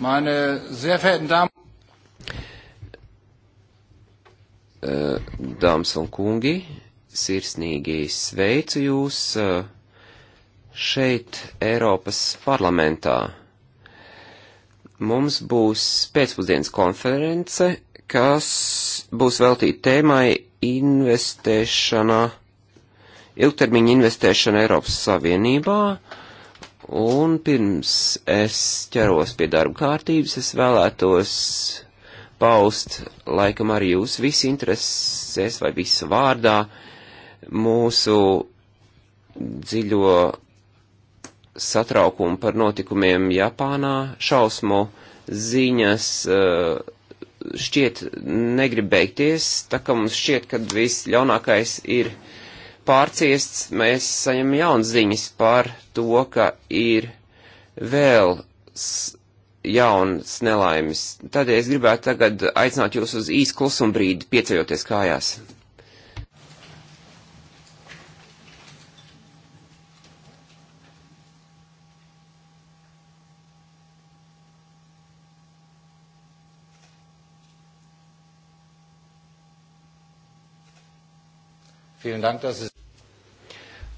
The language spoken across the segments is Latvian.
Meine sehr verehrten Damen. Äh, Dāmas un kungi, sirsnīgi sveicu jūs äh, šeit Eiropas parlamentā. Mums būs pēcpusdienas konference, kas būs veltīta tēmai investēšana, ilgtermiņa investēšana Eiropas Savienībā. Uh, Un pirms es ķeros pie darba kārtības, es vēlētos paust, laikam arī jūs visi interesēs vai visu vārdā, mūsu dziļo satraukumu par notikumiem Japānā, šausmu ziņas eh, šķiet negrib beigties, tā kā mums šķiet, ka viss ļaunākais ir uh, pārciests, mēs saņemam jaunas ziņas par to, ka ir vēl jaunas nelaimes. Tādēļ es gribētu tagad aicināt jūs uz īsu klusumu brīdi, pieceļoties kājās.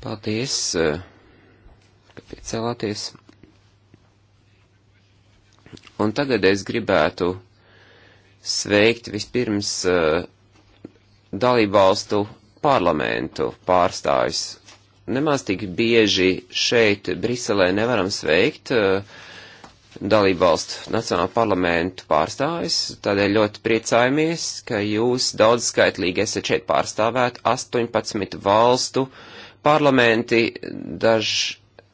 Paldies, eh, ka piecēlāties. Un tagad es gribētu sveikt vispirms eh, dalībvalstu parlamentu pārstājus. Nemaz tik bieži šeit Briselē nevaram sveikt uh, dalībvalstu nacionālo parlamentu pārstāvis, tādēļ ļoti priecājamies, ka jūs daudzskaitlīgi esat šeit pārstāvēt 18 valstu parlamenti, daž,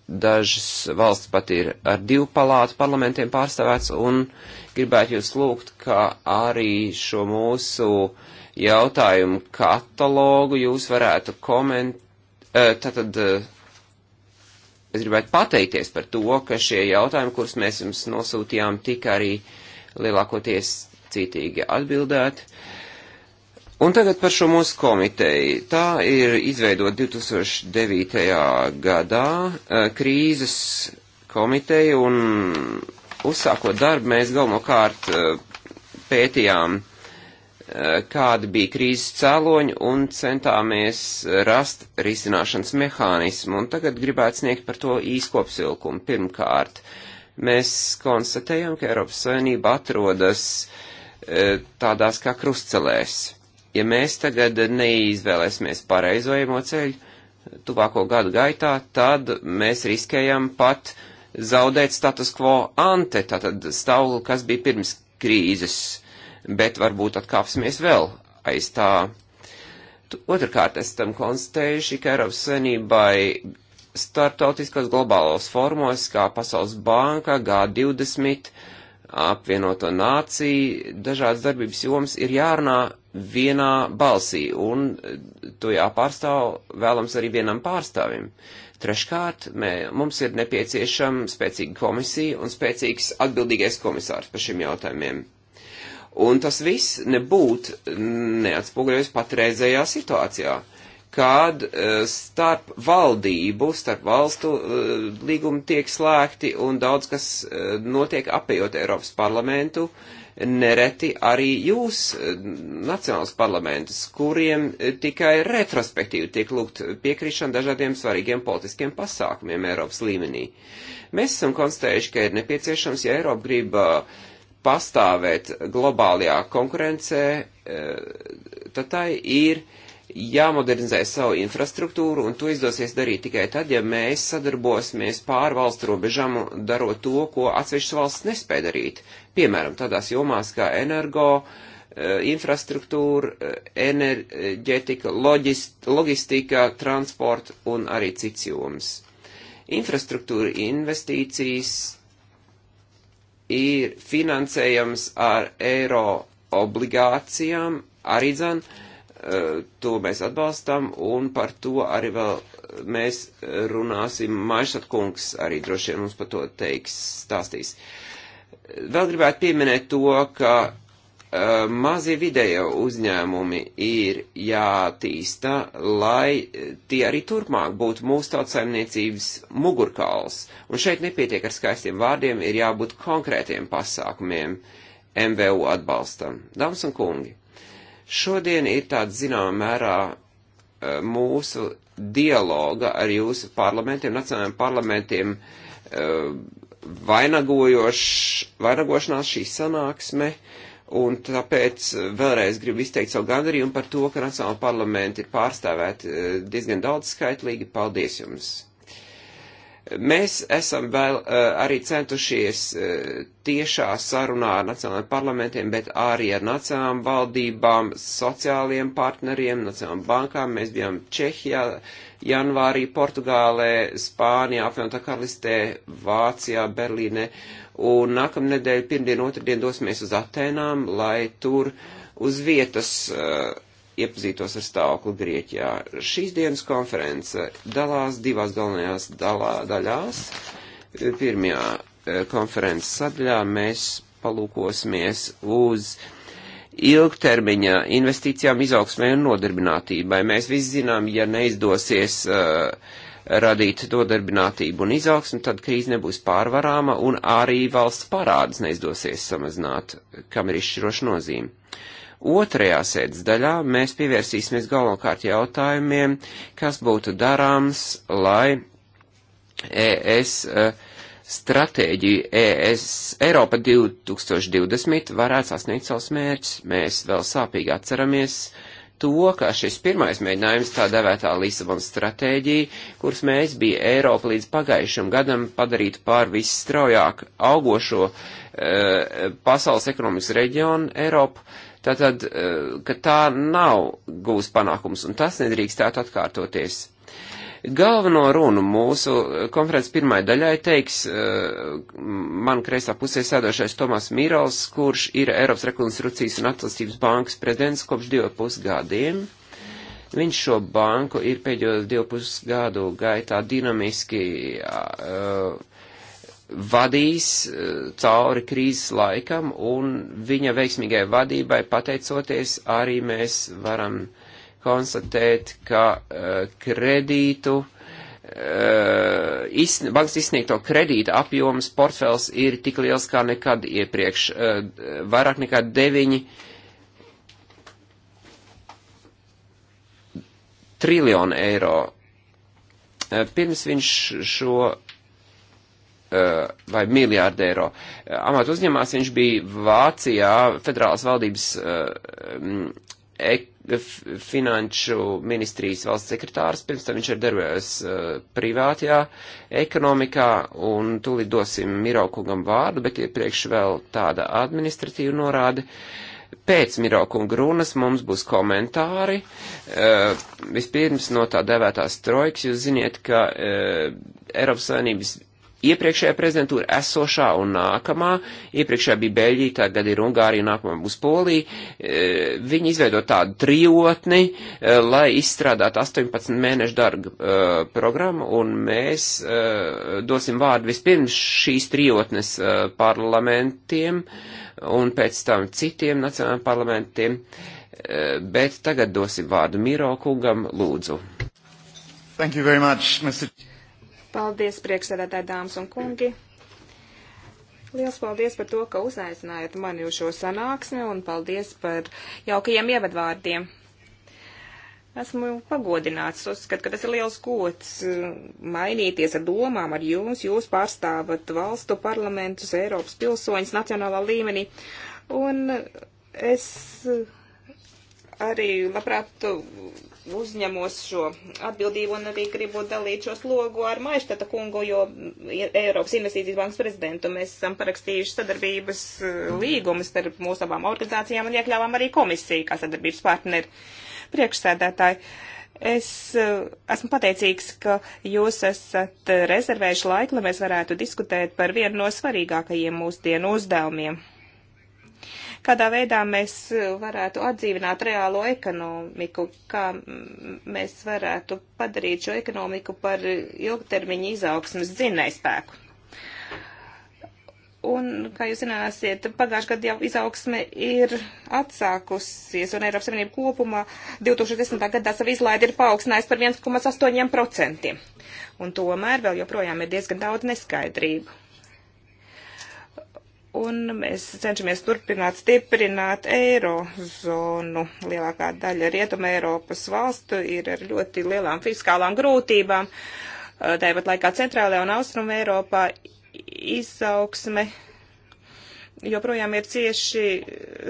dažas valsts pat ir ar divu palātu parlamentiem pārstāvēts, un gribētu jūs lūgt, ka arī šo mūsu jautājumu katalogu jūs varētu komentēt, eh, tātad. Uh, es gribētu pateikties par to, ka šie jautājumi, kurus mēs jums nosūtījām, tika arī lielākoties citīgi atbildēti. Un tagad par šo mūsu komiteju. Tā ir izveidot 2009. gadā eh, krīzes komiteju un uzsākot darbu mēs galvenokārt eh, pētījām Eh, kādi bija krīzes cēloņi un centāmies rast risināšanas mehānismu. Un tagad gribētu sniegt par to īskopsilkumu. Pirmkārt, mēs konstatējam, ka Eiropas Savienība atrodas eh, tādās kā krustcelēs. Ja mēs tagad neizvēlēsimies pareizojamo ceļu tuvāko gadu gaitā, tad mēs riskējam pat zaudēt status quo ante, tātad stāvokli, kas bija pirms krīzes. Uh, bet varbūt atkāpsimies vēl aiz tā. Otrakārt, esam konstatējuši, ka Eiropas Savienībai starptautiskos globālos formos, kā Pasaules banka, G20, apvienoto nāciju, dažādas darbības jomas ir jārunā vienā balsī, un to jāpārstāv vēlams arī vienam pārstāvim. Treškārt, mē, mums ir nepieciešama spēcīga komisija un spēcīgs atbildīgais komisārs par šiem jautājumiem. Un tas viss nebūtu neatspoguļojas patreizējā situācijā, kad eh, starp valdību, starp valstu eh, līgumi tiek slēgti un daudz kas eh, notiek apējot Eiropas parlamentu, nereti arī jūs, nacionāls parlamentus, kuriem tikai retrospektīvi tiek lūgt piekrišana dažādiem svarīgiem politiskiem pasākumiem Eiropas līmenī. Mēs esam konstatējuši, ka ir nepieciešams, ja Eiropa grib uh, pastāvēt globālajā konkurencē, e, tad tai ir jāmodernizē savu infrastruktūru, un to izdosies darīt tikai tad, ja mēs sadarbosimies pār valstu robežām, darot to, ko atsevišķas valsts nespēja darīt. Piemēram, tādās jomās kā energo, e, infrastruktūra, e, enerģetika, loģist, logistika, transporta un arī cits joms. Infrastruktūra investīcijas ir finansējams ar eiro obligācijām, arī dzan, eh, to mēs atbalstam, un par to arī vēl mēs eh, runāsim. Maišat kungs arī droši vien mums par to teiks, stāstīs. Vēl gribētu pieminēt to, ka mazie vidējo uzņēmumi ir jātīsta, lai tie arī turpmāk būtu mūsu tautsaimniecības mugurkauls. Un šeit nepietiek ar skaistiem vārdiem, ir jābūt konkrētiem pasākumiem MVU atbalstam. Dāmas un kungi, šodien ir tāds zināmā mērā mūsu dialoga ar jūsu parlamentiem, nacionālajiem parlamentiem vainagojošs, vainagošanās šī sanāksme. Uh, Un tāpēc vēlreiz gribu izteikt savu gandarījumu par to, ka Nacionāla parlamenta ir pārstāvēti eh, diezgan daudz skaitlīgi. Paldies jums! Mēs esam vēl eh, arī centušies eh, tiešā sarunā ar nacionālajiem parlamentiem, bet arī ar nacionālām valdībām, sociāliem partneriem, nacionālām bankām. Mēs bijām Čehijā, janvārī, Portugālē, Spānijā, apvienotā karalistē, Vācijā, Berlīnē. Uh, Un nākamnedēļ, pirmdien, otrdien dosimies uz Atēnām, lai tur uz vietas uh, iepazītos ar stāvokli Grieķijā. Šīs dienas konference dalās divās galvenajās dalā, daļās. Pirmajā uh, konferences sadaļā mēs palūkosimies uz ilgtermiņa investīcijām, izaugsmē un nodarbinātībai. Mēs visi zinām, ja neizdosies uh, radīt dodarbinātību un izaugsmu, tad krīze nebūs pārvarāma un arī valsts parādas neizdosies samazināt, kam ir izšķiroša nozīme. Otrajā sēdes daļā mēs pievērsīsimies galvenokārt jautājumiem, kas būtu darāms, lai ES e, stratēģiju ES Eiropa 2020 varētu sasniegt savus mērķus. Mēs vēl sāpīgi atceramies, uh, to, ka šis pirmais mēģinājums tā devētā Lisabonas stratēģija, kuras mēs bija Eiropa līdz pagājušam gadam padarīt pār visstraujāk augošo e, pasaules ekonomikas reģionu Eiropu, tātad, e, eh, ka tā nav gūs panākums, un tas nedrīkstētu atkārtoties. Galveno runu mūsu eh, konferences pirmai daļai teiks eh, man kreisā pusē sēdošais Tomas Mīrals, kurš ir Eiropas rekonstrukcijas un attīstības bankas prezidents kopš divu pusgadiem. Viņš šo banku ir pēdējo divu pusgadu gaitā dinamiski uh, vadījis uh, cauri krīzes laikam, un viņa veiksmīgai vadībai pateicoties arī mēs varam konstatēt, ka uh, kredītu, uh, izsn bankas izsniegto kredīta apjoms portfels ir tik liels kā nekad iepriekš, uh, vairāk nekā 9 triljonu eiro. Uh, pirms viņš šo vai miljārdu eiro. Amatu uzņemās viņš bija Vācijā federālas valdības uh, ek, finanšu ministrijas valsts sekretārs, pirms tam viņš ir darbējis uh, privātajā ekonomikā, un tūlīt dosim Miraukungam vārdu, bet iepriekš vēl tāda administratīva norāde. Pēc Miraukunga runas mums būs komentāri. Uh, vispirms no tā devētās trojkas, jūs ziniet, ka uh, Eiropas Savienības iepriekšējā prezidentūra esošā un nākamā, iepriekšējā bija Beļģija, tagad ir Ungārija, nākamā būs Polija, e, viņi izveido tādu trijotni, e, lai izstrādātu 18 mēnešu darba e, programmu, un mēs dosim vārdu vispirms šīs trijotnes parlamentiem un pēc tam citiem nacionālajiem parlamentiem, bet tagad dosim vārdu Miro kungam, lūdzu. Thank you very much, Mr. Paldies, priekšsēdētāji, dāmas un kungi! Liels paldies par to, ka uzaicinājāt mani uz šo sanāksmi un paldies par jaukajiem ievadvārdiem. Esmu pagodināts, uzskatu, ka tas ir liels gods uh, mainīties ar domām ar jums, jūs pārstāvat valstu parlamentus, Eiropas pilsoņus nacionālā līmenī. Un es arī labprāt uzņemos šo atbildību un arī gribu dalīt šo slogu ar Maištata kungu, jo Eiropas Investīcijas bankas prezidentu mēs esam parakstījuši sadarbības eh, līgumu starp mūsu abām organizācijām un iekļāvām arī komisiju kā sadarbības partneri priekšsēdētāji. Es eh, esmu pateicīgs, ka jūs esat rezervējuši laiku, lai mēs varētu diskutēt par vienu no svarīgākajiem mūsdienu uzdevumiem kādā veidā mēs varētu atdzīvināt reālo ekonomiku, kā mēs varētu padarīt šo ekonomiku par ilgtermiņa izaugsmas dzinējspēku. Un, kā jūs zināsiet, pagājušajā gadā jau izaugsme ir atsākusies, un Eiropas Savienība kopumā 2010. gadā savu izlaidi ir paaugstinājusi par 1,8%. Un tomēr vēl joprojām ir diezgan daudz neskaidrību. Un mēs cenšamies turpināt stiprināt eirozonu. Lielākā daļa Rietuma Eiropas valstu ir ar ļoti lielām fiskālām grūtībām. Tāpat laikā Centrālajā un Austrum Eiropā izaugsme joprojām ir cieši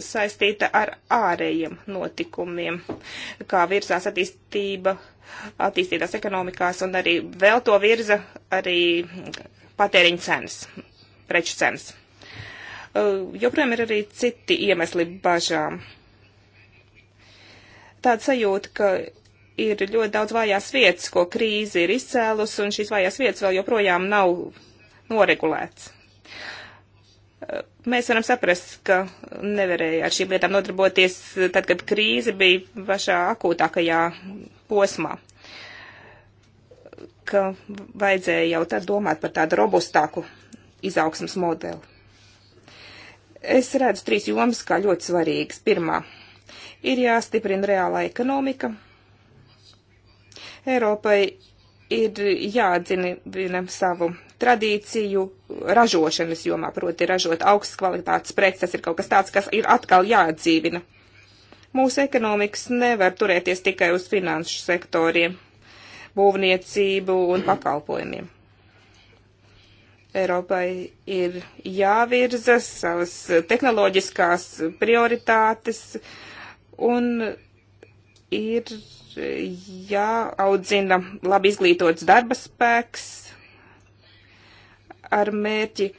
saistīta ar ārējiem notikumiem, kā virzās attīstība, attīstītās ekonomikās un arī vēl to virza arī patēriņa cenas, preču cenas. Eh, joprojām ir arī citi iemesli bažām. Tāda sajūta, ka ir ļoti daudz vājās vietas, ko krīze ir izcēlus, un šīs vājās vietas vēl joprojām nav noregulētas. Eh, mēs varam saprast, ka nevarēja ar šīm lietām nodarboties tad, kad krīze bija pašā akūtākajā posmā, ka vajadzēja jau tad domāt par tādu robustāku izaugsmas modeli. Es redzu trīs jomas kā ļoti svarīgas. Pirmā ir jāstiprina reālā ekonomika. Eiropai ir jāatdzina savu tradīciju ražošanas jomā, proti ražot augstas kvalitātes preces, tas ir kaut kas tāds, kas ir atkal jāatdzīvina. Mūsu ekonomikas nevar turēties tikai uz finanšu sektoriem, būvniecību un pakalpojumiem. Eiropai ir jāvirza savas tehnoloģiskās prioritātes un ir jāaudzina labi izglītots darba spēks ar mērķi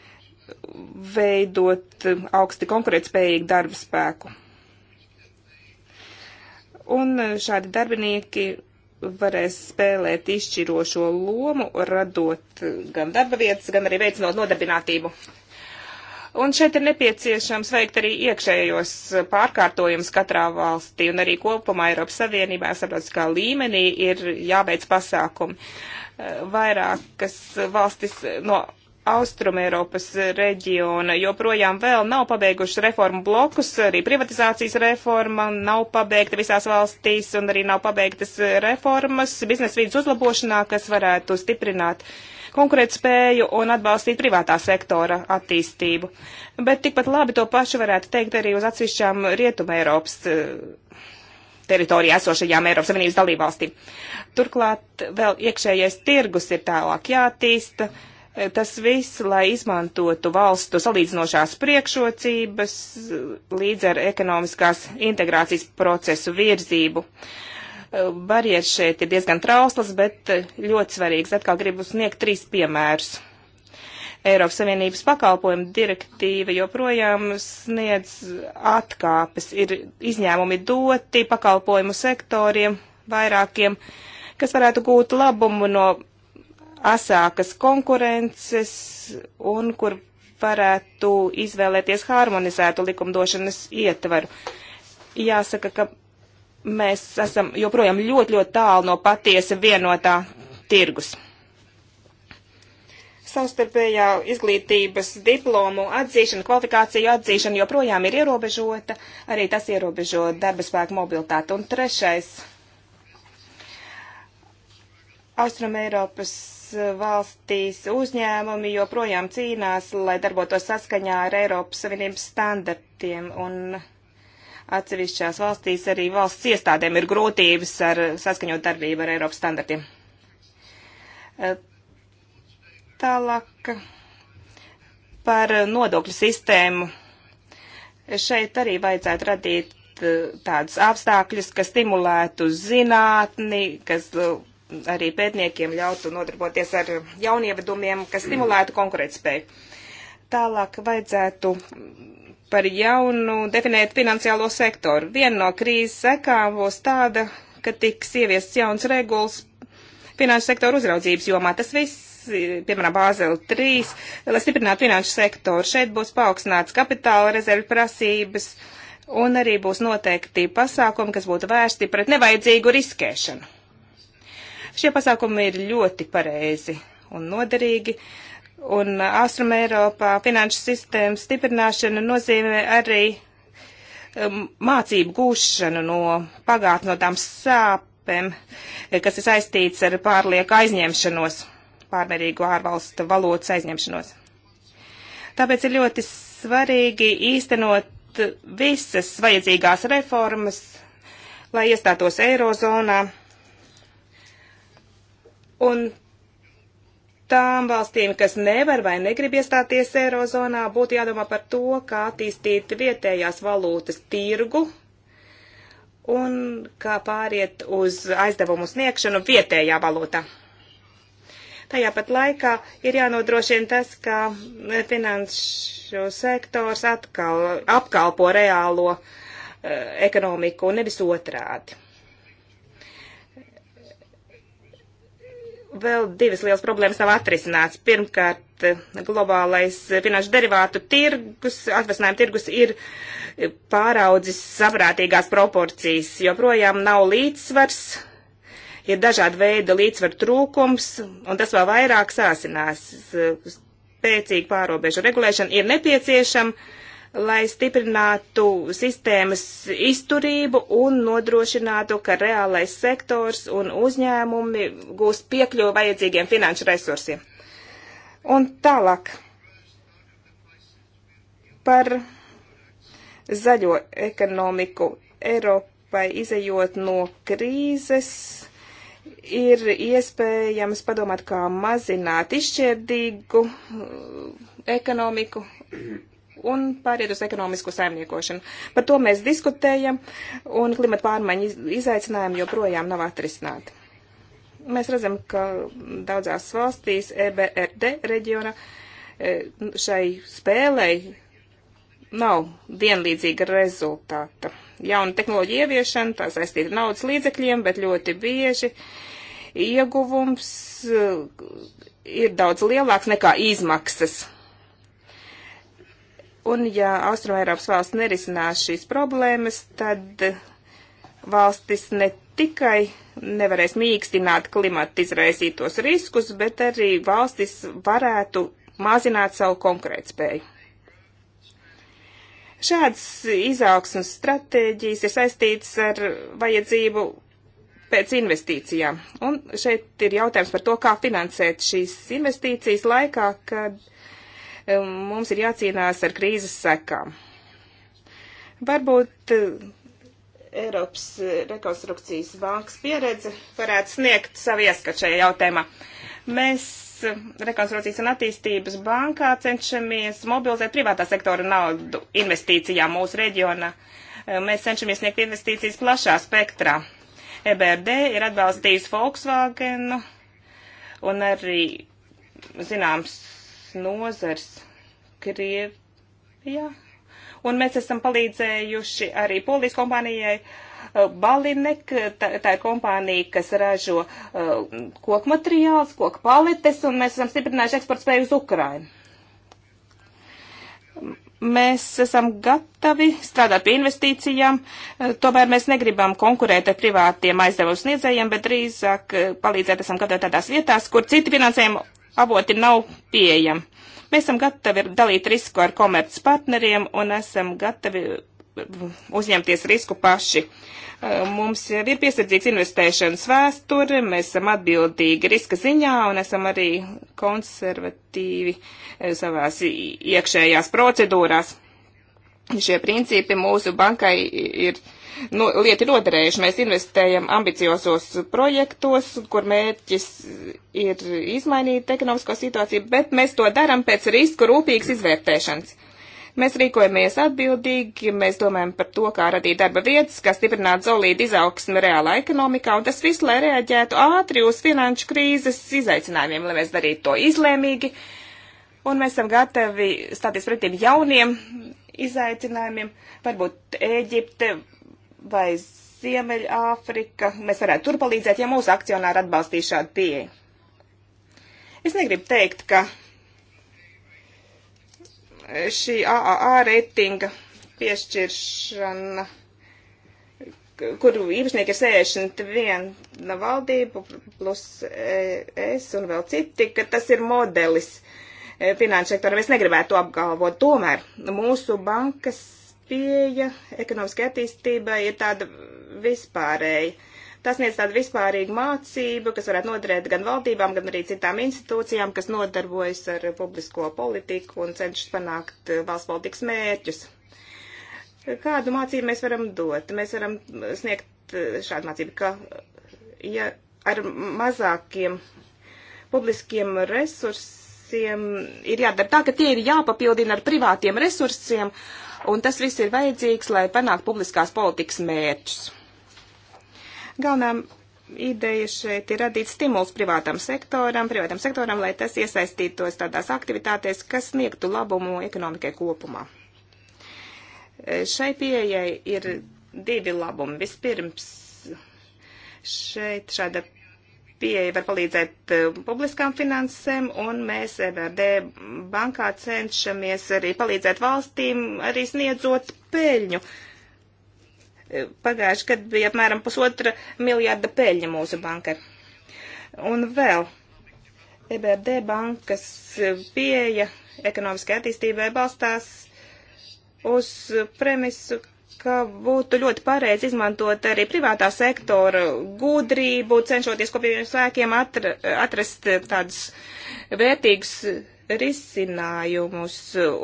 veidot augsti konkurētspējīgu darba spēku. Un šādi darbinieki varēs spēlēt izšķirošo lomu, radot gan darba vietas, gan arī veicinot nodarbinātību. Un šeit ir nepieciešams veikt arī iekšējos pārkārtojumus katrā valstī un arī kopumā Eiropas Savienībā, starptautiskā līmenī ir jāveic pasākumi. Vairākas valstis no Austrumēropas reģiona joprojām vēl nav pabeiguši reformu blokus, arī privatizācijas reforma nav pabeigta visās valstīs un arī nav pabeigtas reformas biznesa vīdes uzlabošanā, kas varētu stiprināt konkurētspēju un atbalstīt privātā sektora attīstību. Bet tikpat labi to pašu varētu teikt arī uz atsevišķām Rietumēropas eh, teritorijā esošajām Eiropas Savienības dalībvalstīm. Turklāt vēl iekšējais tirgus ir tālāk jātīsta. Uh, Tas viss, lai izmantotu valstu salīdzinošās priekšrocības līdz ar ekonomiskās integrācijas procesu virzību. Barjeras šeit ir diezgan trauslas, bet ļoti svarīgas. Atkal gribu sniegt trīs piemērus. Eiropas Savienības pakalpojumu direktīva joprojām sniedz atkāpes, ir izņēmumi doti pakalpojumu sektoriem vairākiem, kas varētu gūt labumu no asākas konkurences un kur varētu izvēlēties harmonizētu likumdošanas ietvaru. Jāsaka, ka mēs esam joprojām ļoti, ļoti tālu no patiesa vienotā tirgus. Savstarpējā izglītības diplomu atzīšana, kvalifikāciju atzīšana joprojām ir ierobežota, arī tas ierobežo darba spēku mobilitāti. Un trešais. Austrum Eiropas valstīs uzņēmumi joprojām cīnās, lai darbotos saskaņā ar Eiropas Savienības standartiem, un atsevišķās valstīs arī valsts iestādēm ir grūtības ar saskaņot darbību ar Eiropas standartiem. Eh, tālāk par nodokļu sistēmu. Šeit arī vajadzētu radīt eh, tādus apstākļus, kas stimulētu zinātni, kas eh, arī pētniekiem ļautu nodarboties ar jaunievedumiem, kas stimulētu konkurētspēju. Tālāk vajadzētu par jaunu definēt finansiālo sektoru. Viena no krīzes sekām būs tāda, ka tiks ieviests jauns regulas finanšu sektoru uzraudzības jomā. Tas viss piemēram, Bāzeli 3, lai stiprinātu finanšu sektoru. Šeit būs paaugstināts kapitāla rezervu prasības un arī būs noteikti pasākumi, kas būtu vērsti pret nevajadzīgu riskēšanu. Šie pasākumi ir ļoti pareizi un noderīgi. Un Austrum Eiropā finanšu sistēmas stiprināšana nozīmē arī um, mācību gūšanu no pagātnē, no tām sāpēm, kas ir saistīts ar pārlieku aizņemšanos, pārmērīgu ārvalstu valodas aizņemšanos. Tāpēc ir ļoti svarīgi īstenot visas vajadzīgās reformas, lai iestātos Eirozonā Un tām valstīm, kas nevar vai negrib iestāties Eirozonā, būtu jādomā par to, kā attīstīt vietējās valūtas tirgu un kā pāriet uz aizdevumu sniegšanu vietējā valūtā. Tajā pat laikā ir jānodrošina tas, ka finanšu sektors atkal apkalpo reālo uh, ekonomiku, nevis otrādi. vēl divas lielas problēmas nav atrisināts. Pirmkārt, globālais finanšu derivātu tirgus, atvesinājuma tirgus ir pāraudzis saprātīgās proporcijas, joprojām nav līdzsvars, ir dažādi veidi līdzsvaru trūkums, un tas vēl vairāk sāsinās. Spēcīga pārobežu regulēšana ir nepieciešama lai stiprinātu sistēmas izturību un nodrošinātu, ka reālais sektors un uzņēmumi gūst piekļuvu vajadzīgiem finanšu resursiem. Un tālāk par zaļo ekonomiku Eiropai izējot no krīzes ir iespējams padomāt, kā mazināt izšķirdīgu ekonomiku un pāriet uz ekonomisko saimniekošanu. Par to mēs diskutējam, un klimata pārmaiņu izaicinājumi joprojām nav atrisināti. Mēs redzam, ka daudzās valstīs EBRD reģiona e, šai spēlei nav vienlīdzīga rezultāta. Jauna tehnoloģija ieviešana, tā saistīta naudas līdzekļiem, bet ļoti bieži ieguvums e, ir daudz lielāks nekā izmaksas Un ja Austrumēropas valsts nerisinās šīs problēmas, tad valstis ne tikai nevarēs mīkstināt klimata izraisītos riskus, bet arī valstis varētu mazināt savu konkurētspēju. Šādas izaugsmas stratēģijas ir saistītas ar vajadzību pēc investīcijām. Un šeit ir jautājums par to, kā finansēt šīs investīcijas laikā, kad mums ir jācīnās ar krīzes sekām. Varbūt eh, Eiropas eh, rekonstrukcijas bankas pieredze varētu sniegt savu ieskatu šajā jautājumā. Mēs eh, rekonstrukcijas un attīstības bankā cenšamies mobilizēt privātā sektora naudu investīcijām mūsu reģionā. Mēs cenšamies sniegt investīcijas plašā spektrā. EBRD ir atbalstījis Volkswagenu un arī zināms nozars Krievijā. Un mēs esam palīdzējuši arī polijas kompānijai uh, Balinek, tā, tā ir kompānija, kas ražo uh, koku materiāls, koku paletes, un mēs esam stiprinājuši eksportspēju uz Ukrainu mēs esam gatavi strādāt pie investīcijām, uh, tomēr mēs negribam konkurēt ar privātiem aizdevumu sniedzējiem, bet drīzāk uh, palīdzēt esam gatavi tādās vietās, kur citi finansējuma avoti nav pieejami. Mēs esam gatavi dalīt risku ar komerc partneriem un esam gatavi uh, uzņemties risku paši. Uh, mums ir piesardzīgs investēšanas vēsture, mēs esam atbildīgi riska ziņā un esam arī konservatīvi uh, savās iekšējās procedūrās šie principi mūsu bankai ir nu, lieti noderējuši. Mēs investējam ambiciozos projektos, kur mērķis ir izmainīt ekonomisko situāciju, bet mēs to darām pēc risku rūpīgas izvērtēšanas. Mēs rīkojamies atbildīgi, mēs domājam par to, kā radīt darba vietas, kā stiprināt solīdu izaugsmi reālā ekonomikā, un tas viss, lai reaģētu ātri uz finanšu krīzes izaicinājumiem, lai mēs darītu to izlēmīgi, uh, un mēs esam gatavi stāties pretim jauniem izaicinājumiem, varbūt Ēģipte vai Ziemeļāfrika. Mēs varētu tur palīdzēt, ja mūsu akcionāri atbalstīs šādu pieeju. Es negribu teikt, ka šī AAA reitinga piešķiršana, kuru īpašnieki ir 61 valdību plus es un vēl citi, ka tas ir modelis Eh, finanšu sektoru. Mēs negribētu to apgalvot. Tomēr mūsu bankas pieeja ekonomiskai attīstībai ir tāda vispārēja. Tas sniedz tādu vispārīgu mācību, kas varētu noderēt gan valdībām, gan arī citām institūcijām, kas nodarbojas ar publisko politiku un cenšas panākt eh, valsts politikas mērķus. Kādu mācību mēs varam dot? Mēs varam sniegt eh, šādu mācību, ka ja ar mazākiem publiskiem resursiem, resursiem ir jādara tā, ka tie ir jāpapildina ar privātiem resursiem, un tas viss ir vajadzīgs, lai panāktu publiskās politikas mērķus. Galvenām ideja šeit ir radīt stimulus privātam sektoram, privātam sektoram, lai tas iesaistītos tādās aktivitātēs, kas sniegtu labumu ekonomikai kopumā. Šai pieejai ir divi labumi. Vispirms šeit šāda pieeja var palīdzēt eh, publiskām finansēm, un mēs EBRD bankā cenšamies arī palīdzēt valstīm, arī sniedzot peļņu. Eh, pagājuši gadu bija apmēram pusotra miljārda peļņa mūsu bankai. Un vēl EBRD bankas eh, pieeja ekonomiskai attīstībai balstās uz premisu, ka būtu ļoti pareizi izmantot arī privātā sektora gudrību, cenšoties kopīgiem spēkiem atra, atrast tādus vērtīgus risinājumus,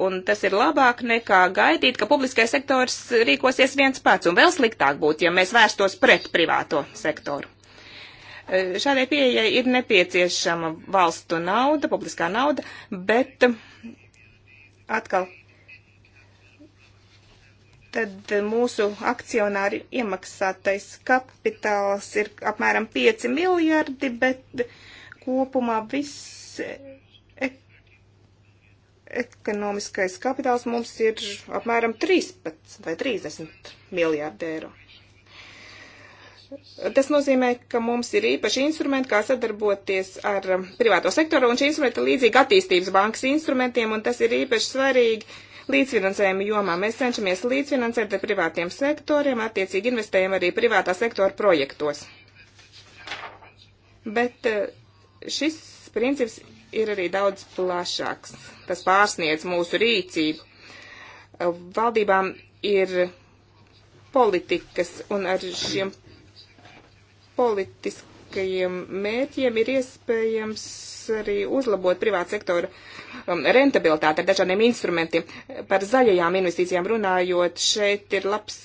un tas ir labāk nekā gaidīt, ka publiskais sektors rīkosies viens pats, un vēl sliktāk būtu, ja mēs vērstos pret privāto sektoru. Šādai pieejai ir nepieciešama valstu nauda, publiskā nauda, bet atkal tad mūsu akcionāri iemaksātais kapitāls ir apmēram 5 miljardi, bet kopumā viss e- ekonomiskais kapitāls mums ir apmēram 13 vai 30 miljārdi eiro. Tas nozīmē, ka mums ir īpaši instrumenti, kā sadarboties ar privāto sektoru, un šie instrumenti ir līdzīgi attīstības bankas instrumentiem, un tas ir īpaši svarīgi līdzfinansējuma jomā. Mēs cenšamies līdzfinansēt ar privātiem sektoriem, attiecīgi investējam arī privātā sektora projektos. Bet eh, šis princips ir arī daudz plašāks. Tas pārsniedz mūsu rīcību. Eh, valdībām ir politikas un ar šiem politiskiem ekonomiskajiem mērķiem ir iespējams arī uzlabot privāta sektora um, rentabilitāti ar dažādiem instrumentiem. Par zaļajām investīcijām runājot, šeit ir labs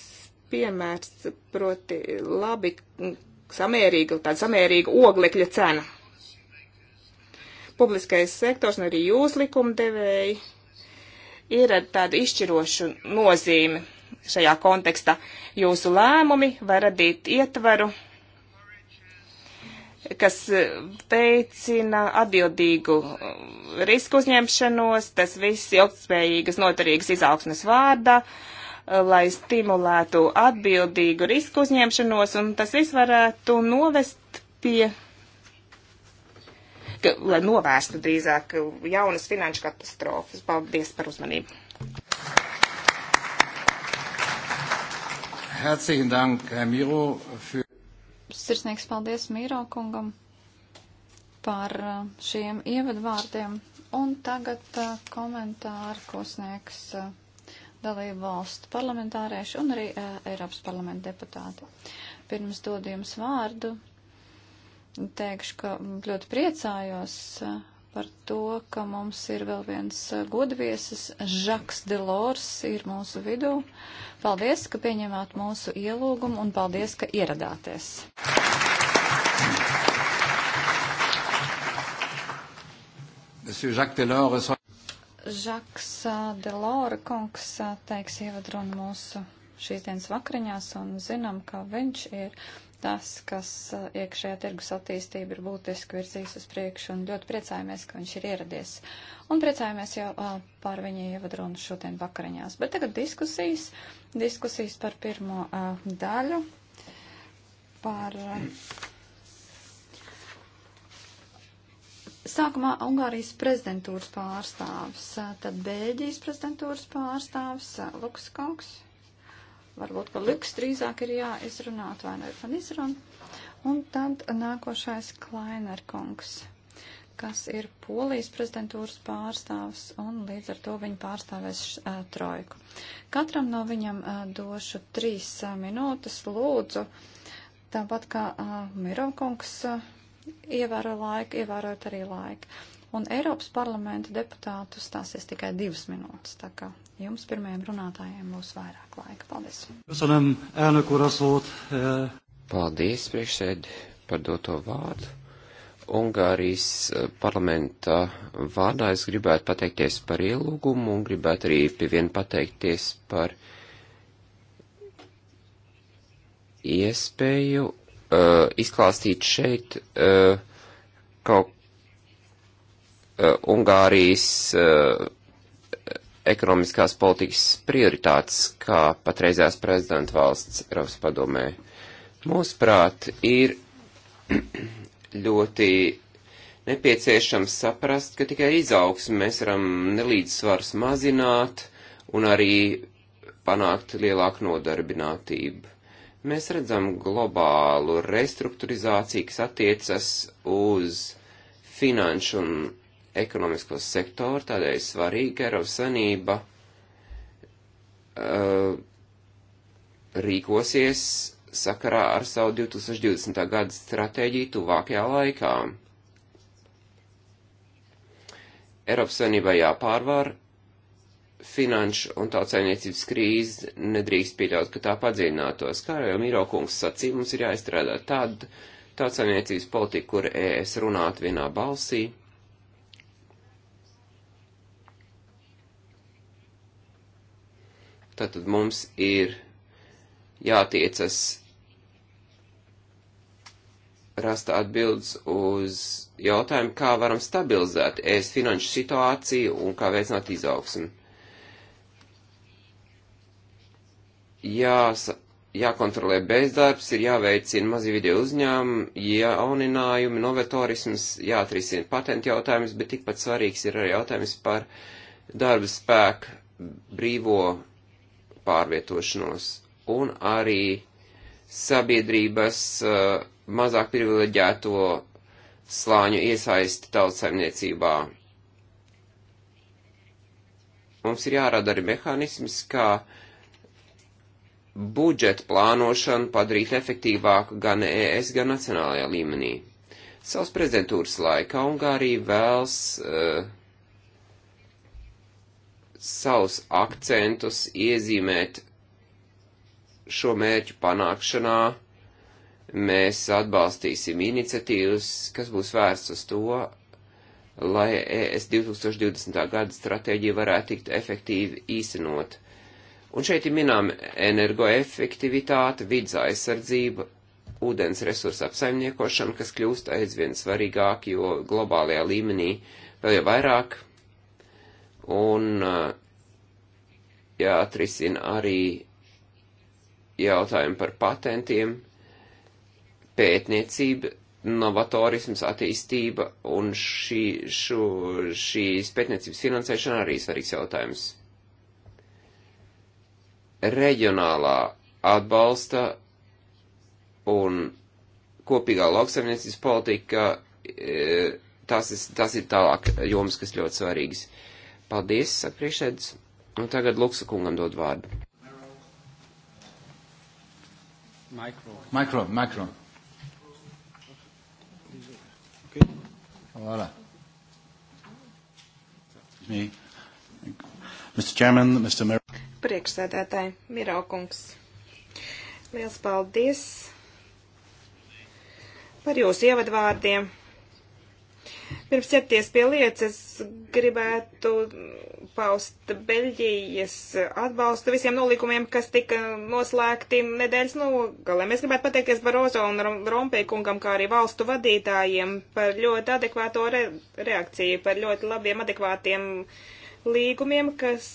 piemērs, proti labi samērīga, tāda samērīga oglekļa cena. Publiskais sektors un arī jūs likumdevēji ir ar tādu izšķirošu nozīmi šajā kontekstā. Jūsu lēmumi var radīt ietvaru kas eh, veicina atbildīgu eh, risku uzņemšanos, tas viss ilgspējīgas noturīgas izaugsmes vārdā, eh, lai stimulētu atbildīgu risku uzņemšanos, un tas viss varētu novest pie, ka, lai novērstu drīzāk jaunas finanšu katastrofas. Paldies par uzmanību. Herzlichen Dank, Herr Miro, für Sirsnīgs paldies Mīro kungam par uh, šiem ievadvārdiem. Un tagad uh, komentāri, ko sniegs uh, dalību valstu parlamentārieši un arī uh, Eiropas parlamenta deputāti. Pirms dod jums vārdu, teikšu, ka ļoti priecājos. Uh, par to, ka mums ir vēl viens eh, godviesis. Žaks Delors ir mūsu vidū. Paldies, ka pieņemāt mūsu ielūgumu un paldies, ka ieradāties. Žaks eh, Delora kungs eh, teiks ievadrunu mūsu šīs dienas vakariņās un zinām, ka viņš ir tas, kas uh, iekšējā tirgus attīstība ir būtiski virzījis uz priekšu, un ļoti priecājamies, ka viņš ir ieradies. Un priecājamies jau uh, pār viņa ievadrunu šodien vakariņās. Bet tagad diskusijas, diskusijas par pirmo uh, daļu, par. Sākumā Ungārijas prezidentūras pārstāvs, tad Bēļģijas prezidentūras pārstāvs Lukas Kauks varbūt, ka liks drīzāk ir jāizrunā, atvainojiet nu man izrunu. Un tad nākošais Klainer kungs, kas ir Polijas prezidentūras pārstāvs, un līdz ar to viņi pārstāvēs uh, trojku. Katram no viņam uh, došu trīs uh, minūtes, lūdzu, tāpat kā uh, Mirokungs. Uh, ievēro laiku, ievērot arī laiku un Eiropas parlamenta deputātu stāsies tikai divas minūtes. Tā kā jums pirmajiem runātājiem būs vairāk laika. Paldies! Paldies, priekšsēdi, par doto vārdu. Ungārijas eh, parlamenta vārdā es gribētu pateikties par ielūgumu un gribētu arī pievien pateikties par iespēju uh, izklāstīt šeit uh, kaut Eh, Ungārijas eh, ekonomiskās politikas prioritātes, kā patreizējās prezidenta valsts Eiropas padomē. Mūsuprāt, ir ļoti nepieciešams saprast, ka tikai izaugsmi mēs varam nelīdzsvars mazināt un arī panākt lielāku nodarbinātību. Mēs redzam globālu restruktūrizāciju, kas attiecas uz finanšu un ekonomisko sektoru, tādēļ svarīgi, ka Eiropas Sanība uh, rīkosies sakarā ar savu 2020. gada stratēģiju tuvākajā laikā. Eiropas Savienībā jāpārvar finanšu un tautsēmniecības krīze nedrīkst pieļaut, ka tā padziļinātos. Kā jau Miro kungs sacīja, mums ir jāizstrādā tāda tautsēmniecības politika, kur es runātu vienā balsī Tātad mums ir jātiecas rast atbildes uz jautājumu, kā varam stabilizēt ēst finanšu situāciju un kā veicināt izaugsmu. Jās, jākontrolē bezdarbs, ir jāveicina mazi video uzņēmumi, jauninājumi, novatorisms, jāatrisina patentu jautājums, bet tikpat svarīgs ir arī jautājums par darba spēku brīvo pārvietošanos un arī sabiedrības uh, mazāk privileģēto slāņu iesaisti tautsaimniecībā. Mums ir jārada arī mehānisms, kā budžeta plānošanu padarīt efektīvāku gan ES, gan nacionālajā līmenī. Savas prezidentūras laikā Ungārija vēls uh, savus akcentus iezīmēt šo mērķu panākšanā. Mēs atbalstīsim iniciatīvas, kas būs vērsts uz to, lai e ES 2020. gada stratēģija varētu tikt efektīvi īstenot. Un šeit ir minām energoefektivitāte, vidas aizsardzība, ūdens resursu apsaimniekošana, kas kļūst aizvien svarīgāk, jo globālajā līmenī vēl jau vairāk un eh, jāatrisina arī jautājumi par patentiem, pētniecība, novatorisms, attīstība un šī, šo, šīs pētniecības finansēšana arī svarīgs jautājums. Reģionālā atbalsta un kopīgā lauksaimniecības politika, eh, tas, tas ir tālāk joms, kas ļoti svarīgs. Uh, Paldies, saka priekšēdus. Un tagad Luksa kungam dod vārdu. Mikro, mikro. mikro. Okay. Voilà. Me. Mr. Chairman, Mr. Mer Priekšsēdētāji, Miro kungs. Liels paldies par jūsu ievadvārdiem. Pirms ķerties pie lietas, es gribētu paust Beļģijas atbalstu visiem nolīkumiem, kas tika noslēgti nedēļas nogalē. Mēs gribētu pateikties Barozo un Rompēkungam, kā arī valstu vadītājiem par ļoti adekvāto re reakciju, par ļoti labiem, adekvātiem līgumiem, kas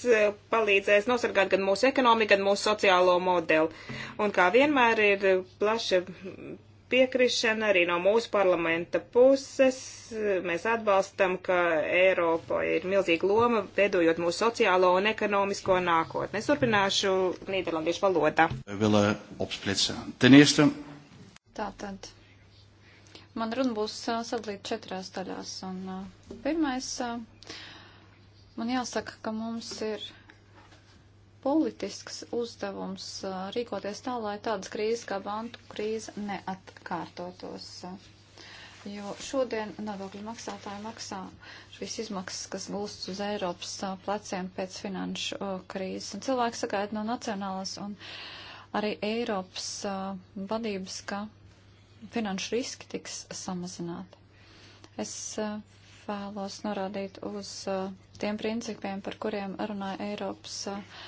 palīdzēs nosargāt gan mūsu ekonomiku, gan mūsu sociālo modeli. Un kā vienmēr ir plaša piekrišana arī no mūsu parlamenta puses. Mēs atbalstam, ka Eiropa ir milzīga loma, veidojot mūsu sociālo un ekonomisko nākotni. Es turpināšu nīderlandiešu valodā. Tātad. Man runa būs sadalīta četrās daļās. Un, pirmais, man jāsaka, ka mums ir politisks uzdevums rīkoties tā, lai tādas krīzes kā bantu krīze neatkārtotos. Jo šodien nodokļu maksātāji maksā šīs izmaksas, kas gulstas uz Eiropas pleciem pēc finanšu krīzes. Un cilvēki sagaida no nacionālas un arī Eiropas vadības, ka finanšu riski tiks samazināti. Es vēlos norādīt uz tiem principiem, par kuriem runāja Eiropas. Uh,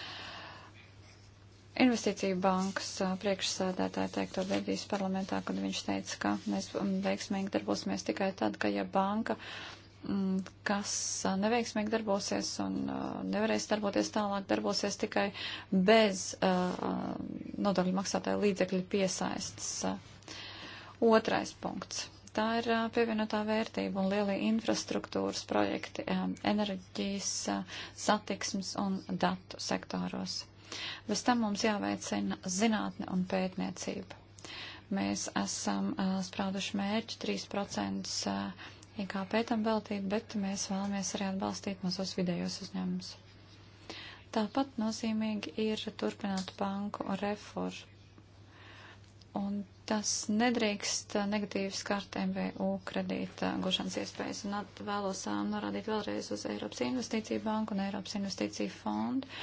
investīciju bankas priekšsādātāja teikto Beļģijas parlamentā, kad viņš teica, ka mēs veiksmīgi darbosimies tikai tad, ka ja banka, kas neveiksmīgi darbosies un nevarēs darboties tālāk, darbosies tikai bez nodokļu maksātāju līdzekļu piesaistas. Otrais punkts. Tā ir pievienotā vērtība un lielie infrastruktūras projekti enerģijas, satiksmes un datu sektoros Bez tam mums jāveicina zinātne un pētniecība. Mēs esam uh, sprauduši mērķi 3% uh, IKP tam veltīt, bet mēs vēlamies arī atbalstīt mazos vidējos uzņēmumus. Tāpat nozīmīgi ir turpināt banku reformu. Un tas nedrīkst negatīvi skart MVU kredīta gušanas iespējas. Un vēlos norādīt vēlreiz uz Eiropas Investīciju banku un Eiropas Investīciju fondu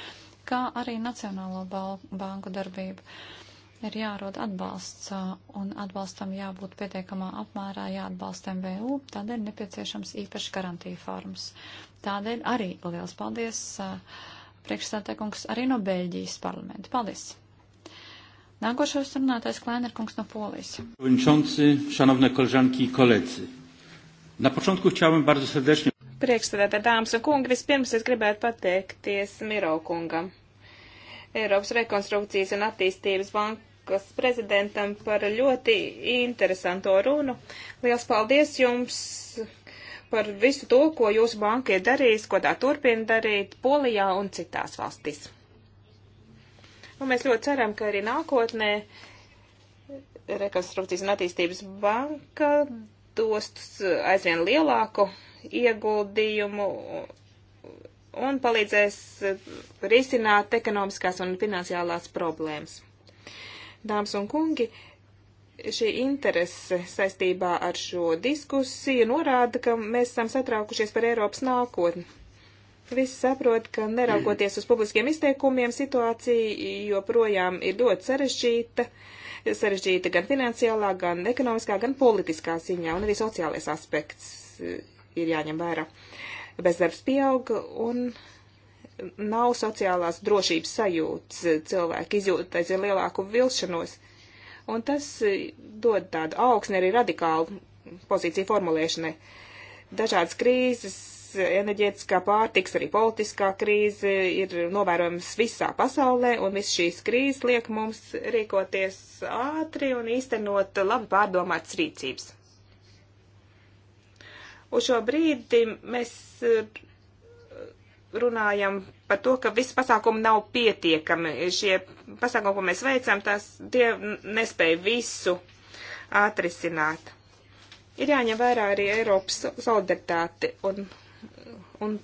kā arī Nacionālo banku darbību. Ir jārod atbalsts, un atbalstam jābūt pietiekamā apmērā jāatbalsta MVU, tādēļ nepieciešams īpašs garantija formas. Tādēļ arī liels paldies priekšstādākungs arī no Beļģijas parlamenta. Paldies! Nākošais runātais Klēnerkungs no Polijas. Šanovne kolžanki i koledzy. Na początku chciałbym bardzo serdecznie Priekšstādātā dāmas un kungi, vispirms es gribētu pateikties Miro kungam, Eiropas rekonstrukcijas un attīstības bankas prezidentam par ļoti interesanto runu. Liels paldies jums par visu to, ko jūsu banka ir darījis, ko tā turpina darīt Polijā un citās valstīs. Un mēs ļoti ceram, ka arī nākotnē rekonstrukcijas un attīstības banka dos aizvien lielāku ieguldījumu un palīdzēs risināt ekonomiskās un finansiālās problēmas. Dāmas un kungi, šī interese saistībā ar šo diskusiju norāda, ka mēs esam satraukušies par Eiropas nākotni. Visi saprot, ka neraugoties uz publiskiem izteikumiem, situācija joprojām ir ļoti sarežģīta, sarežģīta gan finansiālā, gan ekonomiskā, gan politiskā ziņā, un arī sociālais aspekts ir jāņem vērā. Bezdarbs pieaug un nav sociālās drošības sajūtas. Cilvēki izjūt aiz lielāku vilšanos. Un tas dod tādu augsni arī radikālu pozīciju formulēšanai. Dažādas krīzes, enerģētiskā pārtiks, arī politiskā krīze ir novērojams visā pasaulē, un viss šīs krīzes liek mums rīkoties ātri un īstenot labi pārdomātas rīcības. Uz šo brīdi mēs eh, runājam par to, ka visi pasākumi nav pietiekami. Šie pasākumi, ko mēs veicam, tās, tie nespēja visu atrisināt. Ir jāņem vērā arī Eiropas solidaritāte un, un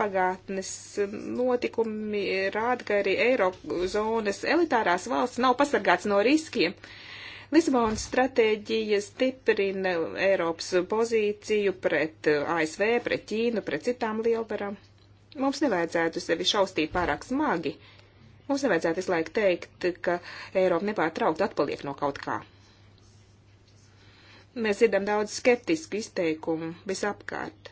pagātnes notikumi rāda, ka arī Eirozonas elitārās valsts nav pasargāts no riskiem. Uh, Lisbonas stratēģija stiprina Eiropas pozīciju pret uh, ASV, pret Ķīnu, pret citām lielvarām. Mums nevajadzētu sevi šaustīt pārāk smagi. Mums nevajadzētu visu laiku teikt, ka Eiropa nepārtraukti atpaliek no kaut kā. Mēs dzirdam daudz skeptisku izteikumu visapkārt.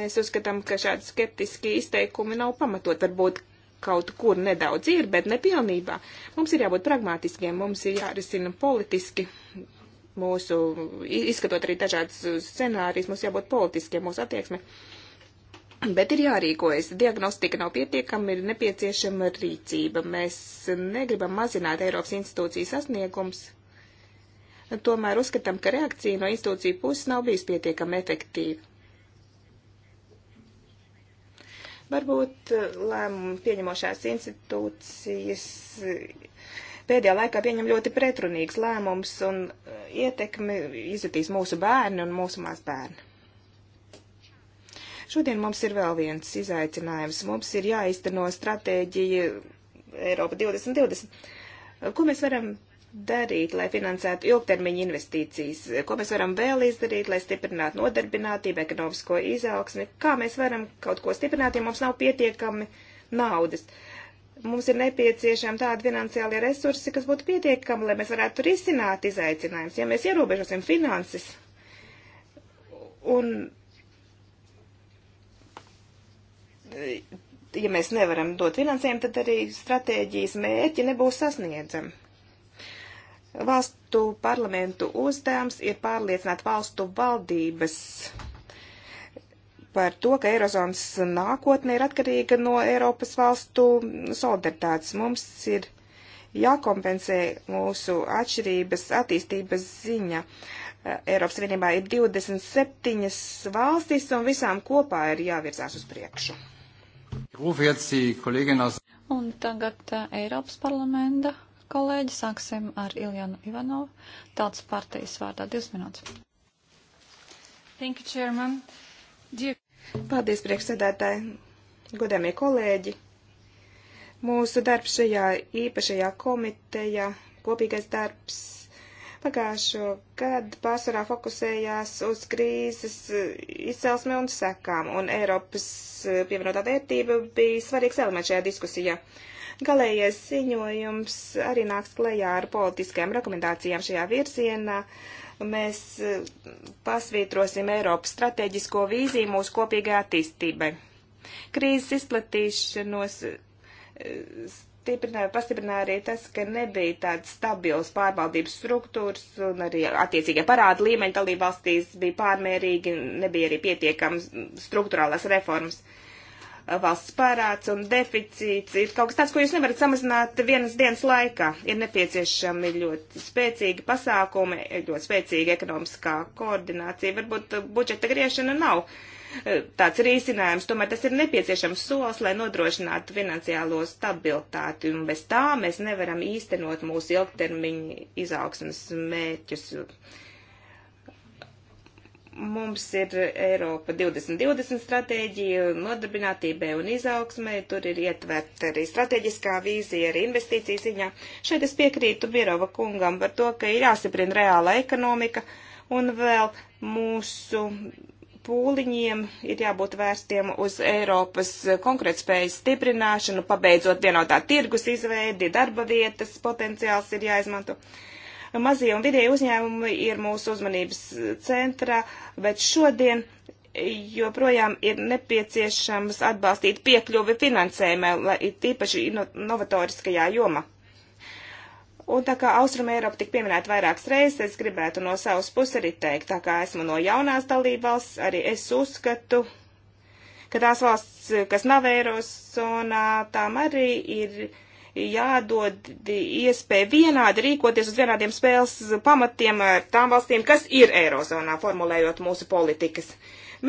Mēs uzskatām, ka šādi skeptiski izteikumi nav pamatot. Varbūt kaut kur nedaudz ir, bet nepilnībā. Mums ir jābūt pragmātiskiem, mums ir jārisina politiski mūsu, izskatot arī dažādas scenārijas, mums jābūt politiskiem mūsu attieksme. Bet ir jārīkojas. Diagnostika nav pietiekama, ir nepieciešama rīcība. Mēs negribam mazināt Eiropas institūciju sasniegums. Tomēr uzskatām, ka reakcija no institūciju puses nav bijusi pietiekama efektīva Varbūt eh, lēmumu pieņemošās institūcijas eh, pēdējā laikā pieņem ļoti pretrunīgs lēmums un eh, ietekmi izjutīs mūsu bērni un mūsu mazbērni. Šodien mums ir vēl viens izaicinājums. Mums ir jāizteno stratēģija Eiropa 2020. Ko mēs varam darīt, lai finansētu ilgtermiņa investīcijas? Ko mēs varam vēl izdarīt, lai stiprinātu nodarbinātību, ekonomisko izaugsmi? Kā mēs varam kaut ko stiprināt, ja mums nav pietiekami naudas? Mums ir nepieciešami tādi finansiālie resursi, kas būtu pietiekami, lai mēs varētu risināt izaicinājumus. Ja mēs ierobežosim finanses un ja mēs nevaram dot finansējumu, tad arī stratēģijas mērķi nebūs sasniedzami. Valstu parlamentu uzdevums ir pārliecināt valstu valdības par to, ka Eirozonas nākotne ir atkarīga no Eiropas valstu solidaritātes. Mums ir jākompensē mūsu atšķirības attīstības ziņa. Eiropas vienībā ir 27 valstis un visām kopā ir jāvirzās uz priekšu. Un tagad eh, Eiropas parlamenta kolēģi. Sāksim ar Iljanu Ivanovu, tautas partijas vārdā. Divas minūtes. Thank you, Chairman. Dear... Paldies, priekšsēdētāji, godāmie kolēģi. Mūsu darbs šajā īpašajā komitejā, kopīgais darbs pagājušo gadu pārsvarā fokusējās uz krīzes izcelsmi un sekām, un Eiropas pievienotā vērtība bija svarīgs elements šajā diskusijā. Uh, Galējais ziņojums arī nāks klajā ar politiskajām rekomendācijām šajā virzienā. Mēs eh, pasvītrosim Eiropas strateģisko vīziju mūsu kopīgai attīstībai. Krīzes izplatīšanos eh, stiprināja, pastiprināja arī tas, ka nebija tādas stabilas pārvaldības struktūras un arī attiecīgie parāda līmeņi dalībvalstīs bija pārmērīgi, nebija arī pietiekams struktūrālās reformas. Uh, valsts pārāds un deficīts ir kaut kas tāds, ko jūs nevarat samazināt vienas dienas laikā. Ir nepieciešami ļoti spēcīgi pasākumi, ļoti spēcīga ekonomiskā koordinācija. Varbūt budžeta griešana nav e, tāds risinājums, tomēr tas ir nepieciešams solis, lai nodrošinātu finansiālo stabilitāti, un bez tā mēs nevaram īstenot mūsu ilgtermiņa izaugsmas mērķus. Jo Mums ir Eiropa 2020 stratēģija nodarbinātībai un izaugsmai, tur ir ietvert arī strateģiskā vīzija, arī investīcija ziņā. Šeit es piekrītu Birova kungam par to, ka ir jāsiprina reāla ekonomika un vēl mūsu pūliņiem ir jābūt vērstiem uz Eiropas konkrētspējas stiprināšanu, pabeidzot vienotā tirgus izveidi, darba vietas potenciāls ir jāizmanto. Uh, Mazie un vidēji uzņēmumi ir mūsu uzmanības centrā, bet šodien joprojām ir nepieciešams atbalstīt piekļuvi finansējumai, tīpaši novatoriskajā jomā. Un tā kā Austrum Eiropa tik pieminēta vairākas reizes, es gribētu no savas puses arī teikt, tā kā esmu no jaunās dalībvalsts, arī es uzskatu, ka tās valsts, kas nav Eirozonā, tām arī ir jādod iespēja vienādi rīkoties uz vienādiem spēles pamatiem ar tām valstīm, kas ir Eirozonā, formulējot mūsu politikas.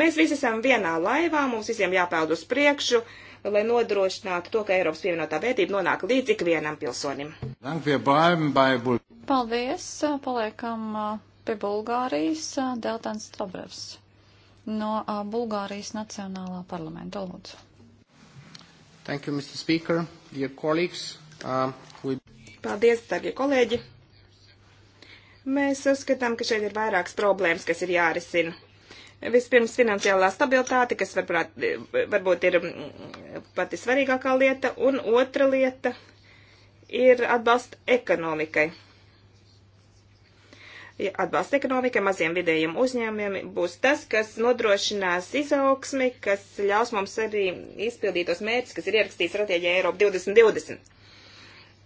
Mēs visi esam vienā laivā, mums visiem jāpeld uz priekšu, lai nodrošinātu to, ka Eiropas pievienotā vērtība nonāk līdz ikvienam pilsonim. Paldies, paliekam uh, pie Bulgārijas, uh, Deltans Tobrevs no uh, Bulgārijas Nacionālā parlamenta lūdzu. Thank you, Mr. Speaker. Dear colleagues, uh, we... Paldies, darbie kolēģi. Mēs uzskatām, ka šeit ir vairākas problēmas, kas ir jārisina. Vispirms finansiālā stabilitāte, kas varbūt, varbūt ir mm, pati svarīgākā lieta, un otra lieta ir atbalsts ekonomikai atbalsts ekonomikai, maziem vidējiem uzņēmumiem būs tas, kas nodrošinās izaugsmi, kas ļaus mums arī izpildīt tos mērķus, kas ir ierakstīts strateģijā Eiropa 2020.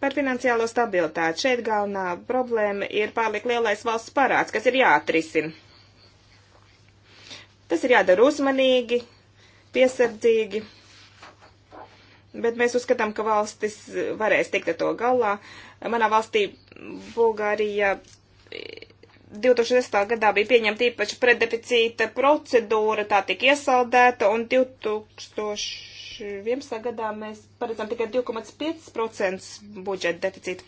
Par finansiālo stabilitāti šeit galvenā problēma ir pārliek lielais valsts parāds, kas ir jāatrisina. Tas ir jādara uzmanīgi, piesardzīgi, bet mēs uzskatām, ka valstis varēs tikt ar to galā. Manā valstī Bulgārija 2010. gadā bija pieņemta īpaša predeficīta procedūra, tā tika iesaldēta, un 2011. gadā mēs paredzam tikai 2,5% budžeta deficītu.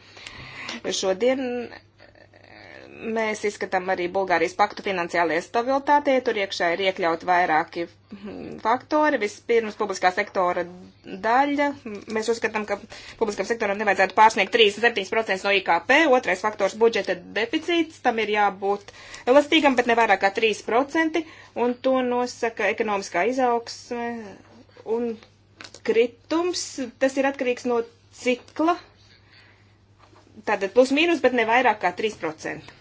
Šodien mēs izskatām arī Bulgārijas paktu finansiālajai stabilitātei. Tur iekšā ir iekļaut vairāki hm, faktori. Vispirms publiskā sektora daļa. Mēs uzskatām, ka publiskam sektoram nevajadzētu pārsniegt 37% no IKP. Otrais faktors - budžeta deficīts. Tam ir jābūt elastīgam, bet ne vairāk kā 3%. Un to nosaka ekonomiskā izaugsme un kritums. Tas ir atkarīgs no cikla tātad plus mīnus, bet ne vairāk kā 3%.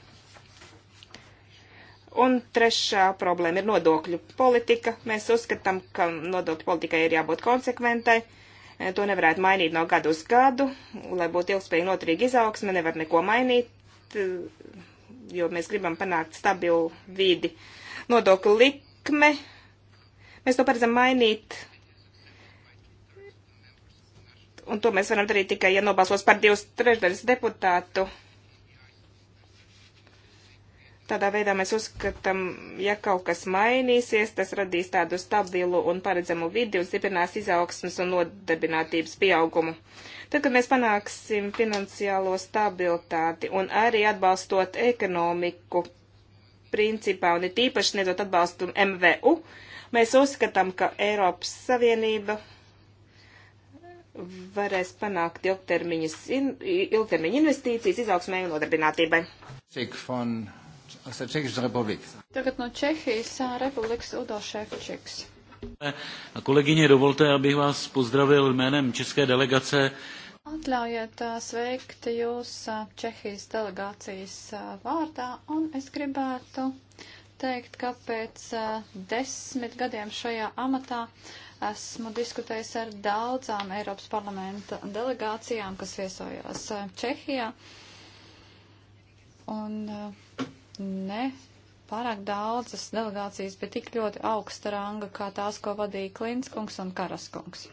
Un trešā problēma ir nodokļu politika. Mēs uzskatām, ka nodokļu politikai ir jābūt konsekventai. E, to nevarētu mainīt no gadu uz gadu, lai būtu ilgspējīgi noturīga izaugsme, nevar neko mainīt, e, jo mēs gribam panākt stabilu vidi. Nodokļu likme, mēs to paredzam mainīt, un to mēs varam darīt tikai, ja nobalsos par divas trešdaļas deputātu Tādā veidā mēs uzskatām, ja kaut kas mainīsies, tas radīs tādu stabilu un paredzamu vidi un stiprinās izaugsmas un nodarbinātības pieaugumu. Tad, kad mēs panāksim finansiālo stabilitāti un arī atbalstot ekonomiku principā un ir tīpaši nedot atbalstu MVU, mēs uzskatām, ka Eiropas Savienība varēs panākt ilgtermiņa investīcijas izaugsmē un nodarbinātībai. Cik fun Čehijas republikas. Tagad no Čehijas republikas Udo Ševčiks. Eh, kolegyně, dovolte, abych vás pozdravil jménem České delegace. Atļaujiet eh, sveikt jūs eh, Čehijas delegācijas vārdā, un es gribētu teikt, ka pēc desmit gadiem šajā amatā esmu diskutējis ar daudzām Eiropas parlamenta delegācijām, kas viesojās Čehijā. Un uh, ne pārāk daudzas delegācijas, bet tik ļoti augsta ranga, kā tās, ko vadīja Klinskungs un Karaskungs.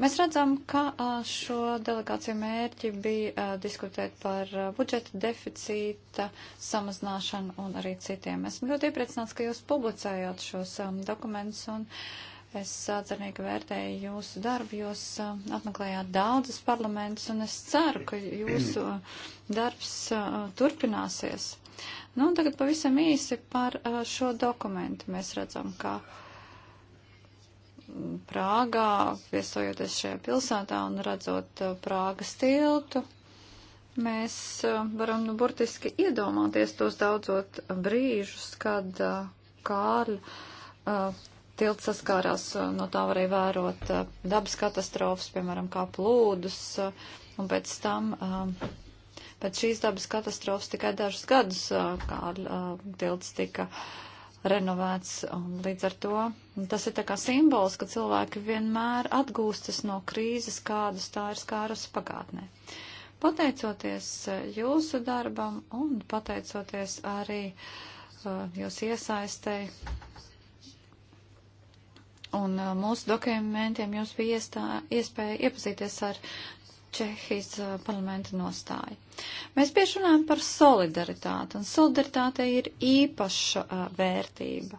Mēs redzam, ka šo delegāciju mērķi bija diskutēt par budžeta deficīta samazināšanu un arī citiem. Esmu ļoti iepriecināts, ka jūs publicējāt šos dokumentus un uh, Es atcerīgi vērtēju jūsu darbu, jūs apmeklējāt daudzas parlamentus, un es ceru, ka jūsu darbs turpināsies. Nu, tagad pavisam īsi par šo dokumentu. Mēs redzam, ka Prāgā, viesojoties šajā pilsētā un redzot Prāgas tiltu, mēs varam nu, burtiski iedomāties tos daudzot brīžus, kad Kārļa tilts saskārās, uh, no tā varēja vērot uh, dabas katastrofas, piemēram, kā plūdus, uh, un pēc tam, pēc šīs dabas katastrofas tikai dažus gadus, kā tilts tika renovēts, un līdz ar to tas ir tā kā simbols, ka cilvēki vienmēr atgūstas no krīzes, kādas tā ir skārus pagātnē. Pateicoties jūsu darbam un pateicoties arī uh, jūs iesaistēji, Un uh, mūsu dokumentiem jums bija iestā, iespēja iepazīties ar Čehijas uh, parlamenta nostāju. Mēs bieži runājam par solidaritāti, un solidaritāte ir īpaša uh, vērtība.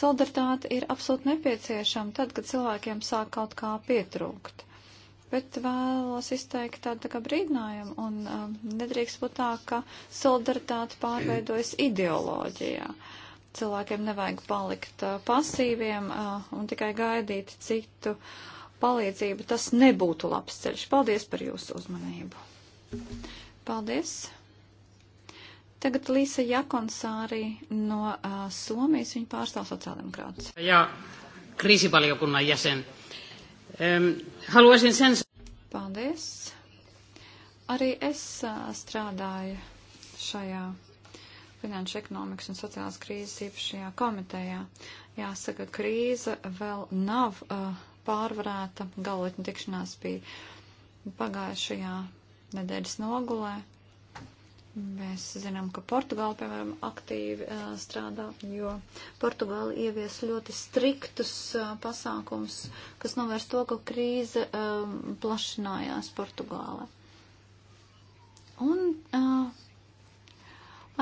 Solidaritāte ir absolūti nepieciešama tad, kad cilvēkiem sāk kaut kā pietrūkt. Bet vēlos izteikt tādu tā kā brīdinājumu, un um, nedrīkst būt tā, ka solidaritāte pārveidojas ideoloģijā. Uh, Cilvēkiem nevajag palikt uh, pasīviem uh, un tikai gaidīt citu palīdzību. Tas nebūtu labs ceļš. Paldies par jūsu uzmanību. Paldies. Tagad Līsa Jakonsārī no uh, Somijas, viņa pārstāv sociāldemokrātus. Jā, kriisivaliokunnan jäsen. Um, haluaisin sen... Paldies. Arī es uh, strādāju šajā finanšu, ekonomikas un sociālās krīzes īpašajā komitejā. Jāsaka, krīze vēl nav uh, pārvarēta. Galotņa tikšanās bija pagājušajā nedēļas nogulē. Mēs zinām, ka Portugāla, piemēram, aktīvi uh, strādā, jo Portugāla ievies ļoti striktus uh, pasākums, kas novērst to, ka krīze um, plašinājās Portugāla. Un uh,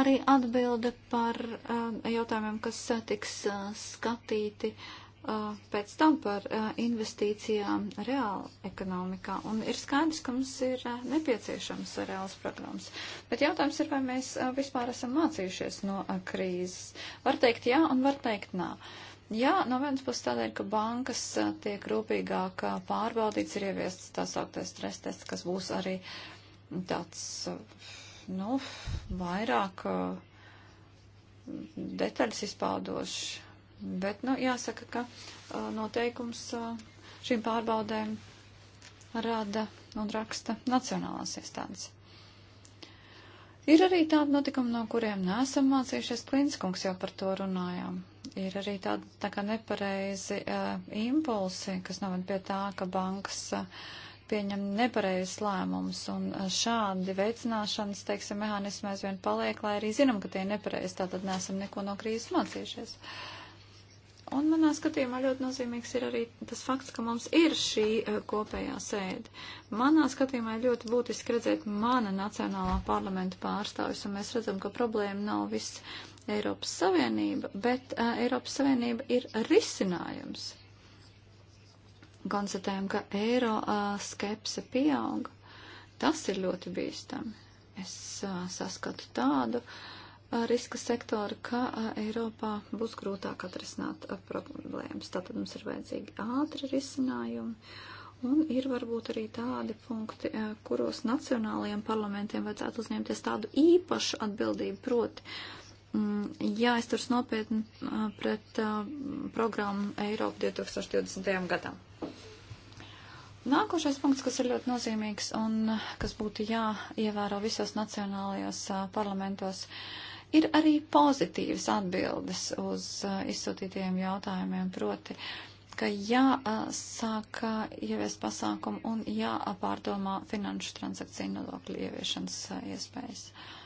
arī atbilde par um, jautājumiem, kas uh, tiks uh, skatīti uh, pēc tam par investīcijām reāli ekonomikā. Un ir skaidrs, ka mums ir nepieciešams reāls programmas. Bet jautājums ir, vai mēs vispār esam mācījušies no krīzes. Var teikt jā un var teikt nā. Jā, no vienas puses tādēļ, ka bankas tiek rūpīgāk pārbaudīts, ir ieviests tā sauktais stress tests, kas būs arī tāds uh, nu, vairāk uh, detaļas izpaudoši. Bet, nu, jāsaka, ka uh, noteikums uh, šīm pārbaudēm rada un raksta nacionālās iestādes. Ir arī tādi notikumi, no kuriem neesam mācījušies, Klinskungs jau par to runājām. Ir arī tādi tā kā nepareizi uh, impulsi, kas noved pie tā, ka bankas uh, pieņem nepareizus lēmumus, un šādi veicināšanas, teiksim, mehānismi aizvien paliek, lai arī zinām, ka tie ir nepareizi, tātad nesam neko no krīzes mācījušies. Un manā skatījumā ļoti nozīmīgs ir arī tas fakts, ka mums ir šī kopējā sēde. Manā skatījumā ļoti būtiski redzēt mana nacionālā parlamenta pārstāvis, un mēs redzam, ka problēma nav viss Eiropas Savienība, bet uh, Eiropas Savienība ir risinājums konstatējam, ka eiro uh, skepse pieaug. Tas ir ļoti bīstami. Es uh, saskatu tādu uh, riska sektoru, ka uh, Eiropā būs grūtāk atrisināt uh, problēmas. Tātad mums ir vajadzīgi ātri risinājumi. Un ir varbūt arī tādi punkti, uh, kuros nacionālajiem parlamentiem vajadzētu uzņemties tādu īpašu atbildību proti. Uh, Mm, jāizturas nopietni pret programmu Eiropa 2020. gadam. Nākošais punkts, kas ir ļoti nozīmīgs un kas būtu jāievēro visos nacionālajos parlamentos, ir arī pozitīvas atbildes uz izsūtītajiem jautājumiem, proti, ka jāsāk ieviest pasākumu un jāpārdomā finanšu transakciju nodokļu ieviešanas iespējas. Uh,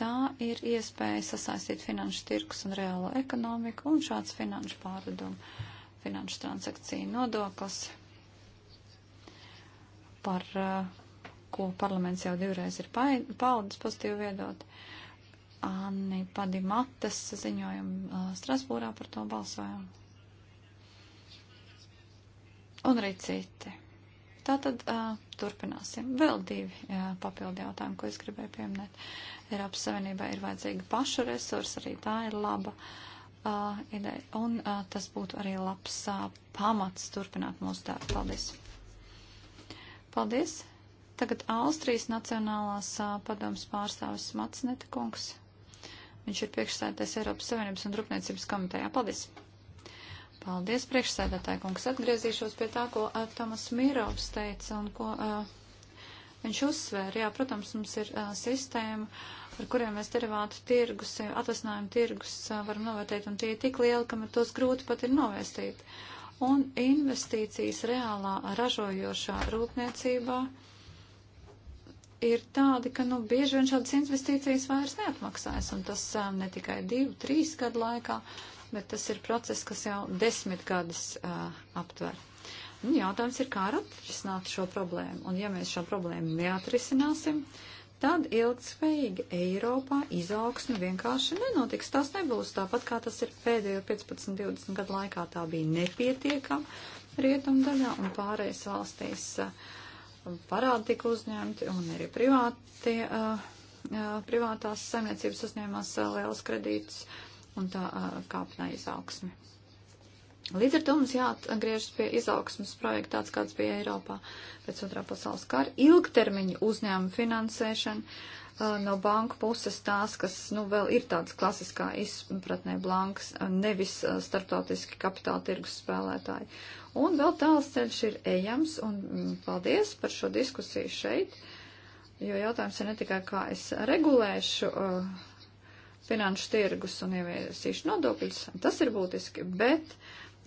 Tā ir iespēja sasaistīt finanšu tirkus un reālo ekonomiku, un šāds finanšu pārvedumu, finanšu transakciju nodoklis, par uh, ko parlaments jau divreiz ir paudis pozitīvi viedot. Anni Padimatas ziņojumu uh, Strasbūrā par to balsojumu. Un arī citi. Tātad uh, turpināsim. Vēl divi uh, papildi jautājumi, ko es gribēju pieminēt. Eiropas Savienībā ir vajadzīga paša resursa, arī tā ir laba uh, ideja. Un uh, tas būtu arī labs uh, pamats turpināt mūsu darbu. Paldies! Paldies! Tagad Austrijas Nacionālās uh, padomas pārstāvis Matsneta kungs. Viņš ir priekšsēdētājs Eiropas Savienības un Rūpniecības komitejā. Paldies! Paldies, priekšsēdētāji kungs. Atgriezīšos pie tā, ko uh, Tomas Mīrovs teica un ko uh, viņš uzsvēra. Jā, protams, mums ir uh, sistēma, ar kuriem mēs derivātu tirgus, atvesinājumu tirgus uh, varam novērtēt, un tie ir tik lieli, ka tos grūti pat ir novērstīt. Un investīcijas reālā ražojošā rūpniecībā ir tādi, ka nu, bieži vien šādas investīcijas vairs neatmaksājas, un tas um, ne tikai divu, trīs gadu laikā, uh, bet tas ir process, kas jau desmit gadus uh, aptver. Un jautājums ir, kā atrisināt šo problēmu. Un ja mēs šo problēmu neatrisināsim, tad ilgspējīga Eiropā izaugsme vienkārši nenotiks. Tas nebūs tāpat, kā tas ir pēdējo 15-20 gadu laikā. Tā bija nepietiekama rietumdaļā un pārējais valstīs uh, parādi tika uzņemti un arī privāti. Uh, privātās saimniecības uzņēmās lielas kredītus un tā kāpnē izaugsmi. Līdz ar to mums jāatgriežas pie izaugsmas projekta tāds, kāds bija Eiropā pēc otrā pasaules kara. Ilgtermiņa uzņēmuma finansēšana no banku puses tās, kas, nu, vēl ir tāds klasiskā izpratnē blanks, nevis starptautiski kapitāla tirgus spēlētāji. Un vēl tāls ceļš ir ejams, un mm, paldies par šo diskusiju šeit, jo jautājums ir ne tikai, kā es regulēšu uh, finanšu tirgus un ieviesīšu nodokļus. Tas ir būtiski, bet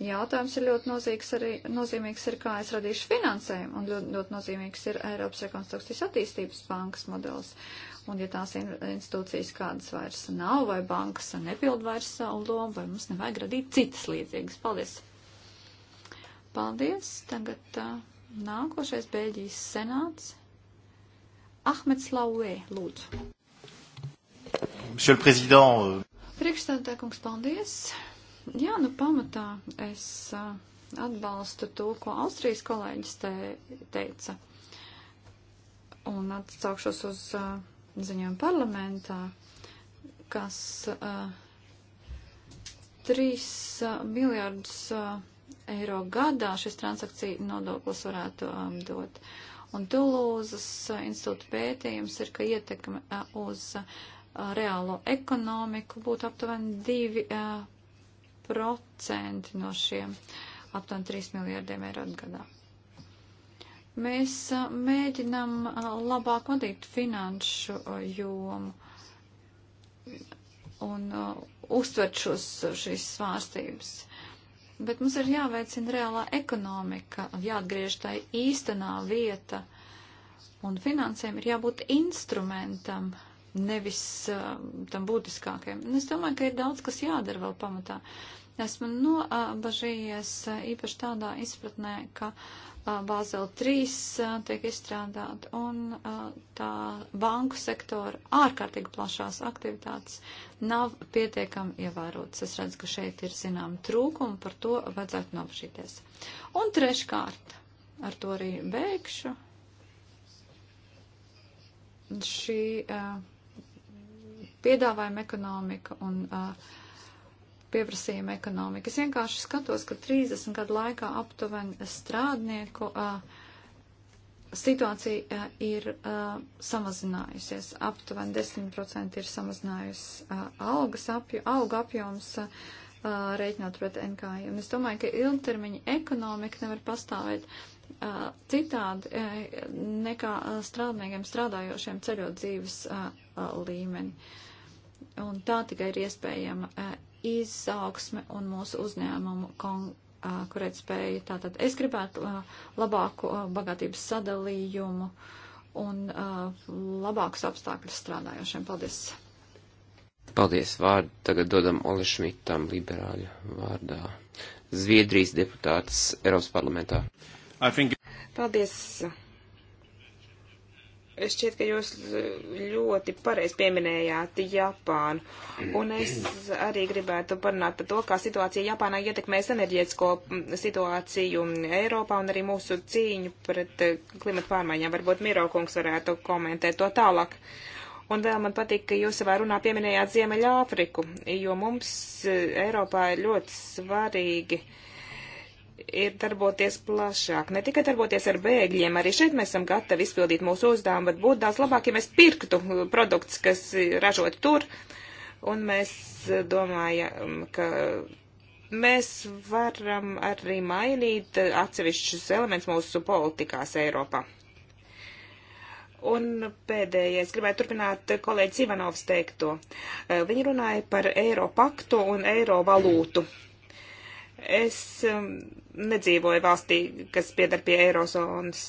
jautājums ir ļoti nozīgs arī, nozīmīgs ir, kā es radīšu finansējumu, un ļoti, ļoti nozīmīgs ir Eiropas rekonstrukcijas attīstības bankas modelis. Un ja tās in, institūcijas kādas vairs nav, vai bankas nepild vairs savu lomu, vai mums nevajag radīt citas līdzīgas. Paldies! Paldies! Tagad uh, nākošais Bēļģijas senāts. Ahmeds Lauē, lūdzu. Monsieur le Président. Euh, Priekšstādākums, paldies. Jā, nu pamatā es uh, atbalstu to, ko Austrijas kolēģis te teica. Un atsaukšos uz uh, ziņojumu parlamentā, kas uh, 3 uh, miljārdus uh, eiro gadā šis transakcija nodoklis varētu um, dot. Un Tulūzas uh, institūta pētījums ir, ka ietekme uh, uz uh, reālo ekonomiku būtu aptuveni 2% no šiem aptuveni 3 miljardiem eiro gadā. Mēs mēģinam labāk vadīt finanšu jomu un uztvert šos, šīs svārstības. Bet mums ir jāveicina reālā ekonomika, jāatgriež tai īstenā vieta, un finansēm ir jābūt instrumentam, uh, nevis uh, tam būtiskākajam. Un es domāju, ka ir daudz, kas jādara vēl pamatā. Esmu nobažījies uh, īpaši tādā izpratnē, ka uh, Bāzela 3 uh, tiek izstrādāta un uh, tā banku sektora ārkārtīgi plašās aktivitātes nav pietiekami ievērotas. Es redzu, ka šeit ir zinām trūkumi, par to vajadzētu nobažīties. Un treškārt, ar to arī beigšu šī uh, piedāvājuma ekonomika un uh, pieprasījuma ekonomika. Es vienkārši skatos, ka 30 gadu laikā aptuveni strādnieku uh, situācija uh, ir uh, samazinājusies. Aptuveni 10% ir samazinājusi uh, algas apju, alga apjoms. Uh, rēķinot pret NKI. Un es domāju, ka ilgtermiņa ekonomika nevar pastāvēt uh, citādi uh, nekā strādniekiem strādājošiem ceļot dzīves uh, līmeni. Uh, Un tā tikai ir iespējama e, izaugsme un mūsu uzņēmumu konkurētspēja. E, Tātad es gribētu e, labāku bagātības sadalījumu un labākus apstākļus strādājošiem. Paldies! Paldies vārdu. Tagad dodam Ole Šmitam liberāļu vārdā. Zviedrijas deputāts Eiropas parlamentā. Think... Paldies, Šķiet, ka jūs eh, ļoti pareizi pieminējāt Japānu. Un es arī gribētu parunāt par to, kā situācija Japānā ietekmēs enerģētisko mm, situāciju Eiropā un arī mūsu cīņu pret eh, klimatu pārmaiņām. Varbūt Mirokungs varētu komentēt to tālāk. Un vēl man patīk, ka jūs savā runā pieminējāt Ziemeļāfriku, jo mums eh, Eiropā ir ļoti svarīgi. Uh, ir darboties plašāk, ne tikai darboties ar bēgļiem, arī šeit mēs esam gatavi izpildīt mūsu uzdevumu, bet būtu daudz labāk, ja mēs pirktu produkts, kas ražot tur, un mēs domājam, ka mēs varam arī mainīt atsevišķus elementus mūsu politikās Eiropā. Un pēdējais, gribētu turpināt kolēģis Ivanovs teikto. Viņi runāja par Eiropaktu un Eirovalūtu. Mm Es um, nedzīvoju valstī, kas piedar pie Eirozonas.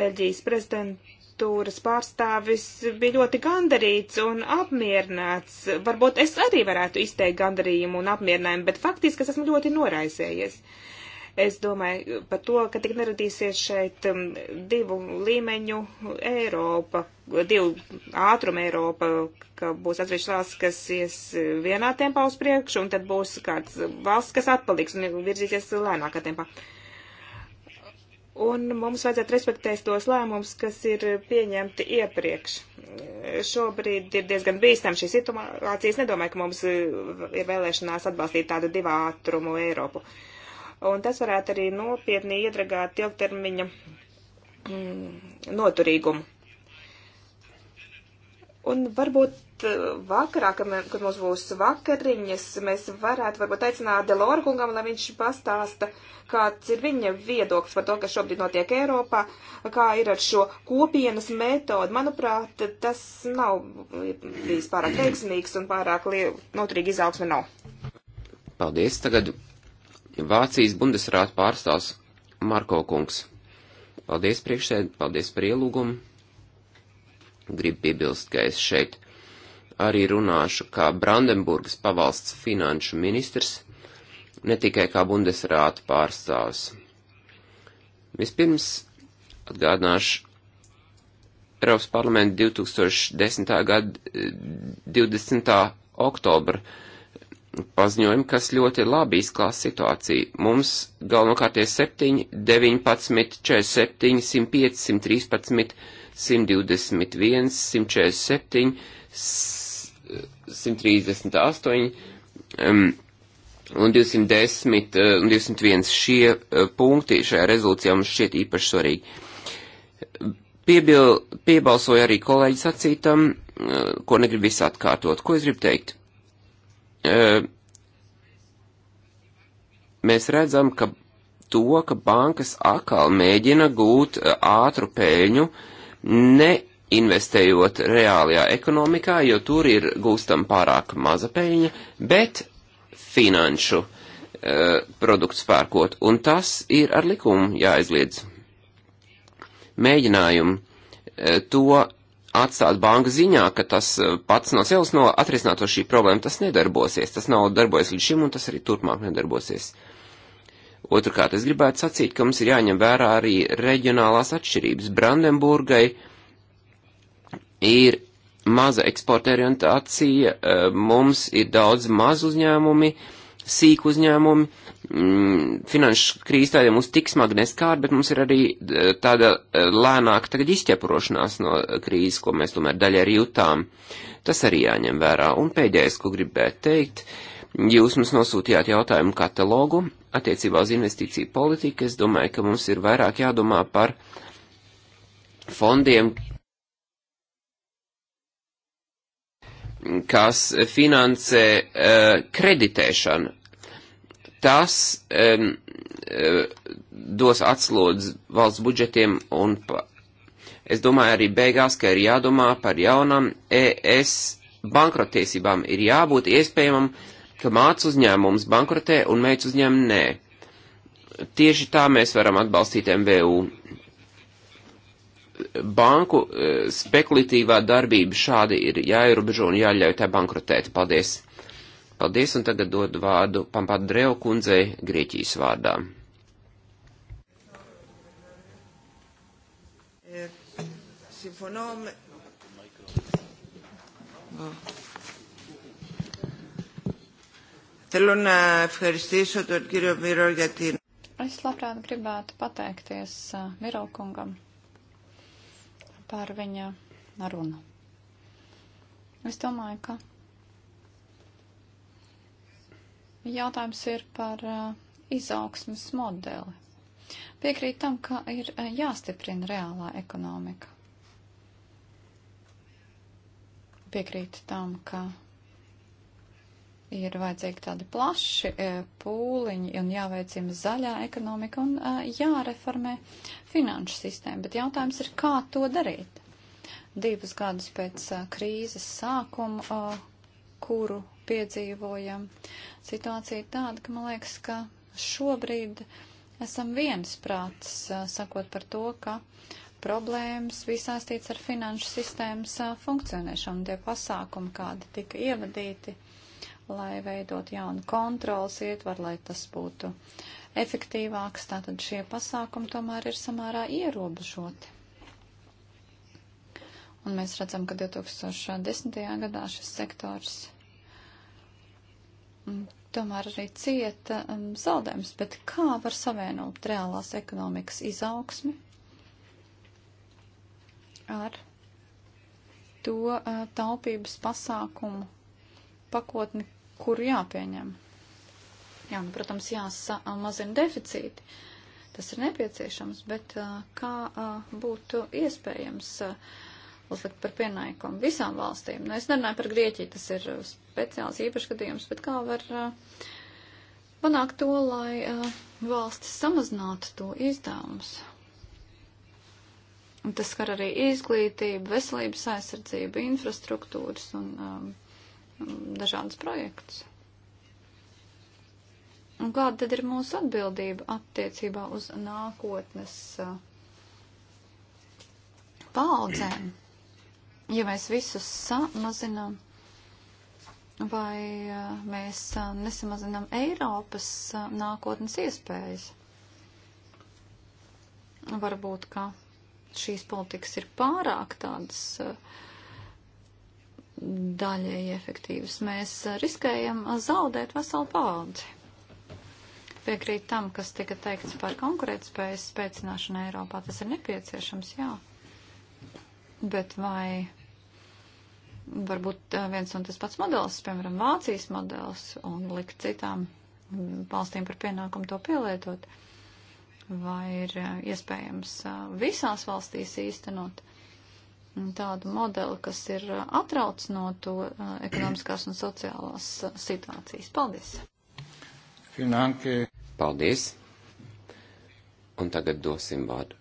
Beļģijas prezidentūras pārstāvis bija ļoti gandarīts un apmierināts. Varbūt es arī varētu izteikt gandarījumu un apmierinājumu, bet faktiski es esmu ļoti noraizējies. Uh, Es domāju par to, ka tik neradīsies šeit um, divu līmeņu Eiropa, divu ātrumu Eiropa, ka būs atsevišķas valsts, kas ies vienā tempā uz priekšu, un tad būs kāds valsts, kas atpaliks un virzīsies lēnākā tempā. Un mums vajadzētu respektēt tos lēmumus, kas ir pieņemti iepriekš. Šobrīd ir diezgan bīstam šī situācija. Es nedomāju, ka mums ir vēlēšanās atbalstīt tādu divātrumu Eiropu. Uh, un tas varētu arī nopietni iedragāt ilgtermiņa mm, noturīgumu. Un varbūt eh, vakarā, kad mums būs vakariņas, mēs varētu varbūt aicināt Delora kungam, lai viņš pastāsta, kāds ir viņa viedoklis par to, kas šobrīd notiek Eiropā, kā ir ar šo kopienas metodu. Manuprāt, tas nav bijis pārāk veiksmīgs un pārāk noturīgi izaugsme nav. Paldies. Tagad Vācijas bundesrāta pārstāvs Marko Kungs. Paldies priekšsēd, paldies par ielūgumu. Gribu piebilst, ka es šeit arī runāšu kā Brandenburgas pavalsts finanšu ministrs, ne tikai kā bundesrāta pārstāvs. Vispirms atgādināšu Eiropas parlamenta 2010. gada 20. Eh, oktobra paziņojumu, kas ļoti labi izklās situāciju. Mums galvenokārt ir 7, 19, 47, 105, 113, 121, 147, 138 um, un 210 eh, un 201. Šie uh, punkti šajā rezolūcijā mums šķiet īpaši svarīgi. Piebil, piebalsoja arī kolēģis acītam, uh, eh, ko negrib visu atkārtot. Ko es gribu teikt? mēs redzam, ka to, ka bankas atkal mēģina gūt ātru pēļņu, neinvestējot reālajā ekonomikā, jo tur ir gūstam pārāk maza pēļņa, bet finanšu produktu spērkot, un tas ir ar likumu jāizliedz. Mēģinājumi to atstāt banku ziņā, ka tas e, pats no sevis no atrisināto šī problēma, tas nedarbosies. Tas nav darbojies līdz šim un tas arī turpmāk nedarbosies. Otrkārt, es gribētu sacīt, ka mums ir jāņem vērā arī reģionālās atšķirības. Brandenburgai ir maza eksporta orientācija, e, mums ir daudz mazu uzņēmumi, sīku uzņēmumi, mm, finanšu krīze tādiem mums tik smagi neskār, bet mums ir arī e, tāda e, lēnāka tagad izķeprošanās no krīzes, ko mēs tomēr daļai arī jutām. Tas arī jāņem vērā. Un pēdējais, ko gribētu teikt, jūs mums nosūtījāt jautājumu katalogu attiecībā uz investīciju politiku. Es domāju, ka mums ir vairāk jādomā par fondiem, kas finansē uh, kreditēšanu tas um, dos atslodzi valsts budžetiem un pa, es domāju arī beigās, ka ir jādomā par jaunam ES bankrotiesībām. Ir jābūt iespējamam, ka māc uzņēmums bankrotē un meic uzņēmumu nē. Tieši tā mēs varam atbalstīt MVU. Banku e, spekulatīvā darbība šādi ir jāierobežo un jāļauj tai bankrotēt. Paldies! Paldies, un tagad dod vārdu Pampadreo kundzei Grieķijas vārdā. Es labprāt gribētu pateikties Miro kungam par viņa runu. Es domāju, ka Jautājums ir par uh, izaugsmas modeli. Piekrīt tam, ka ir uh, jāstiprina reālā ekonomika. Piekrīt tam, ka ir vajadzīgi tādi plaši uh, pūliņi un jāveicina zaļā ekonomika un jāreformē finanšu sistēma. Bet jautājums ir, kā to darīt? Divus gadus pēc krīzes sākuma, kuru piedzīvojam. Situācija ir tāda, ka man liekas, ka šobrīd esam viensprāts, sakot par to, ka problēmas bija saistīts ar finanšu sistēmas funkcionēšanu, tie pasākumi, kādi tika ievadīti, lai veidot jaunu kontrols ietvaru, lai tas būtu efektīvāks, tātad šie pasākumi tomēr ir samērā ierobežoti. Un mēs redzam, ka 2010. gadā šis sektors Mm, tomēr arī cieta um, zaudējums, bet kā var savienot reālās ekonomikas izaugsmi ar to uh, taupības pasākumu pakotni, kuru jāpieņem? Jā, nu, protams, jāsamazina deficīti. Tas ir nepieciešams, bet uh, kā uh, būtu iespējams? Uh, uzlikt par pienākumu visām valstīm. Nu, es nerunāju par Grieķiju, tas ir uh, speciāls īpašs gadījums, bet kā var uh, panākt to, lai uh, valstis samazinātu to izdevumus? Un tas skar arī izglītību, veselības aizsardzību, infrastruktūras un um, dažādas projekts. Un kāda tad ir mūsu atbildība attiecībā uz nākotnes uh, paudzēm? ja mēs visus samazinām, vai eh, mēs eh, nesamazinām Eiropas eh, nākotnes iespējas? Varbūt, ka šīs politikas ir pārāk tādas daļēji efektīvas. Mēs riskējam zaudēt veselu paudzi. Piekrīt tam, kas tika teikts par konkurētspējas spēcināšanu Eiropā. Tas ir nepieciešams, jā. Bet vai varbūt eh, viens un tas pats modelis, piemēram, Vācijas modelis, un likt citām valstīm par pienākumu to pielietot, vai ir eh, iespējams eh, visās valstīs īstenot tādu modeli, kas ir atrauc no to ekonomiskās un sociālās situācijas. Paldies! Finanke. Paldies! Un tagad dosim vārdu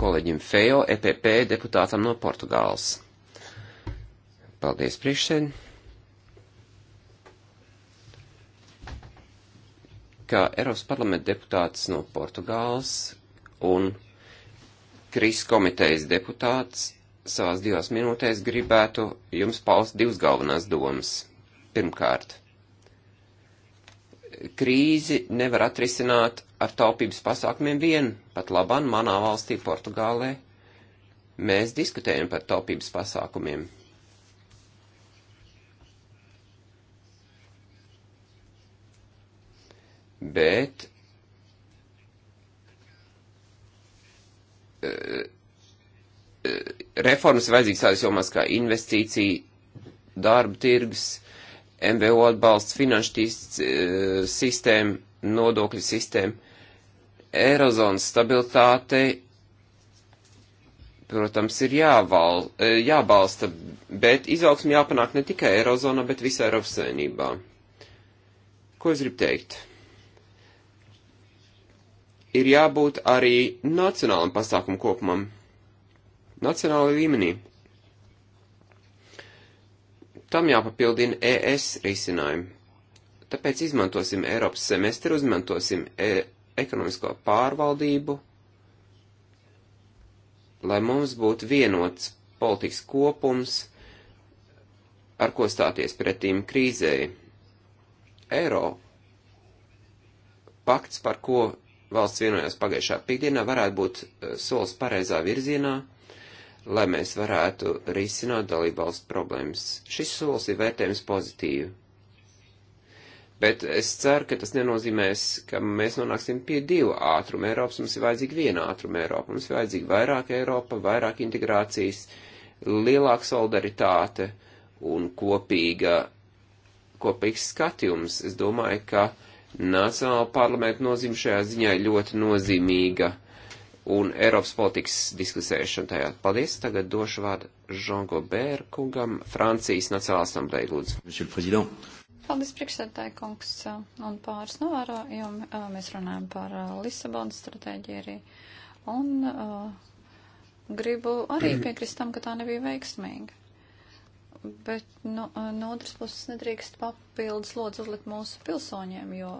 kolēģim Fejo, EPP deputātam no Portugāles. Paldies, priekšsēd. Kā Eiropas parlamenta deputāts no Portugāles un Krīs komitejas deputāts savās divās minūtēs gribētu jums paust divas galvenās domas. Pirmkārt, krīzi nevar atrisināt ar taupības pasākumiem vien, pat labam manā valstī Portugālē. Mēs diskutējam par taupības pasākumiem. bet eh, eh, reformas vajadzīgas tādas jomās kā investīcija, darba tirgus, MVO atbalsts, finanšu eh, sistēma, nodokļu sistēma, Eirozonas stabilitāte, protams, ir jāval, jābalsta, bet izaugsmi jāpanāk ne tikai Eirozonā, bet visā Eiropas saimnībā. Ko es gribu teikt? ir jābūt arī nacionālam pasākumu kopumam, nacionālajā līmenī. Tam jāpapildina ES risinājumi. Tāpēc izmantosim Eiropas semestri, izmantosim e ekonomisko pārvaldību, lai mums būtu vienots politikas kopums, ar ko stāties pretīm krīzēji. Eiro pakts, par ko valsts vienojās pagājušā piekdienā, varētu būt eh, solis pareizā virzienā, lai mēs varētu risināt dalībvalstu problēmas. Šis solis ir vērtējums pozitīvi. Bet es ceru, ka tas nenozīmēs, ka mēs nonāksim pie divu ātrumu Eiropas. Mums ir vajadzīga viena ātruma Eiropa. Mums ir vajadzīga vairāk Eiropa, vairāk integrācijas, lielāka solidaritāte un kopīga, kopīgs skatījums. Es domāju, ka uh, Nacionāla parlamenta nozīme šajā ziņā ir ļoti nozīmīga un Eiropas politikas diskusēšana tajā. Paldies, tagad došu vārdu Žongo Bērkungam, Francijas Nacionālās asamblēja lūdzu. Paldies, priekšsēdētāji kungs, un pāris novērojumi. Mēs runājam par Lisabonas stratēģiju arī, un uh, gribu arī piekrist tam, ka tā nebija veiksmīga bet nu, no otras puses nedrīkst papildus lodzi uzlikt mūsu pilsoņiem, jo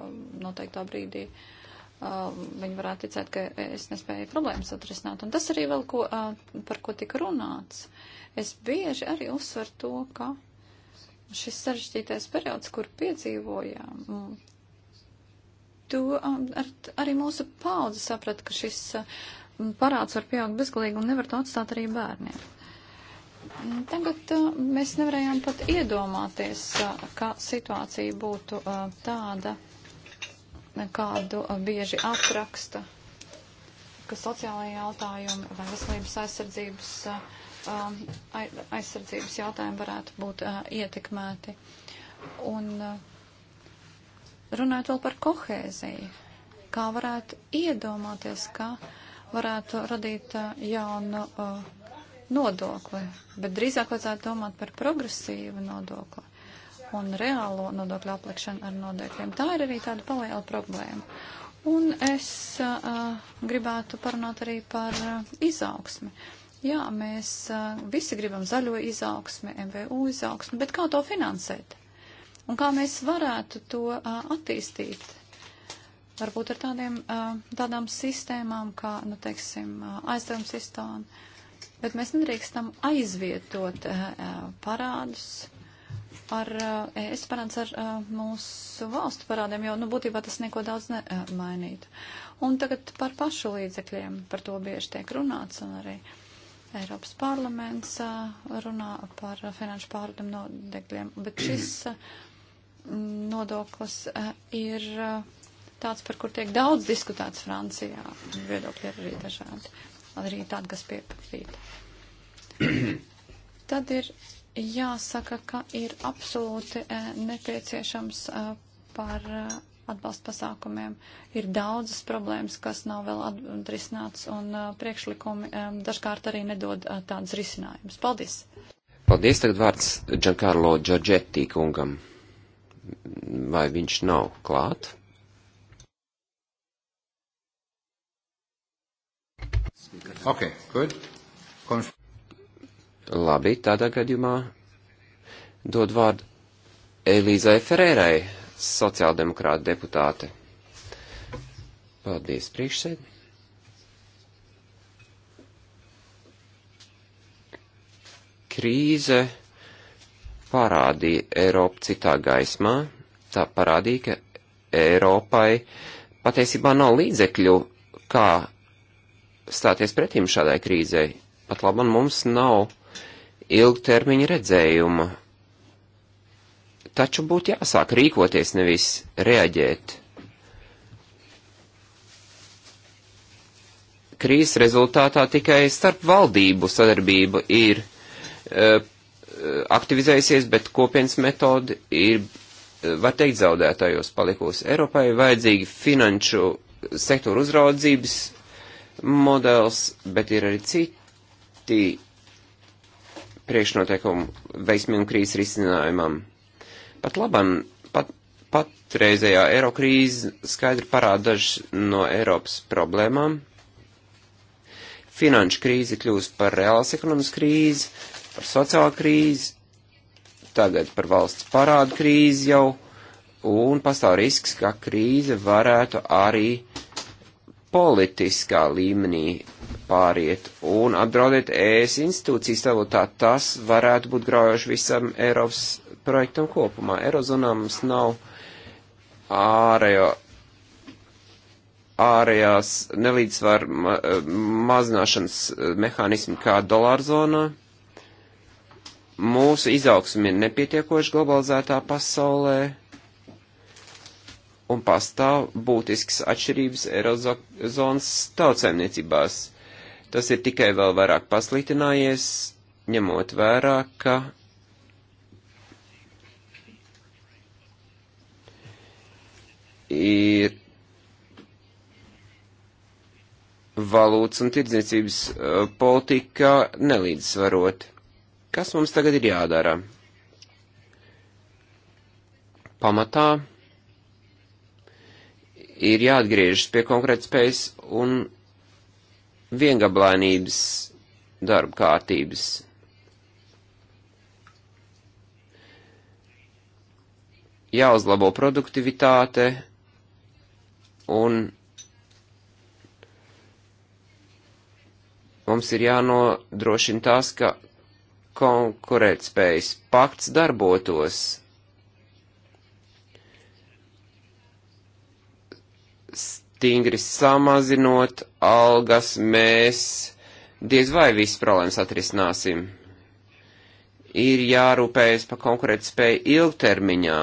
noteiktā brīdī uh, viņi varētu ticēt, ka es nespēju problēmas atrisināt. Un tas arī vēl, ko, uh, par ko tika runāts. Es bieži arī uzsveru to, ka šis sarežģītais periods, kur piedzīvojām, to ar, arī mūsu paudze saprata, ka šis parāds var pieaugt bezgalīgi un nevar to atstāt arī bērniem. Tagad uh, mēs nevarējām pat iedomāties, uh, ka situācija būtu uh, tāda, kādu bieži apraksta, ka sociālajie jautājumi vai veselības aizsardzības, um, aizsardzības jautājumi varētu būt ietekmēti. Un runājot vēl par kohēziju, kā varētu iedomāties, ka varētu radīt jaunu. Uh, nodokli, bet drīzāk vajadzētu domāt par progresīvu nodokli un reālo nodokļu aplikšanu ar nodokļiem. Tā ir arī tāda paliela problēma. Un es uh, gribētu parunāt arī par uh, izaugsmi. Jā, mēs uh, visi gribam zaļo izaugsmi, MVU izaugsmi, bet kā to finansēt? Un kā mēs varētu to uh, attīstīt? Varbūt ar tādiem, uh, tādām sistēmām, kā, nu, teiksim, uh, aizdevuma sistēma, uh, Bet mēs nedrīkstam aizvietot eh, eh, parādus ar eh, es parāds ar mūsu valstu parādiem, jo, nu, būtībā tas neko daudz nemainītu. Un tagad par pašu līdzekļiem, par to bieži tiek runāts un arī Eiropas parlaments runā par finanšu pārvedumu nodekļiem, bet šis nodoklis ir tāds, par kur tiek daudz diskutēts Francijā, un viedokļi ir arī dažādi arī tādi, kas piekrīt. Tad ir jāsaka, ka ir absolūti e, nepieciešams e, par e, atbalsta pasākumiem. Ir daudzas problēmas, kas nav vēl atrisināts, un priekšlikumi dažkārt arī nedod tādas risinājumus. Paldies! Paldies, tagad vārds Giancarlo Giorgetti kungam. Vai viņš nav klāt? Ok, good. Konst Labi, tādā gadījumā dod vārdu Elīzai Ferērai, sociāldemokrāta deputāte. Paldies, priekšsēd. Krīze parādīja Eiropu citā gaismā, tā parādīja, ka Eiropai patiesībā nav līdzekļu, kā stāties pretim šādai krīzei. Pat labam mums nav ilgtermiņa redzējuma. Taču būtu jāsāk rīkoties, nevis reaģēt. Krīzes rezultātā tikai starp valdību sadarbība ir e, e aktivizējusies, bet kopienas metode ir, e, var teikt, zaudētājos palikusi. Eiropai vajadzīgi finanšu sektoru uzraudzības modelis, bet ir arī citi priekšnoteikumi veiksmīgam krīzes risinājumam. Pat labam, pat, patreizējā eiro krīze skaidri parāda dažas no Eiropas problēmām. Finanšu krīze kļūst par reālas ekonomikas krīzi, par sociālu krīzi, tagad par valsts parādu krīzi jau, un pastāv risks, ka krīze varētu arī uh, politiskā līmenī pāriet un apdraudēt ES institūcijas stabilitāti, tas varētu būt graujoši visam Eiropas projektam kopumā. Eirozonā mums nav ārējo, ārējās nelīdzsvar ma mazināšanas mehānismi kā dolārzonā. Mūsu izaugsmi ir nepietiekoši globalizētā pasaulē un pastāv būtisks atšķirības Eirozonas tautsēmniecībās. Tas ir tikai vēl vairāk pasliktinājies, ņemot vērā, ka ir valūtas un tirdzniecības uh, politika nelīdzsvarot. Kas mums tagad ir jādara? Pamatā ir jāatgriežas pie konkrētspējas un viengablainības darba kārtības. Jāuzlabo produktivitāte un mums ir jānodrošina tas, ka konkurētspējas pakts darbotos stingri samazinot algas, mēs diez vai visas problēmas atrisināsim. Ir jārūpējas par konkurētspēju ilgtermiņā,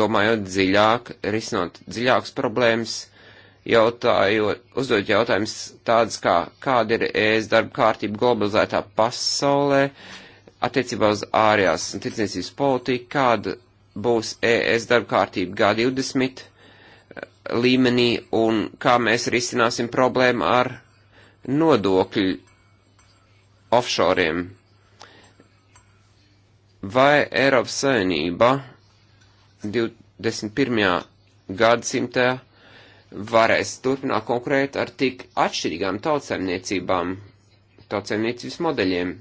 domājot dziļāk, risinot dziļākas problēmas, jautājot, uzdot jautājumus tādus kā, kāda ir ēst darba kārtība globalizētā pasaulē, attiecībā uz ārējās un ticniecības politiku, kāda būs ES darba kārtība G20, līmenī un kā mēs risināsim problēmu ar nodokļu offshoriem. Vai Eiropas Savienība 21. gadsimtā varēs turpināt konkurēt ar tik atšķirīgām tautsēmniecībām, tautsēmniecības modeļiem?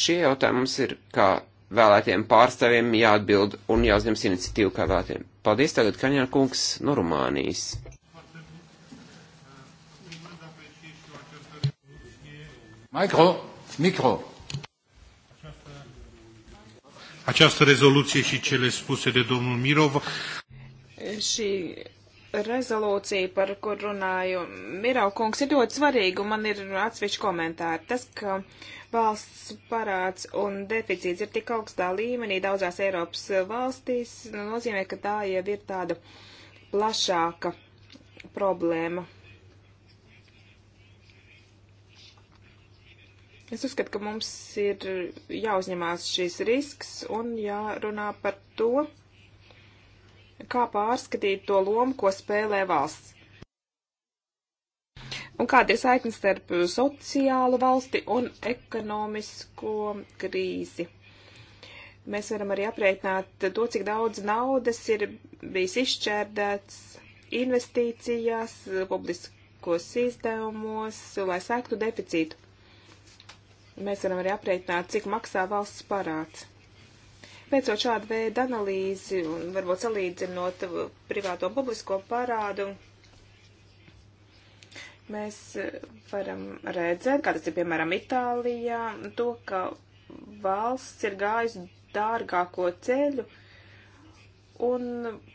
Šie jautājumi mums ir kā vēlētiem pārstāvjiem jāatbild un jāuzņems iniciatīvu kā vēlētiem. Paldies tagad, Kaņēr kungs no Rumānijas. Mikro, mikro. Această rezoluție și cele spuse de domnul Mirov. Și rezolūcija, par kur runāju Mirau kungs, ir ļoti svarīga, un man ir atsevišķi komentāri. Tas, ka valsts parāds un deficīts ir tik augstā līmenī daudzās Eiropas valstīs, nozīmē, ka tā jau ir tāda plašāka problēma. Es uzskatu, ka mums ir jāuzņemās šis risks un jārunā par to, kā pārskatīt to lomu, ko spēlē valsts. Un kāda ir saikne starp sociālu valsti un ekonomisko krīzi? Mēs varam arī aprēķināt to, cik daudz naudas ir bijis izšķērdēts investīcijās, publiskos izdevumos, lai sēktu deficītu. Mēs varam arī aprēķināt, cik maksā valsts parāds. Veicot šādu veidu analīzi un varbūt salīdzinot privāto un publisko parādu, mēs eh, varam redzēt, kā tas ir piemēram Itālijā, to, ka valsts ir gājusi dārgāko ceļu. Un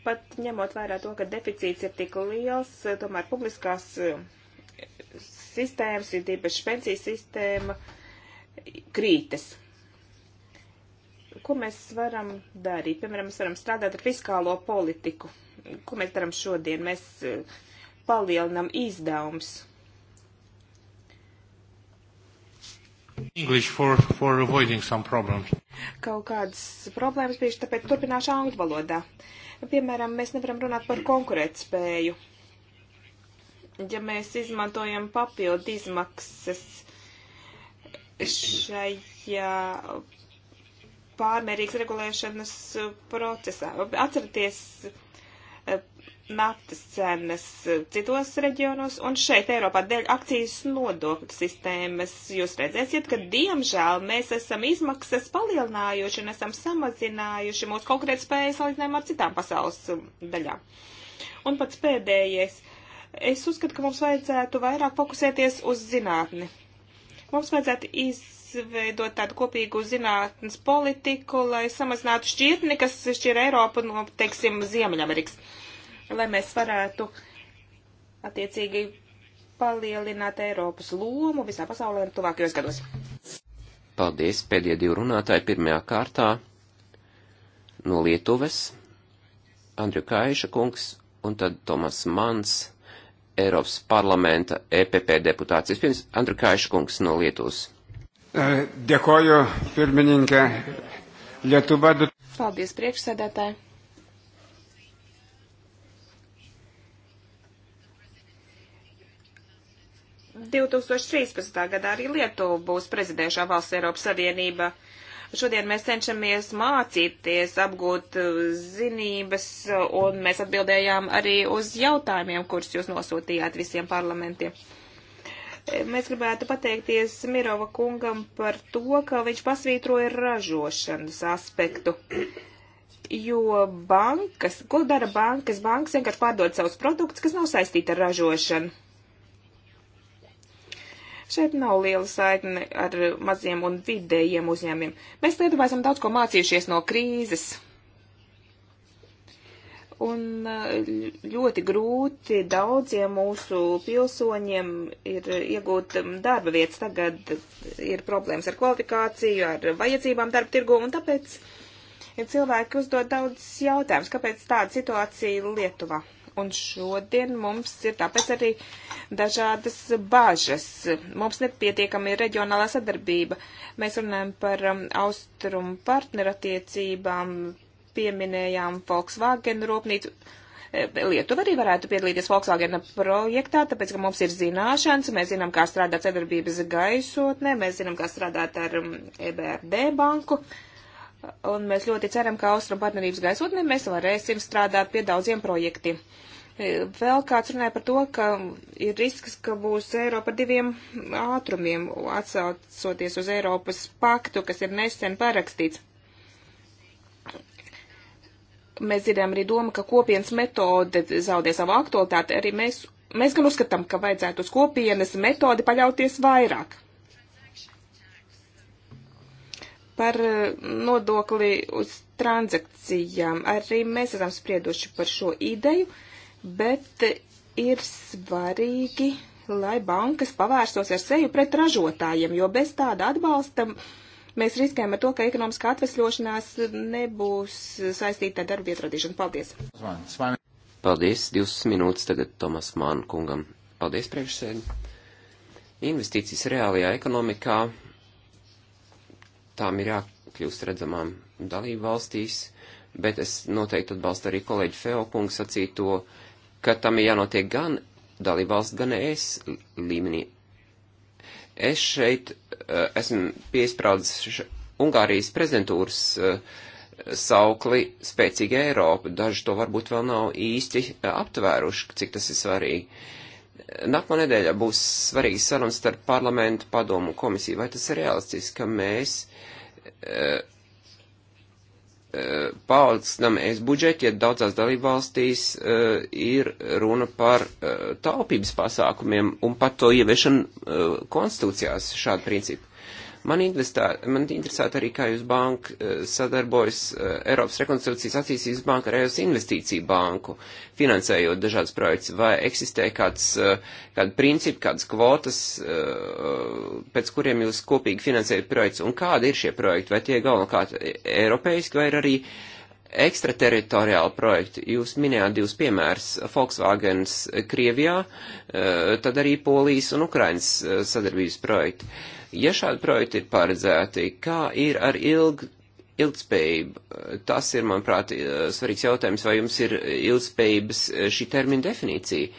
pat ņemot vērā to, ka deficīts ir tik liels, tomēr publiskās eh, sistēmas, ir tīpaši pensijas sistēma, krītas ko mēs varam darīt? Piemēram, mēs varam strādāt ar fiskālo politiku. Ko mēs darām šodien? Mēs eh, palielinam izdevums. English for, for avoiding some problems. Kaut kādas problēmas bijuši, tāpēc turpināšu angļu valodā. Piemēram, mēs nevaram runāt par konkurētspēju. Ja mēs izmantojam papildu izmaksas šajā pārmērīgas regulēšanas uh, procesā. Atcerieties uh, naftas cenas uh, citos reģionos un šeit Eiropā dēļ akcijas nodokļu sistēmas. Jūs redzēsiet, ka diemžēl mēs esam izmaksas palielinājuši un esam samazinājuši mūsu konkrēt spējas salīdzinājumā ar citām pasaules um, daļām. Un pats pēdējais. Es uzskatu, ka mums vajadzētu vairāk fokusēties uz zinātni. Mums vajadzētu iz izveidot tādu kopīgu zinātnes politiku, lai samazinātu šķirtni, kas šķir Eiropu no, teiksim, Ziemeļamerikas, lai mēs varētu attiecīgi palielināt Eiropas lomu visā pasaulē un tuvākajos gados. Paldies, pēdējie divi runātāji pirmajā kārtā no Lietuvas, Andriu Kaiša kungs un tad Tomas Mans, Eiropas parlamenta EPP deputāts. Vispirms Andriu Kaiša kungs no Lietuvas. E, dėkoju, pirmininkė. Lietuva. Paldies, priekšsēdētāji. gadā arī Lietuva būs prezidēšā valsts Eiropas Savienība. Šodien mēs cenšamies mācīties, apgūt e, zinības, un mēs atbildējām arī uz jautājumiem, kurus jūs nosūtījāt visiem parlamentiem. Mēs gribētu pateikties Mirova kungam par to, ka viņš pasvītroja ražošanas aspektu jo bankas, ko dara bankas? Bankas vienkārši pārdod savus produktus, kas nav saistīti ar ražošanu. Šeit nav liela saikne ar maziem un vidējiem uzņēmumiem. Mēs Lietuvā esam daudz ko mācījušies no krīzes. Un eh, ļoti grūti daudziem mūsu pilsoņiem ir iegūt mm, darba vietas. Tagad ir problēmas ar kvalifikāciju, ar vajadzībām darba tirgu, un tāpēc cilvēki uzdod daudz jautājumus, kāpēc tāda situācija Lietuvā. Un šodien mums ir tāpēc arī dažādas bažas. Mums nepietiekami ir reģionālā sadarbība. Mēs runājam par mm, austrumu partnerattiecībām, pieminējām Volkswagen rūpnīcu. E, Lietuva arī varētu piedalīties Volkswagen projektā, tāpēc, ka mums ir zināšanas, mēs zinām, kā strādāt sadarbības gaisotnē, mēs zinām, kā strādāt ar um, EBRD banku, un mēs ļoti ceram, ka Austrum partnerības gaisotnē mēs varēsim strādāt pie daudziem projektiem. E, Vēl kāds runāja par to, ka ir risks, ka būs Eiropa diviem ātrumiem, atsaucoties uz Eiropas paktu, kas ir nesen parakstīts mēs dzirdējām arī domu, ka kopienas metode zaudē savu aktualitāti. Arī mēs, mēs gan uzskatām, ka vajadzētu uz kopienas metodi paļauties vairāk. Par eh, nodokli uz transakcijām arī mēs esam sprieduši par šo ideju, bet ir svarīgi, lai bankas pavērstos ar seju pret ražotājiem, jo bez tāda atbalsta uh, mēs riskējam ar to, ka ekonomiskā atvesļošanās nebūs saistīta ar darba ietradīšanu. Paldies! Paldies! Divas minūtes tagad Tomas Mānu kungam. Paldies, priekšsēdi! Investīcijas reālajā ekonomikā tām ir jākļūst redzamām dalību valstīs, bet es noteikti atbalstu arī kolēģi Feokungu sacīto, ka tam ir jānotiek gan dalībvalsts, gan es līmenī. Es šeit uh, esmu piesprādzis Ungārijas prezidentūras uh, saukli spēcīga Eiropa. Daži to varbūt vēl nav īsti eh, aptvēruši, cik tas ir svarīgi. Nākamā nedēļā būs svarīga saruna starp parlamentu, padomu un komisiju. Vai tas ir realistiski, ka mēs uh, Eh, paaugstināmies budžeti, ja daudzās dalībvalstīs uh, ir runa par uh, taupības pasākumiem un pat to ieviešanu uh, konstitūcijās šādu principu. Man, investā, man interesētu arī, kā jūs banka eh, sadarbojas eh, Eiropas rekonstrukcijas attīstības banka ar Eiropas investīciju banku, finansējot dažādas projekts. Vai eksistē kāds, eh, kāda principi, kādas kvotas, pēc kuriem jūs kopīgi finansējat projekts, un kādi ir šie projekti? Vai tie galvenokārt e-, e-, eiropeiski, vai ir arī uh, ekstrateritoriāli projekti. Jūs minējāt divus piemērus - Volkswagens Krievijā, e, tad arī Polijas un Ukrainas e, sadarbības projekti. Ja šādi projekti ir paredzēti, kā ir ar ilgu ilgspējību? Tas ir, manuprāt, e, svarīgs jautājums, vai jums ir ilgspējības šī termina definīcija.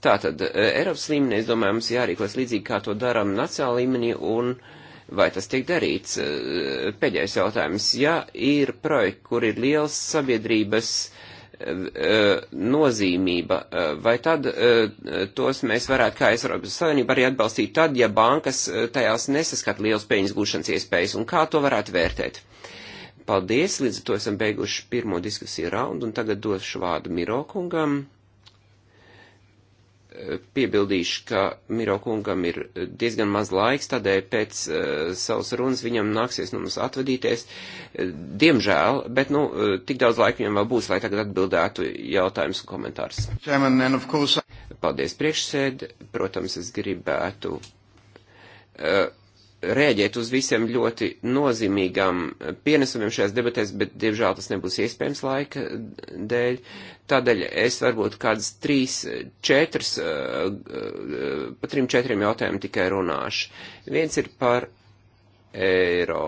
Tātad, Eiropas līmenī, es domāju, mums jārīkojas līdzīgi, kā to darām nacionāla līmenī, un uh, vai tas tiek darīts. Eh, pēdējais jautājums. Ja ir projekti, kur ir liels sabiedrības eh, nozīmība, eh, vai tad tos mēs varētu, kā es savienību, arī atbalstīt tad, ja bankas tajās nesaskat liels peļņas gūšanas iespējas, un kā to varētu vērtēt? Paldies, līdz ar to esam beiguši pirmo diskusiju raundu, un tagad došu vārdu Mirokungam. kungam piebildīšu, ka Miro kungam ir diezgan maz laiks, tādēļ pēc uh, savas runas viņam nāksies no mums atvadīties. Eh, diemžēl, bet nu, eh, tik daudz laika viņam vēl būs, lai tagad atbildētu jautājumus un komentārus. Paldies priekšsēd. Protams, es gribētu uh, rēģēt uz visiem ļoti nozīmīgām pienesumiem šajās debatēs, bet diemžēl tas nebūs iespējams laika dēļ. Tādēļ es varbūt kādas trīs, četras, uh, uh, pa trim, četriem jautājumiem tikai runāšu. Viens ir par eiro.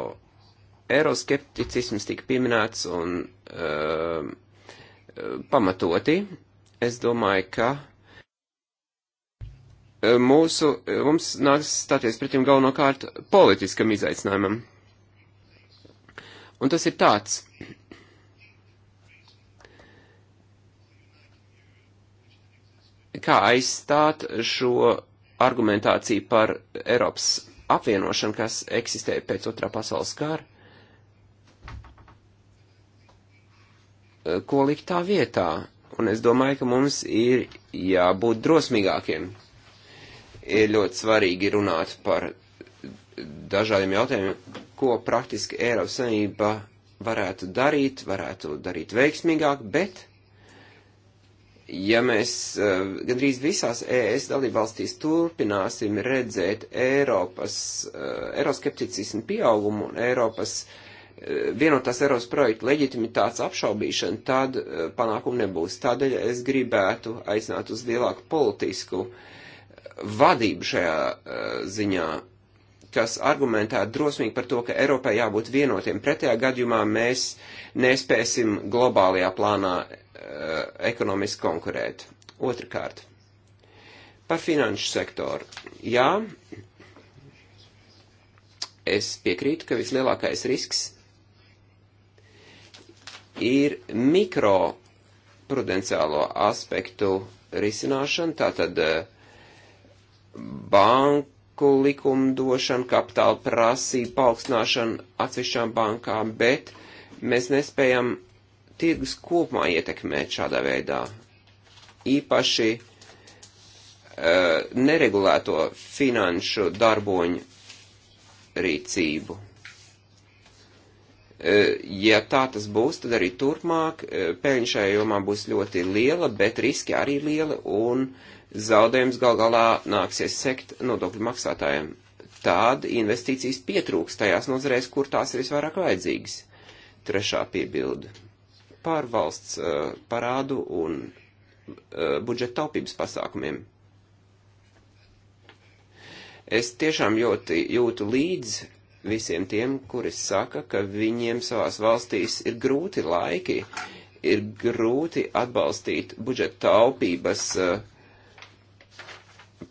Eiroskepticisms tika pieminēts un uh, pamatoti. Es domāju, ka mūsu, mums nāks stāties pretim galvenokārt politiskam izaicinājumam. Un tas ir tāds. Kā aizstāt šo argumentāciju par Eiropas apvienošanu, kas eksistēja pēc otrā pasaules kara? Ko likt tā vietā? Un es domāju, ka mums ir jābūt drosmīgākiem ir ļoti svarīgi runāt par dažādiem jautājumiem, ko praktiski Eiropas Savienība varētu darīt, varētu darīt veiksmīgāk, bet ja mēs uh, gandrīz visās ES dalībvalstīs turpināsim redzēt Eiropas, uh, eiroskepticismu pieaugumu un Eiropas, uh, vienotās Eiropas projektu leģitimitātes apšaubīšanu, tad uh, panākumu nebūs. Tādēļ es gribētu aicināt uz lielāku politisku uh, vadību šajā uh, ziņā, kas argumentē drosmīgi par to, ka Eiropai jābūt vienotiem. Pretējā gadījumā mēs nespēsim globālajā plānā uh, ekonomiski konkurēt. Otrakārt, par finanšu sektoru. Jā, es piekrītu, ka vislielākais risks ir mikroprudenciālo aspektu risināšana, tātad uh, banku likumdošanu, kapitāla prasību paaugstināšanu atsevišķām bankām, bet mēs nespējam tirgus kopumā ietekmēt šādā veidā. Īpaši uh, neregulēto finanšu darboņu rīcību. Uh, ja tā tas būs, tad arī turpmāk uh, peļņa šajā jomā būs ļoti liela, bet riski arī lieli un uh, zaudējums gal galā nāksies sekt nodokļu maksātājiem. Tāda investīcijas pietrūks tajās nozarēs, kur tās ir visvairāk vajadzīgas. Trešā piebilda - par valsts uh, parādu un uh, budžeta taupības pasākumiem. Es tiešām jūti, jūtu līdz visiem tiem, kuri saka, ka viņiem savās valstīs ir grūti laiki, ir grūti atbalstīt budžeta taupības uh,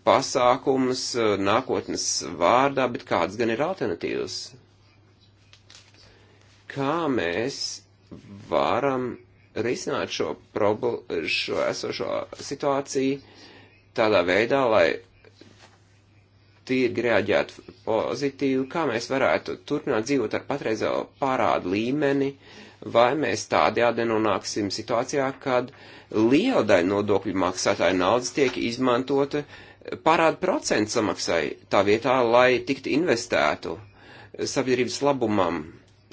pasākumus eh, nākotnes vārdā, bet kādas gan ir alternatīvas? Kā mēs varam risināt šo, probu, šo esošo situāciju tādā veidā, lai tīri reaģētu pozitīvi, kā mēs varētu turpināt dzīvot ar patreizējo pārādu līmeni, vai mēs tādējādi nonāksim situācijā, kad liela daļa nodokļu maksātāju naudas tiek izmantota uh, parādu procentu samaksai tā vietā, lai tiktu investētu sabiedrības labumam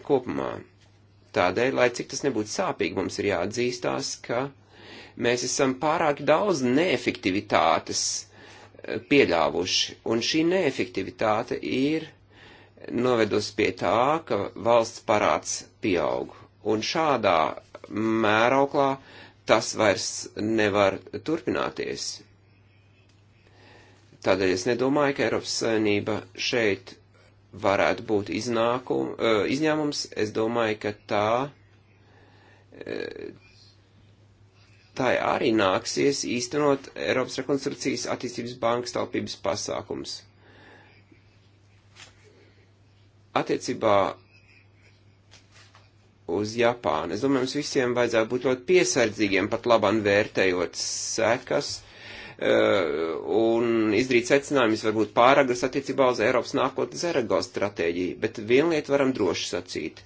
kopumā. Tādēļ, lai cik tas nebūtu sāpīgi, mums ir jāatzīstās, ka mēs esam pārāk daudz neefektivitātes e, pieļāvuši, un šī neefektivitāte ir novedusi pie tā, ka valsts parāds pieaug, un šādā mērauklā tas vairs nevar turpināties. Tādēļ es nedomāju, ka Eiropas Savienība šeit varētu būt iznākum, e, izņēmums. Es domāju, ka tā, e, tā arī nāksies īstenot Eiropas rekonstrukcijas attīstības bankas talpības pasākums. Attiecībā uz Japānu. Es domāju, mums visiem vajadzētu būt ļoti piesardzīgiem, pat labam vērtējot sekas Eh, un izdarīt secinājumus varbūt pāragras attiecībā uz Eiropas nākotnes energos stratēģiju, bet vienu lietu varam droši sacīt.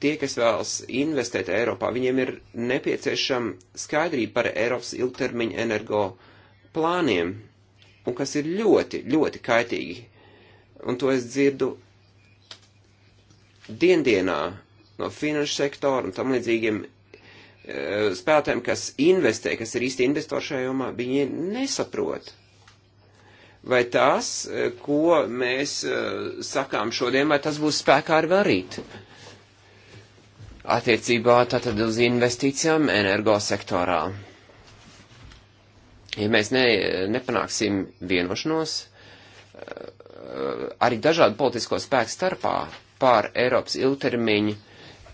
Tie, kas vēlas investēt Eiropā, viņiem ir nepieciešama skaidrība par Eiropas ilgtermiņa energo plāniem, un kas ir ļoti, ļoti kaitīgi. Un to es dzirdu diendienā no finanšu sektora un tam līdzīgiem spēlētājiem, kas investē, kas ir īsti investori šajā jomā, viņi nesaprot. Vai tas, ko mēs e, sakām šodien, vai tas būs spēkā arī rīt? Attiecībā tātad uz investīcijām energosektorā. Ja mēs ne, nepanāksim vienošanos, e, e, arī dažādu politisko spēku starpā pār Eiropas ilgtermiņu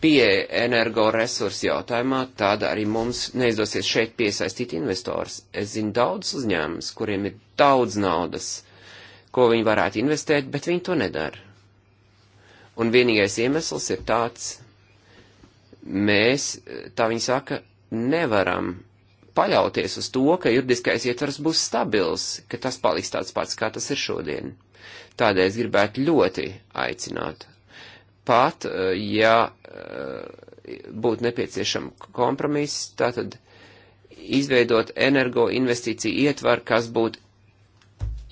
pieeja energoresursu jautājumā, tad arī mums neizdosies šeit piesaistīt investors. Es zinu daudz uzņēmums, kuriem ir daudz naudas, ko viņi varētu investēt, bet viņi to nedara. Un vienīgais iemesls ir tāds, mēs, tā viņi saka, nevaram paļauties uz to, ka juridiskais ietvars būs stabils, ka tas paliks tāds pats, kā tas ir šodien. Tādēļ es gribētu ļoti aicināt pat, eh, ja eh, būtu nepieciešama kompromiss, tātad izveidot energoinvestīciju ietvaru, kas būtu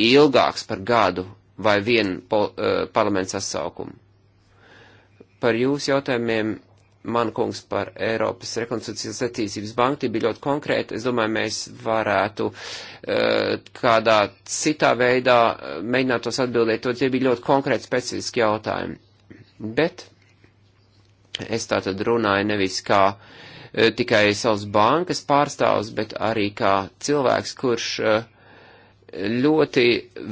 ilgāks par gadu vai vienu eh, parlamentu sasaukumu. Par jūsu jautājumiem, man kungs, par Eiropas rekonstrukcijas attīstības banku, tie bija ļoti konkrēti. Es domāju, mēs varētu kādā citā veidā mēģināt tos atbildēt, jo tie bija ļoti konkrēti specifiski jautājumi. Bet es tātad runāju nevis kā e, tikai savas bankas pārstāvs, bet arī kā cilvēks, kurš e, ļoti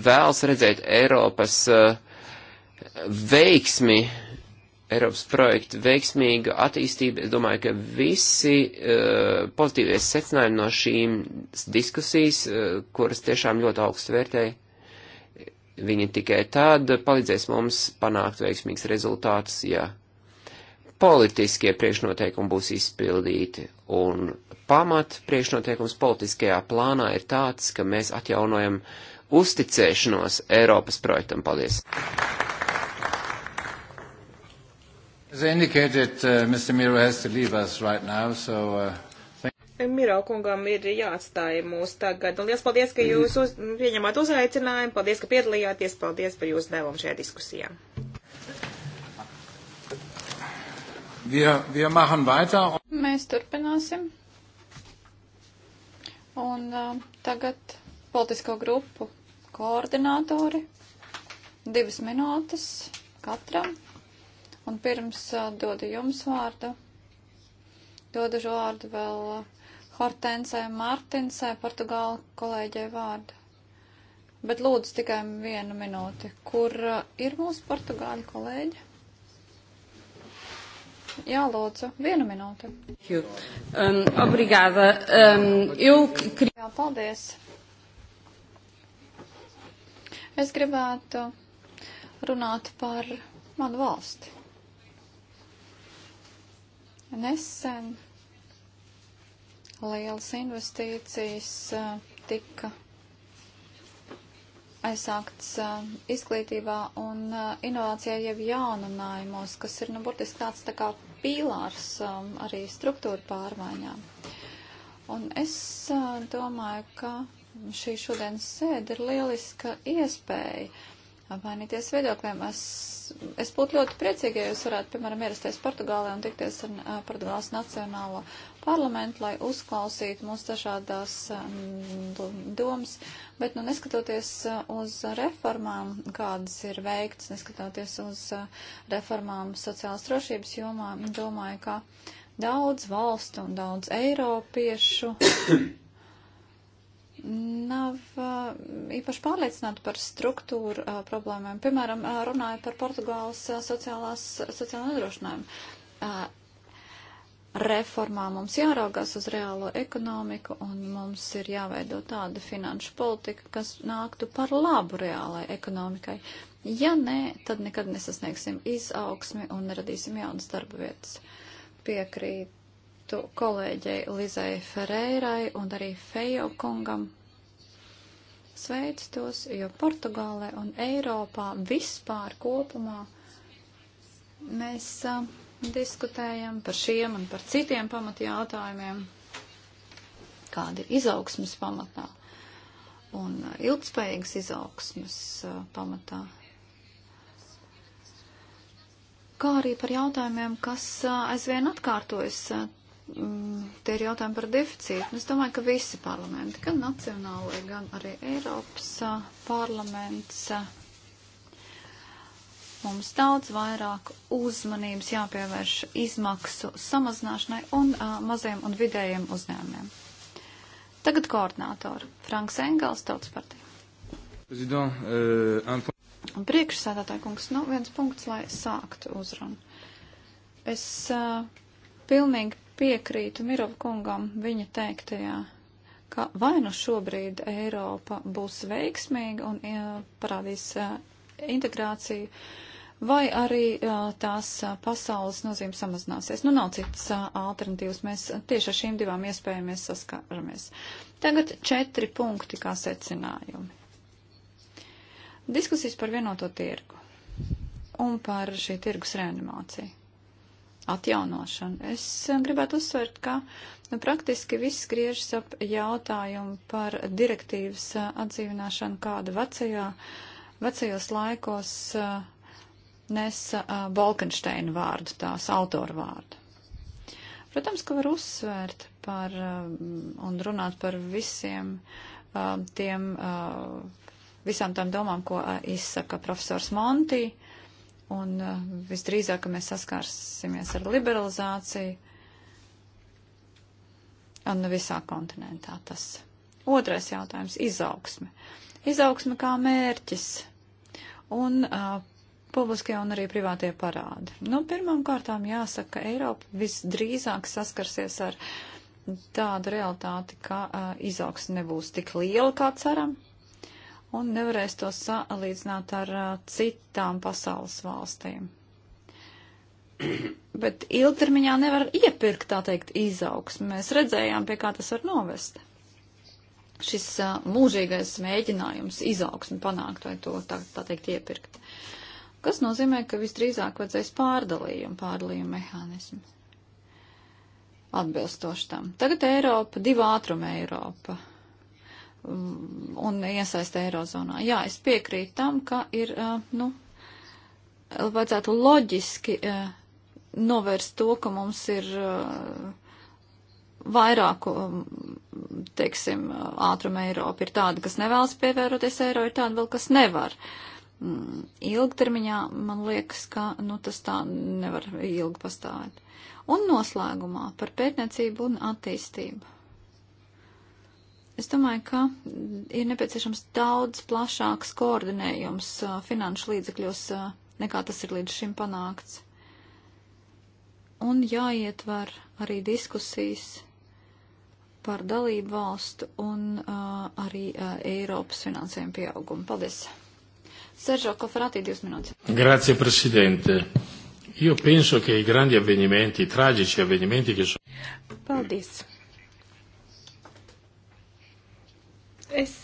vēlas redzēt Eiropas e, veiksmi, Eiropas projektu veiksmīgu attīstību. Es domāju, ka visi pozitīvie secinājumi no šīm diskusijas, kuras tiešām ļoti augstu vērtēju, Viņi tikai tad palīdzēs mums panākt veiksmīgs rezultāts, ja politiskie priekšnoteikumi būs izpildīti. Un pamat priekšnoteikums politiskajā plānā ir tāds, ka mēs atjaunojam uzticēšanos Eiropas projektam. Paldies! As indicated, uh, Mr. Miro has to leave us right now, so uh, Miro kungam ir jāatstāja mūs tagad. Un liels paldies, ka jūs uz, pieņemāt uzaicinājumu. Paldies, ka piedalījāties. Paldies par jūsu devumu šajā diskusijā. Wir, wir machen weiter. Mēs turpināsim. Un uh, tagad politisko grupu koordinātori. Divas minūtes katram. Un pirms uh, dodu jums vārdu, dodu vārdu vēl. Uh, Hortensē Martinsē, Portugāla kolēģei vārdu. Bet lūdzu tikai vienu minūti. Kur uh, ir mūsu portugāļu kolēģi? Jā, lūdzu, vienu minūti. Um, obrigada. Um, eu... Jā, paldies. Es gribētu runāt par manu valsti. Nesen Lielas investīcijas eh, tika aizsākts eh, izglītībā un eh, inovācijā jau jaununājumos, kas ir, nu, burtiski tāds tā kā pīlārs arī struktūra pārmaiņām. Un es domāju, ka šī šodienas sēde ir lieliska iespēja apmainīties viedokļiem. Es, es būtu ļoti priecīgi, ja jūs varētu, piemēram, ierasties Portugālē un tikties ar Portugāles Nacionālo parlamentu, lai uzklausītu mūsu dažādās mm, domas, bet, nu, neskatoties uh, uz reformām, kādas ir veikts, neskatoties uz uh, reformām sociālas drošības jomā, domāju, ka daudz valstu un daudz eiropiešu nav uh, īpaši pārliecināti par struktūru uh, problēmām. Piemēram, uh, runāju par Portugāles uh, sociālās, sociālo nodrošinājumu reformā mums jāraugās uz reālo ekonomiku un mums ir jāveido tāda finanšu politika, kas nāktu par labu reālai ekonomikai. Ja nē, tad nekad nesasniegsim izaugsmi un neradīsim jaunas darba vietas. Piekrītu kolēģei Lizai Ferreirai un arī Fejo kungam. Sveicu tos, jo Portugālē un Eiropā vispār kopumā mēs uh, diskutējam par šiem un par citiem pamatjautājumiem, kāda ir izaugsmas pamatā un ilgspējīgas izaugsmas uh, pamatā. Kā arī par jautājumiem, kas uh, aizvien atkārtojas. Uh, mm, tie ir jautājumi par deficītu. Es domāju, ka visi parlamenti, gan nacionālai, gan arī Eiropas parlaments Mums daudz vairāk uzmanības jāpievērš izmaksu samazināšanai un uh, maziem un vidējiem uzņēmumiem. Tagad koordinātori. Franks Engels, Tautas partija. Priekšsēdētāji kungs, nu viens punkts, lai sāktu uzrunu. Es uh, pilnīgi piekrītu Mirova kungam viņa teiktajā, ka vai nu šobrīd Eiropa būs veiksmīga un uh, parādīs uh, integrāciju, uh, vai arī tās pasaules nozīme samazināsies. Nu, nav citas alternatīvas. Mēs tieši ar šīm divām iespējām mēs saskaramies. Tagad četri punkti kā secinājumi. Diskusijas par vienoto tirgu un par šī tirgus reanimāciju, atjaunošanu. Es gribētu uzsvērt, ka nu, praktiski viss griežas ap jautājumu par direktīvas atdzīvināšanu kādu vecajā, vecajos laikos uh, nesa Bolkensteina vārdu, tās autora vārdu. Protams, ka var uzsvērt par un runāt par visiem tiem, visām tām domām, ko izsaka profesors Monti, un visdrīzāk, ka mēs saskārsimies ar liberalizāciju un visā kontinentā tas. Otrais jautājums - izaugsme. Izaugsme kā mērķis un uh, publiskie un arī privātie parādi. Nu, pirmām kārtām jāsaka, ka Eiropa visdrīzāk saskarsies ar tādu realitāti, ka uh, izaugs nebūs tik liela, kā ceram, un nevarēs to salīdzināt ar uh, citām pasaules valstīm. Bet ilgtermiņā nevar iepirkt, tā teikt, izaugsmu. Mēs redzējām, pie kā tas var novest šis a, mūžīgais mēģinājums izaugsmi panākt vai to, tā, tā teikt, iepirkt kas nozīmē, ka visdrīzāk vajadzēs pārdalījumu, pārdalījumu mehānismu. Atbilstoši tam. Tagad Eiropa, divu ātrumu Eiropa mm, un iesaist Eirozonā. Jā, es piekrītu tam, ka ir, nu, vajadzētu loģiski novērst to, ka mums ir vairāku, mm, teiksim, ātrumu Eiropa. Ir tāda, kas nevēlas pievēroties eiro, ir tāda vēl, kas nevar. Uh, Mm, ilgtermiņā, man liekas, ka nu, tas tā nevar ilgi pastāvēt. Un noslēgumā par pētniecību un attīstību. Es domāju, ka ir nepieciešams daudz plašāks koordinējums finanšu līdzekļos, nekā tas ir līdz šim panākts. Un jāietver arī diskusijas par dalību valstu un uh, arī uh, Eiropas finansējumu pieaugumu. Paldies! Sergio Coferati, divas minūtes. Grazie, Presidente. Io penso che i grandi avvenimenti, i tragici avvenimenti che sono. Paldies. Es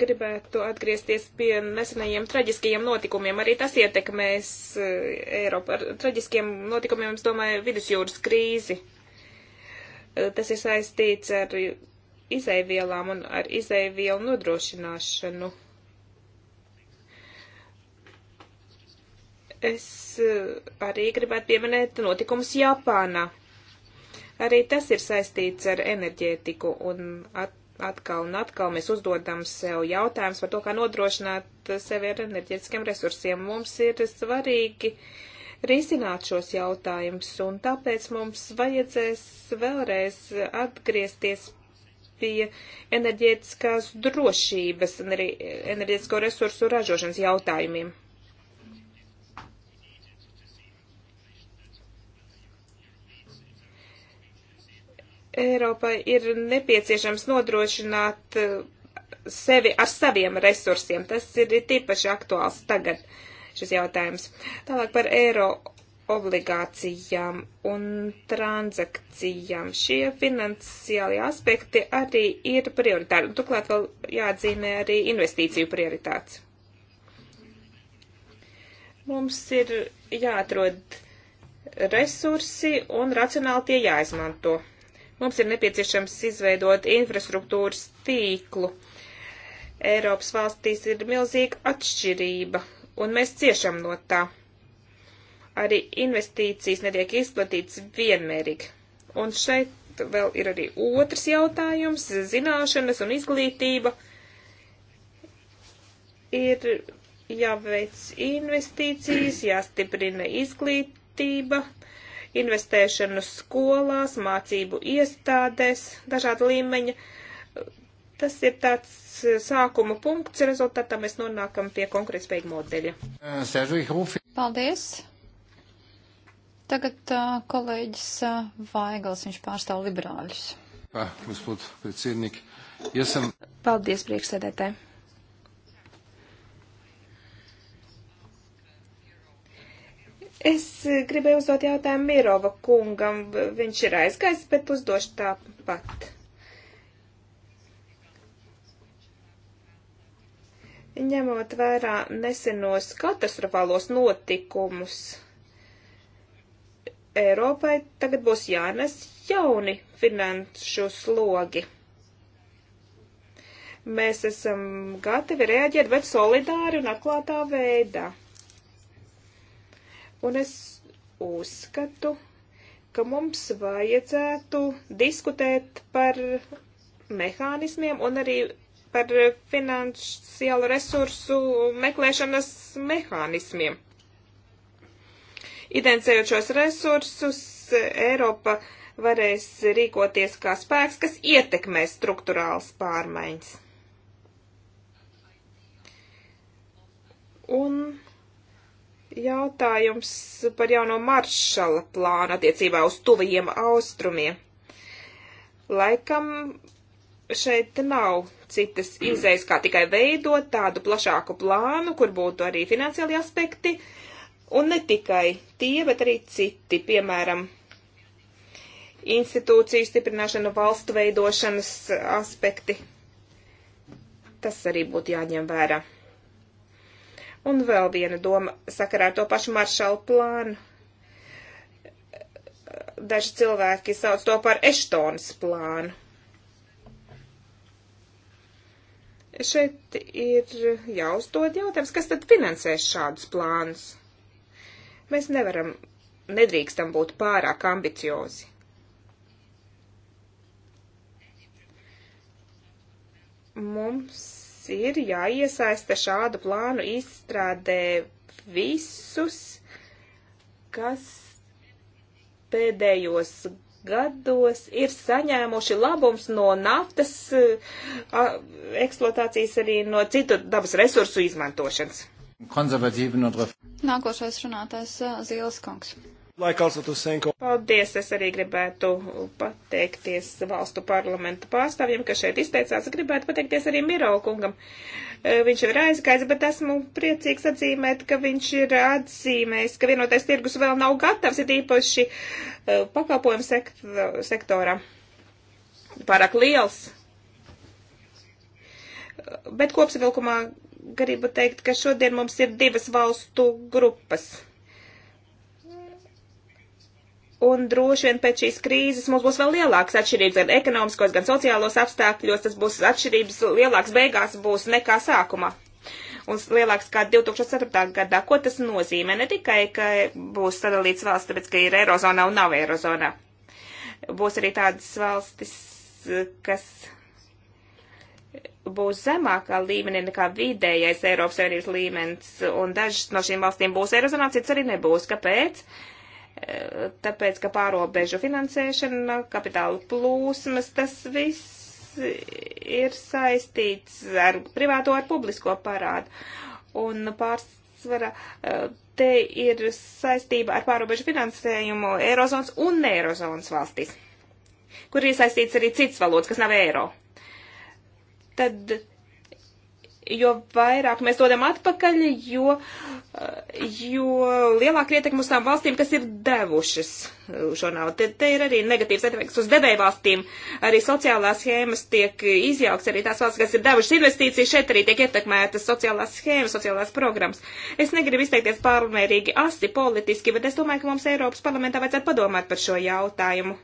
gribētu atgriezties pie nesenajiem traģiskajiem notikumiem. Arī tas ietekmēs eh, Eiropu. Ar traģiskiem notikumiem, es domāju, vidusjūras krīzi. Eh, tas ir saistīts ar izēvielām un ar izēvielu nodrošināšanu. es eh, arī gribētu pieminēt notikumus Japānā. Arī tas ir saistīts ar enerģētiku un atkal un atkal mēs uzdodam sev jautājums par to, kā nodrošināt sevi ar enerģētiskiem resursiem. Mums ir svarīgi risināt šos jautājumus un tāpēc mums vajadzēs vēlreiz atgriezties pie enerģētiskās drošības un arī enerģētisko resursu ražošanas jautājumiem. Eiropai ir nepieciešams nodrošināt eh, sevi ar saviem resursiem. Tas ir tīpaši aktuāls tagad šis jautājums. Tālāk par eiro obligācijām un transakcijām. Šie finansiālie aspekti arī ir prioritāri. Un turklāt vēl jāatzīmē arī investīciju prioritāts. Mums ir jāatrod resursi un racionāli tie jāizmanto. Mums ir nepieciešams izveidot infrastruktūras tīklu. Eiropas valstīs ir milzīga atšķirība, un mēs ciešam no tā. Arī investīcijas netiek izplatītas vienmērīgi. Un šeit vēl ir arī otrs jautājums - zināšanas un izglītība. Ir jāveic investīcijas, jāstiprina izglītība, investēšanu skolās, mācību iestādēs, dažāda līmeņa. Tas ir tāds eh, sākuma punkts, rezultātā mēs nonākam pie konkurētspējīga modeļa. Eh, Paldies! Tagad uh, kolēģis uh, Vaigls, viņš pārstāv liberāļus. Ah, Paldies, priekšsēdētāji! Es eh, gribēju uzdot jautājumu Mirova kungam. Viņš ir aizgājis, bet uzdošu tāpat. Ņemot vērā nesenos katastrofālos notikumus, Eiropai tagad būs jānes jauni finanšu slogi. Mēs esam gatavi reaģēt, bet solidāri un atklātā veidā. Un es uzskatu, ka mums vajadzētu diskutēt par mehānismiem un arī par finansiālu resursu meklēšanas mehānismiem. Identificējot šos resursus, Eiropa varēs rīkoties kā spēks, kas ietekmē struktūrāls pārmaiņas. Un jautājums par jauno maršala plānu attiecībā uz tuvajiem austrumiem. Laikam šeit nav citas izējas, kā tikai veidot tādu plašāku plānu, kur būtu arī finansiāli aspekti, un ne tikai tie, bet arī citi, piemēram, institūciju stiprināšana, valstu veidošanas aspekti. Tas arī būtu jāņem vērā. Un vēl viena doma sakarā ar to pašu maršalu plānu. Daži cilvēki sauc to par Eštonas plānu. Šeit ir jāuzdod jautājums, kas tad finansēs šādus plānus? Mēs nevaram, nedrīkstam būt pārāk ambiciozi. Mums ir jāiesaista šādu plānu izstrādē visus, kas pēdējos gados ir saņēmuši labums no naftas a, eksploatācijas, arī no citu dabas resursu izmantošanas. Konservatīvi no Nākošais runātājs Zīles kungs. Like Paldies! Es arī gribētu pateikties valstu parlamentu pārstāvjiem, kas šeit izteicās. Gribētu pateikties arī Miro kungam. E, viņš jau ir aizgājis, bet esmu priecīgs atzīmēt, ka viņš ir atzīmējis, ka vienotais tirgus vēl nav gatavs, ir īpaši e, pakalpojumu sekt sektorā. Pārāk liels. E, bet kopsavilkumā gribu teikt, ka šodien mums ir divas valstu grupas Un droši vien pēc šīs krīzes mums būs vēl lielākas atšķirības gan ekonomiskos, gan sociālos apstākļos. Tas būs atšķirības lielākas beigās būs nekā sākumā. Un lielāks kā 2004. gadā. Ko tas nozīmē? Ne tikai, ka būs sadalīts valsts, tāpēc, ka ir Eirozonā un nav Eirozonā. Būs arī tādas valstis, kas būs zemākā līmenī nekā vidējais Eiropas Savienības līmenis, un dažas no šīm valstīm būs Eirozonā, citas arī nebūs. Kāpēc? Uh, tāpēc, ka pārobežu finansēšana, kapitāla plūsmas, tas viss ir saistīts ar privāto, ar publisko parādu. Un pārsvara te ir saistība ar pārobežu finansējumu Eirozonas un Eirozonas valstīs, kur ir saistīts arī cits valodas, kas nav eiro. Tad jo vairāk mēs dodam atpakaļ, jo, jo lielāka ietekme uz tām valstīm, kas ir devušas šo naudu. Te, te ir arī negatīvs efekts uz devēju valstīm. Arī sociālās schēmas tiek izjaukts, arī tās valsts, kas ir devušas investīcijas, šeit arī tiek ietekmētas sociālās schēmas, sociālās programmas. Es negribu izteikties pārmērīgi asi politiski, bet es domāju, ka mums Eiropas parlamentā vajadzētu padomāt par šo jautājumu.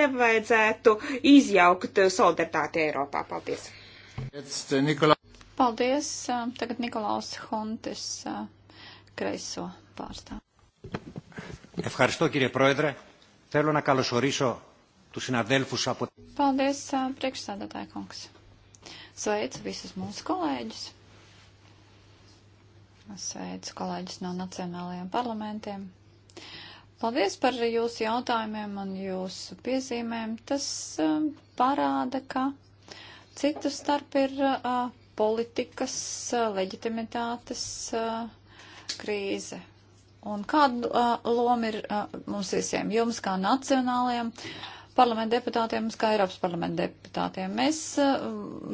Nevajadzētu izjaukt solidaritāti Eiropā. Paldies! Paldies. Uh, tagad Nikolaus Hontis, uh, kreiso pārstāv. Ευχαριστώ κύριε Πρόεδρε. Θέλω να καλωσορίσω τους συναδέλφους από... Paldies, uh, priekšsādātāja kungs. Sveicu visus mūsu kolēģus. Sveicu kolēģus no nacionālajiem parlamentiem. Paldies par jūsu jautājumiem un jūsu piezīmēm. Tas um, parāda, ka Citu starp ir uh, politikas uh, leģitimitātes uh, krīze. Un kādu uh, lomu ir uh, mums visiem, jums kā nacionālajiem parlamenta deputātiem, mums kā Eiropas parlamenta deputātiem? Mēs uh,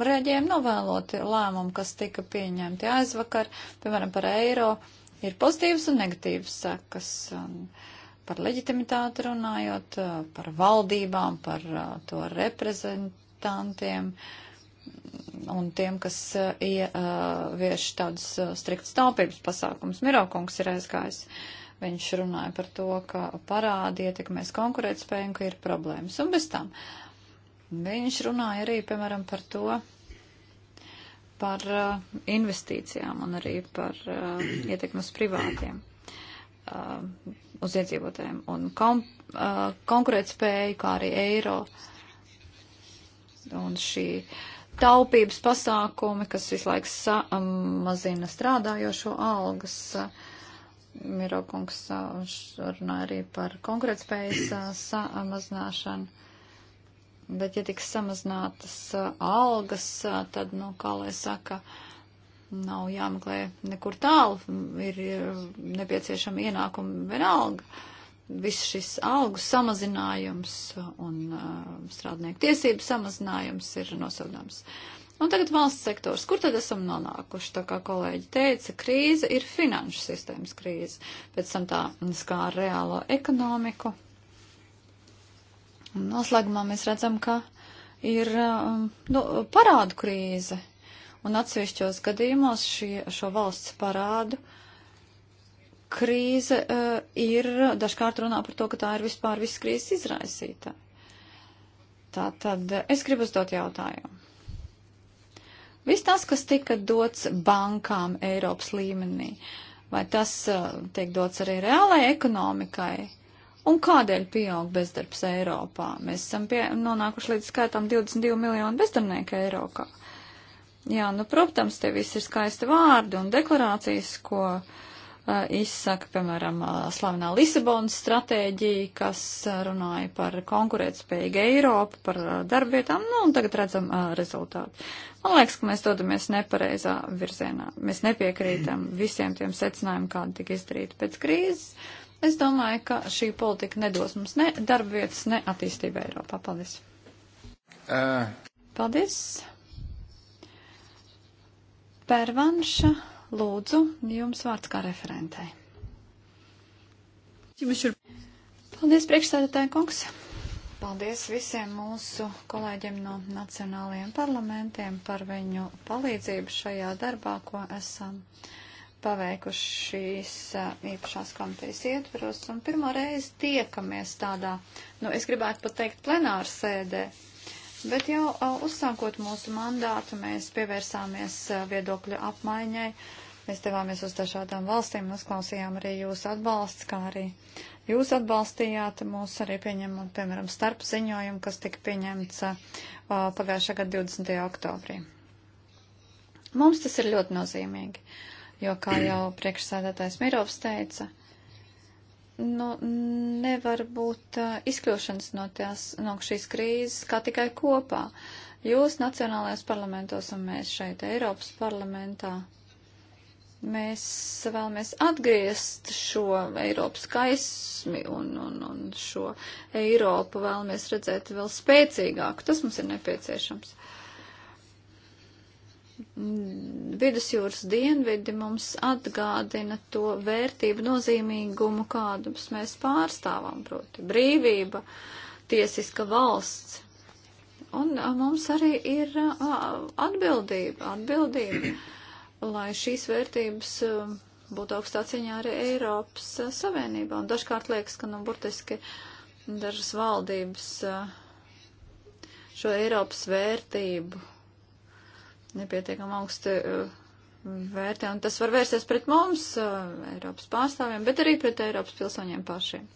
rēģējam novēloti lēmumu, kas tika pieņemti aizvakar, piemēram, par eiro. Ir pozitīvas un negatīvas sekas. Un, uh, par leģitimitāti runājot, par valdībām, par to reprezentantiem. Uh, un tiem, kas eh, ievieš tādus eh, strikts taupības pasākums. Mirokungs ir aizgājis. Viņš runāja par to, ka parādi ietekmēs konkurētspēju un ka ir problēmas. Un bez tam viņš runāja arī, piemēram, par to, par eh, investīcijām un arī par ietekmes privātiem uz iedzīvotājiem un kom, konkurētspēju, kā arī eiro un šī uh, taupības pasākumi, kas visu laiku samazina um, strādājošo algas. Mirokungs uh, runāja arī par konkurētspējas uh, samazināšanu. Bet, ja tiks samazinātas uh, algas, tad, nu, kā lai saka, nav jāmeklē nekur tālu, ir nepieciešama ienākuma vienalga. Uh, viss šis algu samazinājums un uh, strādnieku tiesību samazinājums ir nosodāms. Un tagad valsts sektors. Kur tad esam nonākuši? Tā kā kolēģi teica, krīze ir finanšu sistēmas krīze. Pēc tam tā skāra reālo ekonomiku. Un noslēgumā mēs redzam, ka ir um, nu, parādu krīze. Un atsevišķos gadījumos šie, šo valsts parādu uh, krīze uh, ir, dažkārt runā par to, ka tā ir vispār viss krīzes izraisīta. Tā tad eh, es gribu uzdot jautājumu. Viss tas, kas tika dots bankām Eiropas līmenī, vai tas uh, tiek dots arī reālajai ekonomikai? Un kādēļ pieaug bezdarbs Eiropā? Mēs esam pie, nonākuši līdz skaitam 22 miljonu bezdarbnieku Eiropā. Jā, nu, protams, te viss ir skaisti vārdi un deklarācijas, ko uh, izsaka, piemēram, slavenā Lisabonas stratēģija, kas runāja par konkurētspējīgu Eiropu, par darbietām, nu, un tagad redzam rezultātu. Man liekas, ka mēs dodamies nepareizā virzienā. Mēs nepiekrītam visiem tiem secinājumiem, kādi tika izdarīti pēc krīzes. Es domāju, ka šī politika nedos mums ne darbvietas, ne attīstību Eiropā. Paldies! Uh. Paldies! Pērvanša. Lūdzu, jums vārds kā referentei. Paldies, priekšstādātāji kungs! Paldies visiem mūsu kolēģiem no nacionālajiem parlamentiem par viņu palīdzību šajā darbā, ko esam paveikuši šīs īpašās komitejas ietveros. Un pirmo reizi tiekamies tādā, nu, es gribētu pat teikt, plenārsēdē. sēdē Bet jau uh, uzsākot mūsu mandātu, mēs pievērsāmies uh, viedokļu apmaiņai. Mēs devāmies uz dažādām valstīm un uzklausījām arī jūsu atbalsts, kā arī jūs atbalstījāt mūs arī pieņemot, piemēram, starp ziņojumu, kas tika pieņemts uh, pagājušā gada 20. oktobrī. Mums tas ir ļoti nozīmīgi, jo, kā jau priekšsēdētājs Mirovs teica, nu, nevar būt uh, izkļūšanas no, tās, no šīs krīzes kā tikai kopā. Jūs nacionālajos parlamentos un mēs šeit Eiropas parlamentā. Mēs vēlamies atgriezt šo Eiropas kaismi un, un, un šo Eiropu vēlamies redzēt vēl spēcīgāku. Tas mums ir nepieciešams. Uh, Mm, vidusjūras dienvidi mums atgādina to vērtību nozīmīgumu, kādus mēs pārstāvam, proti brīvība, tiesiska valsts. Un a, mums arī ir a, atbildība, atbildība, lai šīs vērtības a, būtu augstā ciņā arī Eiropas Savienībā. Un dažkārt liekas, ka, nu, burtiski dažas valdības šo Eiropas vērtību nepietiekam augsti eh, vērtē, un tas var vērsties pret mums, eh, Eiropas pārstāvjiem, bet arī pret Eiropas pilsoņiem pašiem.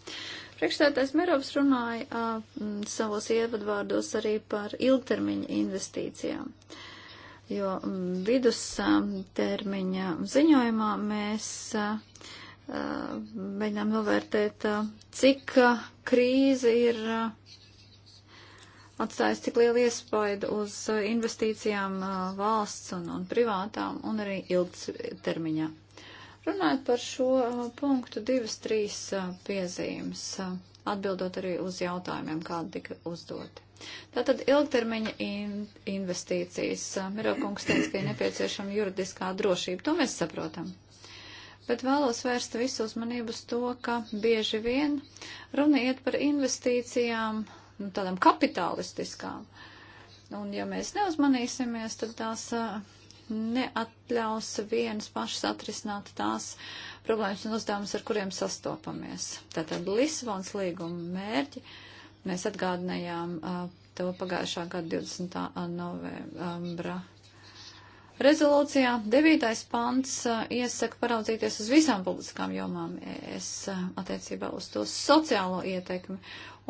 Priekšstādājs Mirovs runāja eh, savos ievadvārdos arī par ilgtermiņa investīcijām, jo vidustermiņa ziņojumā mēs mēģinām novērtēt, cik krīze ir atstājis tik lielu iespaidu uz uh, investīcijām uh, valsts un, un privātām un arī ilgtermiņā. Runājot par šo uh, punktu, divas, trīs piezīmes, atbildot arī uz jautājumiem, kādi tika uzdoti. Tātad ilgtermiņa in investīcijas. Mirokungs teica, ka ir nepieciešama juridiskā drošība. To mēs saprotam. Bet vēlos vērst visu uzmanību uz to, ka bieži vien runa iet par investīcijām uh, nu, tādām kapitalistiskām. Un ja mēs neuzmanīsimies, tad tās neatļaus vienas pašas atrisināt tās problēmas un uzdevumus, ar kuriem sastopamies. Tātad Lisabons līguma mērķi mēs atgādinājām to pagājušā gada 20. novembra Rezolūcijā 9. pants iesaka paraudzīties uz visām publiskām jomām ES attiecībā uz to sociālo ietekmi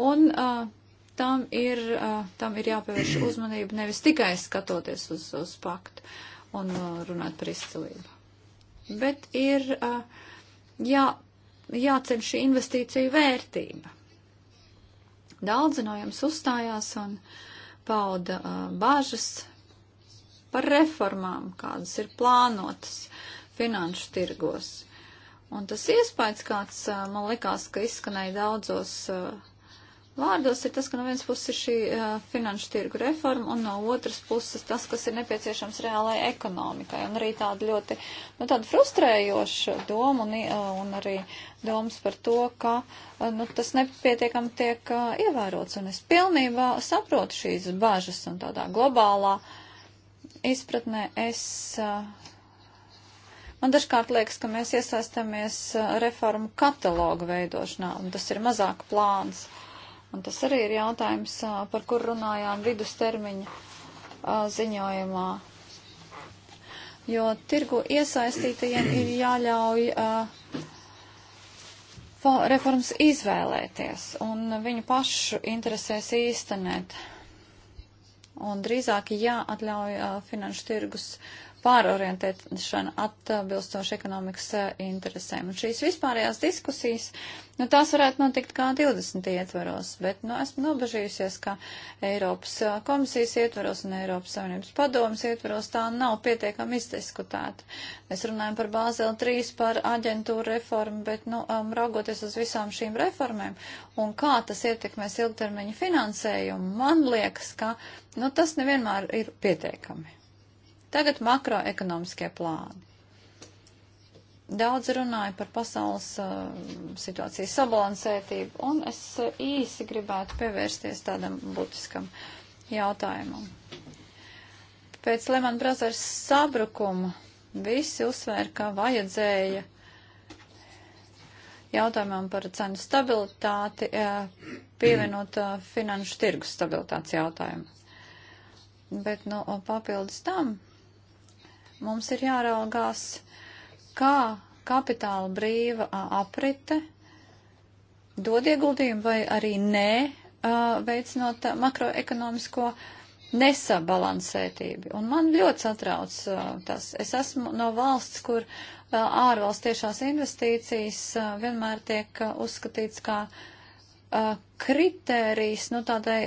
un uh, tam ir, uh, tam ir jāpievērš uzmanība nevis tikai skatoties uz, uz paktu un uh, runāt par izcilību, bet ir uh, jā, jāceļ šī investīcija vērtība. Daudzi no jums uzstājās un pauda uh, bāžas par reformām, kādas ir plānotas finanšu tirgos. Un tas iespējas, kāds uh, man likās, ka izskanēja daudzos uh, vārdos ir tas, ka no vienas puses ir šī uh, finanšu tirgu reforma, un no otras puses tas, kas ir nepieciešams reālajai ekonomikai. Un arī tāda ļoti nu, tāda frustrējoša doma un, uh, un arī domas par to, ka uh, nu, tas nepietiekami tiek uh, ievērots. Un es pilnībā saprotu šīs bažas un tādā globālā izpratnē es. Uh, Man dažkārt liekas, ka mēs iesaistamies reformu katalogu veidošanā, un tas ir mazāk plāns. Uh, Un tas arī ir jautājums, par kur runājām vidustermiņa ziņojumā. Jo tirgu iesaistītajiem ir jāļauj reformas izvēlēties un viņu pašu interesēs īstenēt. Un drīzāk jāatļauj finanšu tirgus uh, pārorientēšana atbilstoši ekonomikas eh, interesēm. Un šīs vispārējās diskusijas, nu, tās varētu notikt kā 20 ietveros, bet, nu, esmu nobežījusies, ka Eiropas eh, komisijas ietveros un Eiropas Savienības padomas ietveros tā nav pietiekami izdiskutēta. Mēs runājam par Bāzeli 3, par aģentūru reformu, bet, nu, um, raugoties uz visām šīm reformēm un kā tas ietekmēs ilgtermiņa finansējumu, man liekas, ka, nu, tas nevienmēr ir pietiekami. Tagad makroekonomiskie plāni. Daudz runāja par pasaules uh, situācijas sabalansētību, un es uh, īsi gribētu pievērsties tādam būtiskam jautājumam. Pēc Lehman Brothers sabrukuma visi uzsvēra, ka vajadzēja jautājumam par cenu stabilitāti uh, pievienot uh, finanšu tirgus stabilitātes jautājumu. Bet, nu, papildus tam Mums ir jāraugās, kā kapitāla brīva aprite dod ieguldījumu vai arī nē, veicinot makroekonomisko nesabalansētību. Un man ļoti satrauc tas. Es esmu no valsts, kur ārvalsts tiešās investīcijas vienmēr tiek uzskatīts kā kritērijs, nu tādai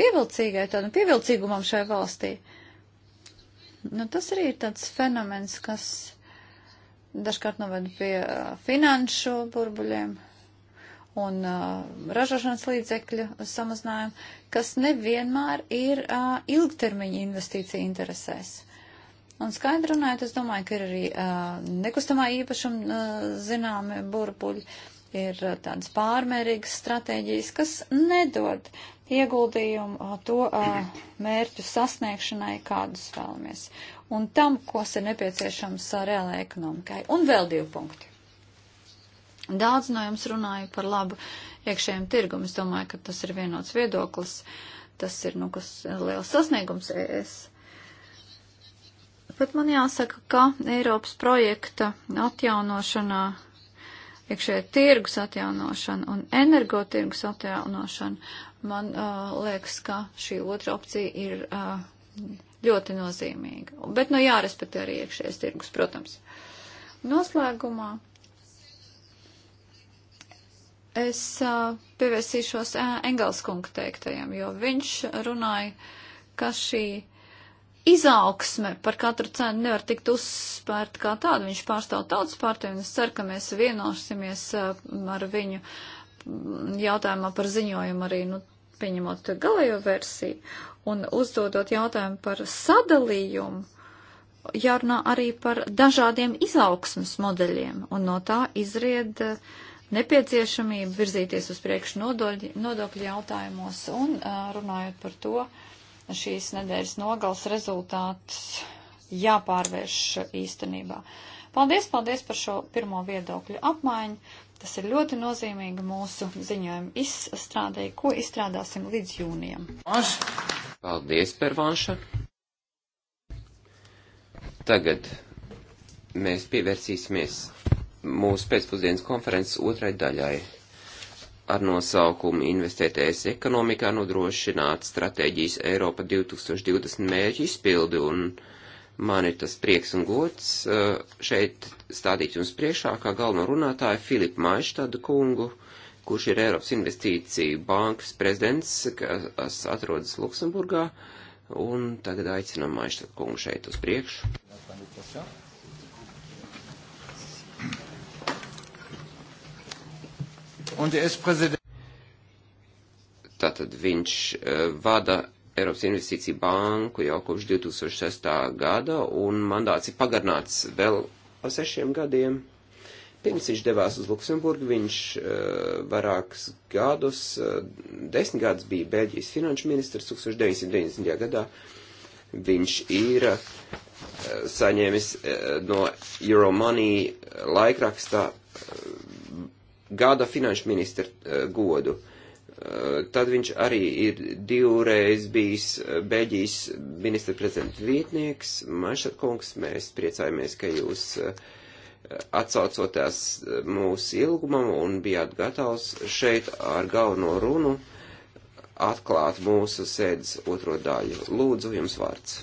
pievilcīgai, tādam pievilcīgumam šai valstī. Uh, Nu, tas arī ir tāds fenomens, kas dažkārt novada pie uh, finanšu burbuļiem un uh, ražošanas līdzekļu samazinājumu, kas nevienmēr ir uh, ilgtermiņa investīcija interesēs. Un skaidri runājot, es domāju, ka ir arī uh, nekustamā īpašuma uh, zināmi burbuļi, ir uh, tādas pārmērīgas stratēģijas, kas nedod ieguldījumu to mērķu sasniegšanai, kādus vēlamies, un tam, kas ir nepieciešams reālajai ekonomikai. Un vēl divi punkti. Daudz no jums runāja par labu iekšējiem tirgumu. Es domāju, ka tas ir vienots viedoklis. Tas ir, nu, kas liels sasniegums ES. Bet man jāsaka, ka Eiropas projekta atjaunošanā iekšējā tirgus atjaunošana un energotirgus atjaunošana Man uh, liekas, ka šī otra opcija ir uh, ļoti nozīmīga. Bet, nu, jārespektē arī iekšējais tirgus, protams. Noslēgumā es uh, pievērsīšos uh, Engelskunga teiktajam, jo viņš runāja, ka šī izaugsme par katru cenu nevar tikt uzspērta kā tāda. Viņš pārstāv tautas partiju un es ceru, ka mēs vienosimies ar viņu jautājumā par ziņojumu arī nu, pieņemot galējo versiju un uzdodot jautājumu par sadalījumu, jārunā arī par dažādiem izaugsmas modeļiem, un no tā izried eh, nepieciešamība virzīties uz priekšu nodokļu jautājumos, un eh, runājot par to, šīs nedēļas nogals rezultāts jāpārvērš īstenībā. Paldies, paldies par šo pirmo viedokļu apmaiņu. Tas ir ļoti nozīmīgi mūsu ziņojumu izstrādēji, ko izstrādāsim līdz jūnijam. Paldies, Pervanša. Tagad mēs pievērsīsimies mūsu pēcpusdienas konferences otrai daļai ar nosaukumu Investēt ES ekonomikā nodrošināt stratēģijas Eiropa 2020 mērķu izpildi un Man ir tas prieks un gods uh, šeit stādīt jums priekšā kā galveno runātāju Filipu Maištadu kungu, kurš ir Eiropas investīciju bankas prezidents, kas atrodas Luksemburgā, un tagad aicinam Maištadu kungu šeit uz priekšu. Un es prezidents. Tātad viņš uh, vada Eiropas Investīciju banku jau kopš 2006. gada, un mandāts ir pagarnāts vēl pa sešiem gadiem. Pirms viņš devās uz Luksemburgu, viņš uh, vairākus gadus, uh, desmit gadus bija Bēļģijas finanšu ministrs 1990. gadā. Viņš ir uh, saņēmis uh, no Euromoney laikrakstā uh, gada finanšu ministra uh, godu. Uh, tad viņš arī ir divreiz bijis Beļģijas ministra prezidenta vietnieks. Mašat kungs, mēs priecājamies, ka jūs eh, atsaucoties mūsu ilgumam un bijāt gatavs šeit ar galveno runu atklāt mūsu sēdes otro daļu. Lūdzu, jums vārds.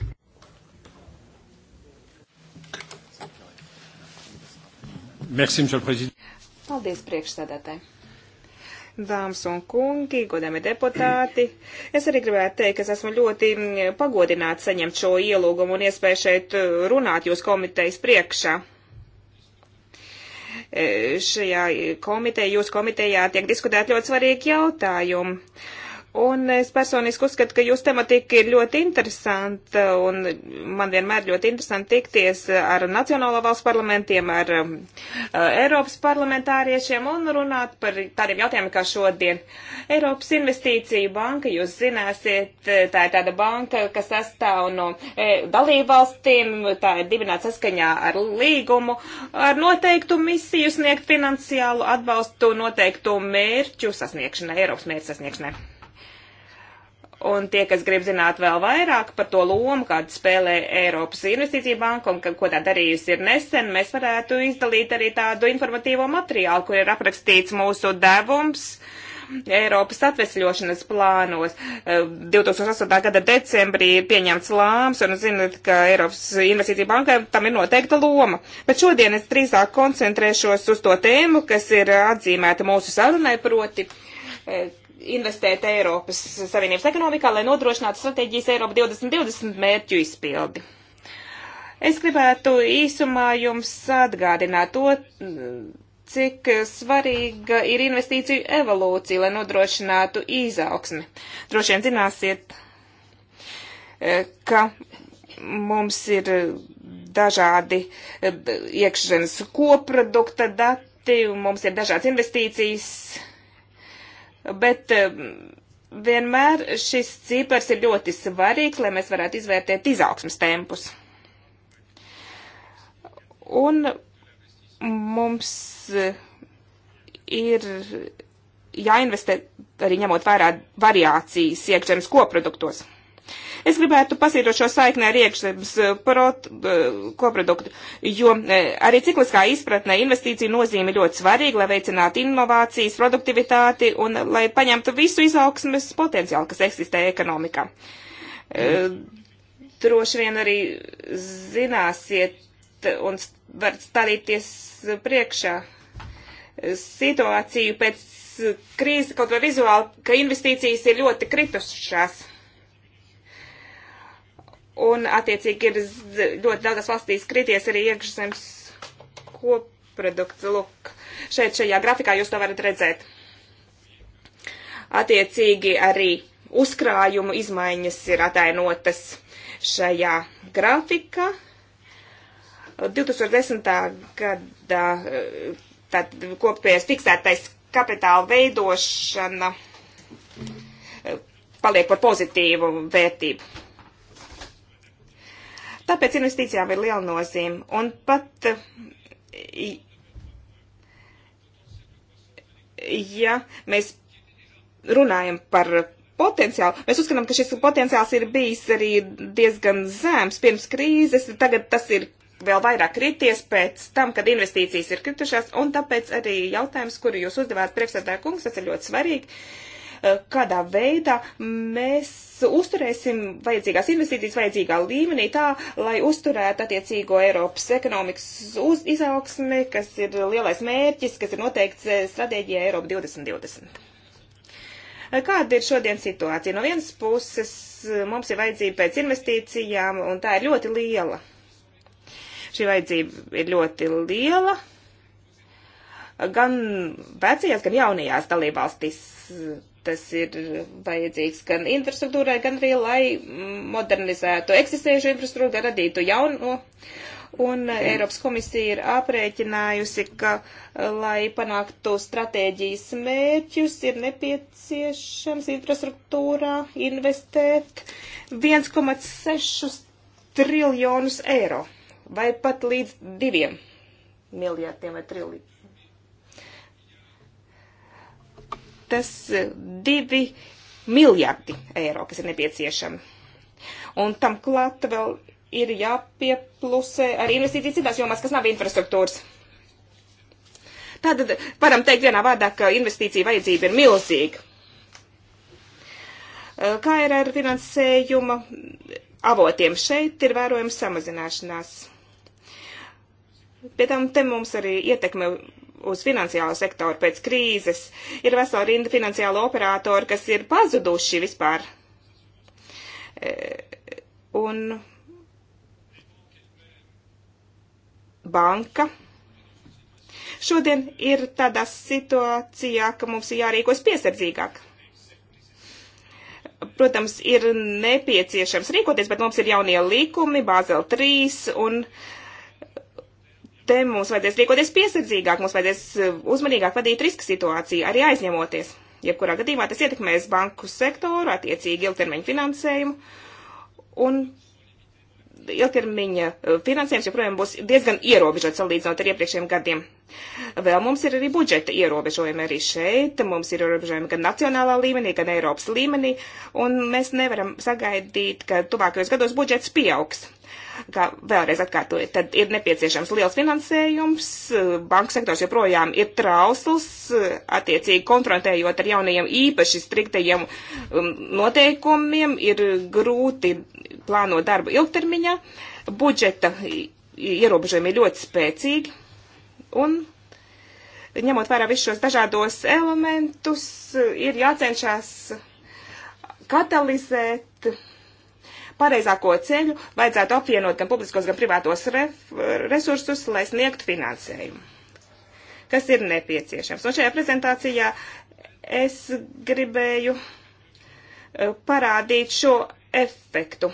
Merci, Paldies, priekšsēdētāji. Dāmas un kungi, godami deputāti, es arī gribētu teikt, ka es esmu ļoti pagodināts saņemt šo ielūgumu un iespēju šeit uh, runāt jūs komitejas priekšā. E, šajā komiteja, jūs komitejā tiek diskutēt ļoti svarīgi jautājumi Un es personiski uzskatu, ka jūsu tematika ir ļoti interesanta, un man vienmēr ļoti interesanti tikties ar Nacionālo valstu parlamentiem, ar um, uh, Eiropas parlamentāriešiem un runāt par tādiem jautājumiem kā šodien. Eiropas investīciju banka, jūs zināsiet, tā ir tāda banka, kas sastāv no e, dalībvalstīm, tā ir dibināta saskaņā ar līgumu, ar noteiktu misiju sniegt finansiālu atbalstu, noteiktu mērķu sasniegšanai, Eiropas mērķu sasniegšanai. Un tie, kas grib zināt vēl vairāk par to lomu, kādu spēlē Eiropas Investīcija banka un ko tā darījusi ir nesen, mēs varētu izdalīt arī tādu informatīvo materiālu, kur ir aprakstīts mūsu devums. Eiropas atvesļošanas plānos. 2008. Eh, gada decembrī ir pieņemts lāms, un zinat, ka Eiropas investīcija bankai tam ir noteikta loma. Bet šodien es drīzāk koncentrēšos uz to tēmu, kas ir atzīmēta mūsu sarunai proti eh, investēt Eiropas Savienības ekonomikā, lai nodrošinātu strateģijas Eiropa 2020 mērķu izpildi. Es gribētu īsumā jums atgādināt to, cik svarīga ir investīciju evolūcija, lai nodrošinātu izaugsmi. Droši vien zināsiet, e, ka mums ir dažādi e, iekšzemes koprodukta dati, mums ir dažādas investīcijas bet eh, vienmēr šis cipars ir ļoti svarīgs, lai mēs varētu izvērtēt izaugsmas tempus. Un mums eh, ir jāinvestē arī ņemot vērā variācijas iekšzemes koproduktos. Es gribētu pasīrot šo saikni ar iekšzemes eh, eh, koproduktu, jo eh, arī cikliskā izpratnē investīcija nozīme ļoti svarīga, lai veicinātu inovācijas, produktivitāti un lai paņemtu visu izaugsmes potenciālu, kas eksistē ekonomikā. Droši vien arī zināsiet un varat stādīties priekšā situāciju pēc krīzes, kaut vai vizuāli, ka investīcijas ir ļoti kritušās. Un, attiecīgi, ir ļoti daudzas valstīs krities arī iekšzemes koprodukts. Lūk, šeit šajā grafikā jūs to varat redzēt. Attiecīgi, arī uzkrājumu izmaiņas ir atainotas šajā grafikā. 2010. gadā tad kopējais fiksētais kapitāla veidošana paliek par pozitīvu vērtību. Tāpēc investīcijām ir liela nozīme. Un pat, ja mēs runājam par potenciālu. Mēs uzskatām, ka šis potenciāls ir bijis arī diezgan zems pirms krīzes. Tagad tas ir vēl vairāk krities pēc tam, kad investīcijas ir kritušās, un tāpēc arī jautājums, kuru jūs uzdevāt priekšsēdētāja kungs, tas ir ļoti svarīgi. Eh, kādā veidā mēs uzturēsim vajadzīgās investīcijas vajadzīgā līmenī tā, lai uzturētu attiecīgo Eiropas ekonomikas uz izaugsmi, kas ir lielais mērķis, kas ir noteikts eh, stratēģijā Eiropa 2020. Eh, kāda ir šodien situācija? No vienas puses mums ir vajadzība pēc investīcijām, un tā ir ļoti liela. Šī vajadzība ir ļoti liela gan vecajās, gan jaunajās dalībvalstīs tas ir vajadzīgs gan infrastruktūrai, gan arī, lai modernizētu eksistējušo infrastruktūru, gan radītu jaunu. Un Eiropas komisija ir aprēķinājusi, ka, lai panāktu stratēģijas mērķus, ir nepieciešams infrastruktūrā investēt 1,6 triljonus eiro vai pat līdz 2 miljārdiem vai triljoniem tas eh, divi miljardi eiro, kas ir nepieciešami. Un tam klāt vēl ir jāpieplusē arī investīcijas citās jomās, kas nav infrastruktūras. Tātad varam teikt vienā vārdā, ka investīcija vajadzība ir milzīga. Eh, kā ir ar finansējuma avotiem? Šeit ir vērojama samazināšanās. Pie tam te mums arī ietekme uz finansiālo sektoru pēc krīzes. Ir vesela rinda finansiālo operātoru, kas ir pazuduši vispār. E, un banka šodien ir tādā situācijā, ka mums ir jārīkos piesardzīgāk. Protams, ir nepieciešams rīkoties, bet mums ir jaunie likumi, Bāzel 3 un uh, te mums vajadzēs rīkoties piesardzīgāk, mums vajadzēs eh, uzmanīgāk vadīt riska situāciju, arī aizņemoties. Jebkurā gadījumā tas ietekmēs banku sektoru, attiecīgi ilgtermiņu finansējumu, un ilgtermiņa eh, finansējums joprojām būs diezgan ierobežots salīdzinot ar iepriekšējiem gadiem. Vēl mums ir arī budžeta ierobežojumi arī šeit, mums ir ierobežojumi gan nacionālā līmenī, gan Eiropas līmenī, un mēs nevaram sagaidīt, ka tuvākajos gados budžets pieaugs kā vēlreiz atkārtoju, tad ir nepieciešams liels finansējums, eh, banku sektors joprojām ir trausls, eh, attiecīgi konfrontējot ar jaunajiem īpaši striktajiem um, noteikumiem, ir grūti plānot darbu ilgtermiņā, budžeta ierobežojumi ir ļoti spēcīgi, un ņemot vērā visus šos dažādos elementus, eh, ir jācenšas katalizēt pareizāko ceļu vajadzētu apvienot gan publiskos, gan privātos resursus, lai sniegtu finansējumu, kas ir nepieciešams. Un šajā prezentācijā es gribēju e, parādīt šo efektu.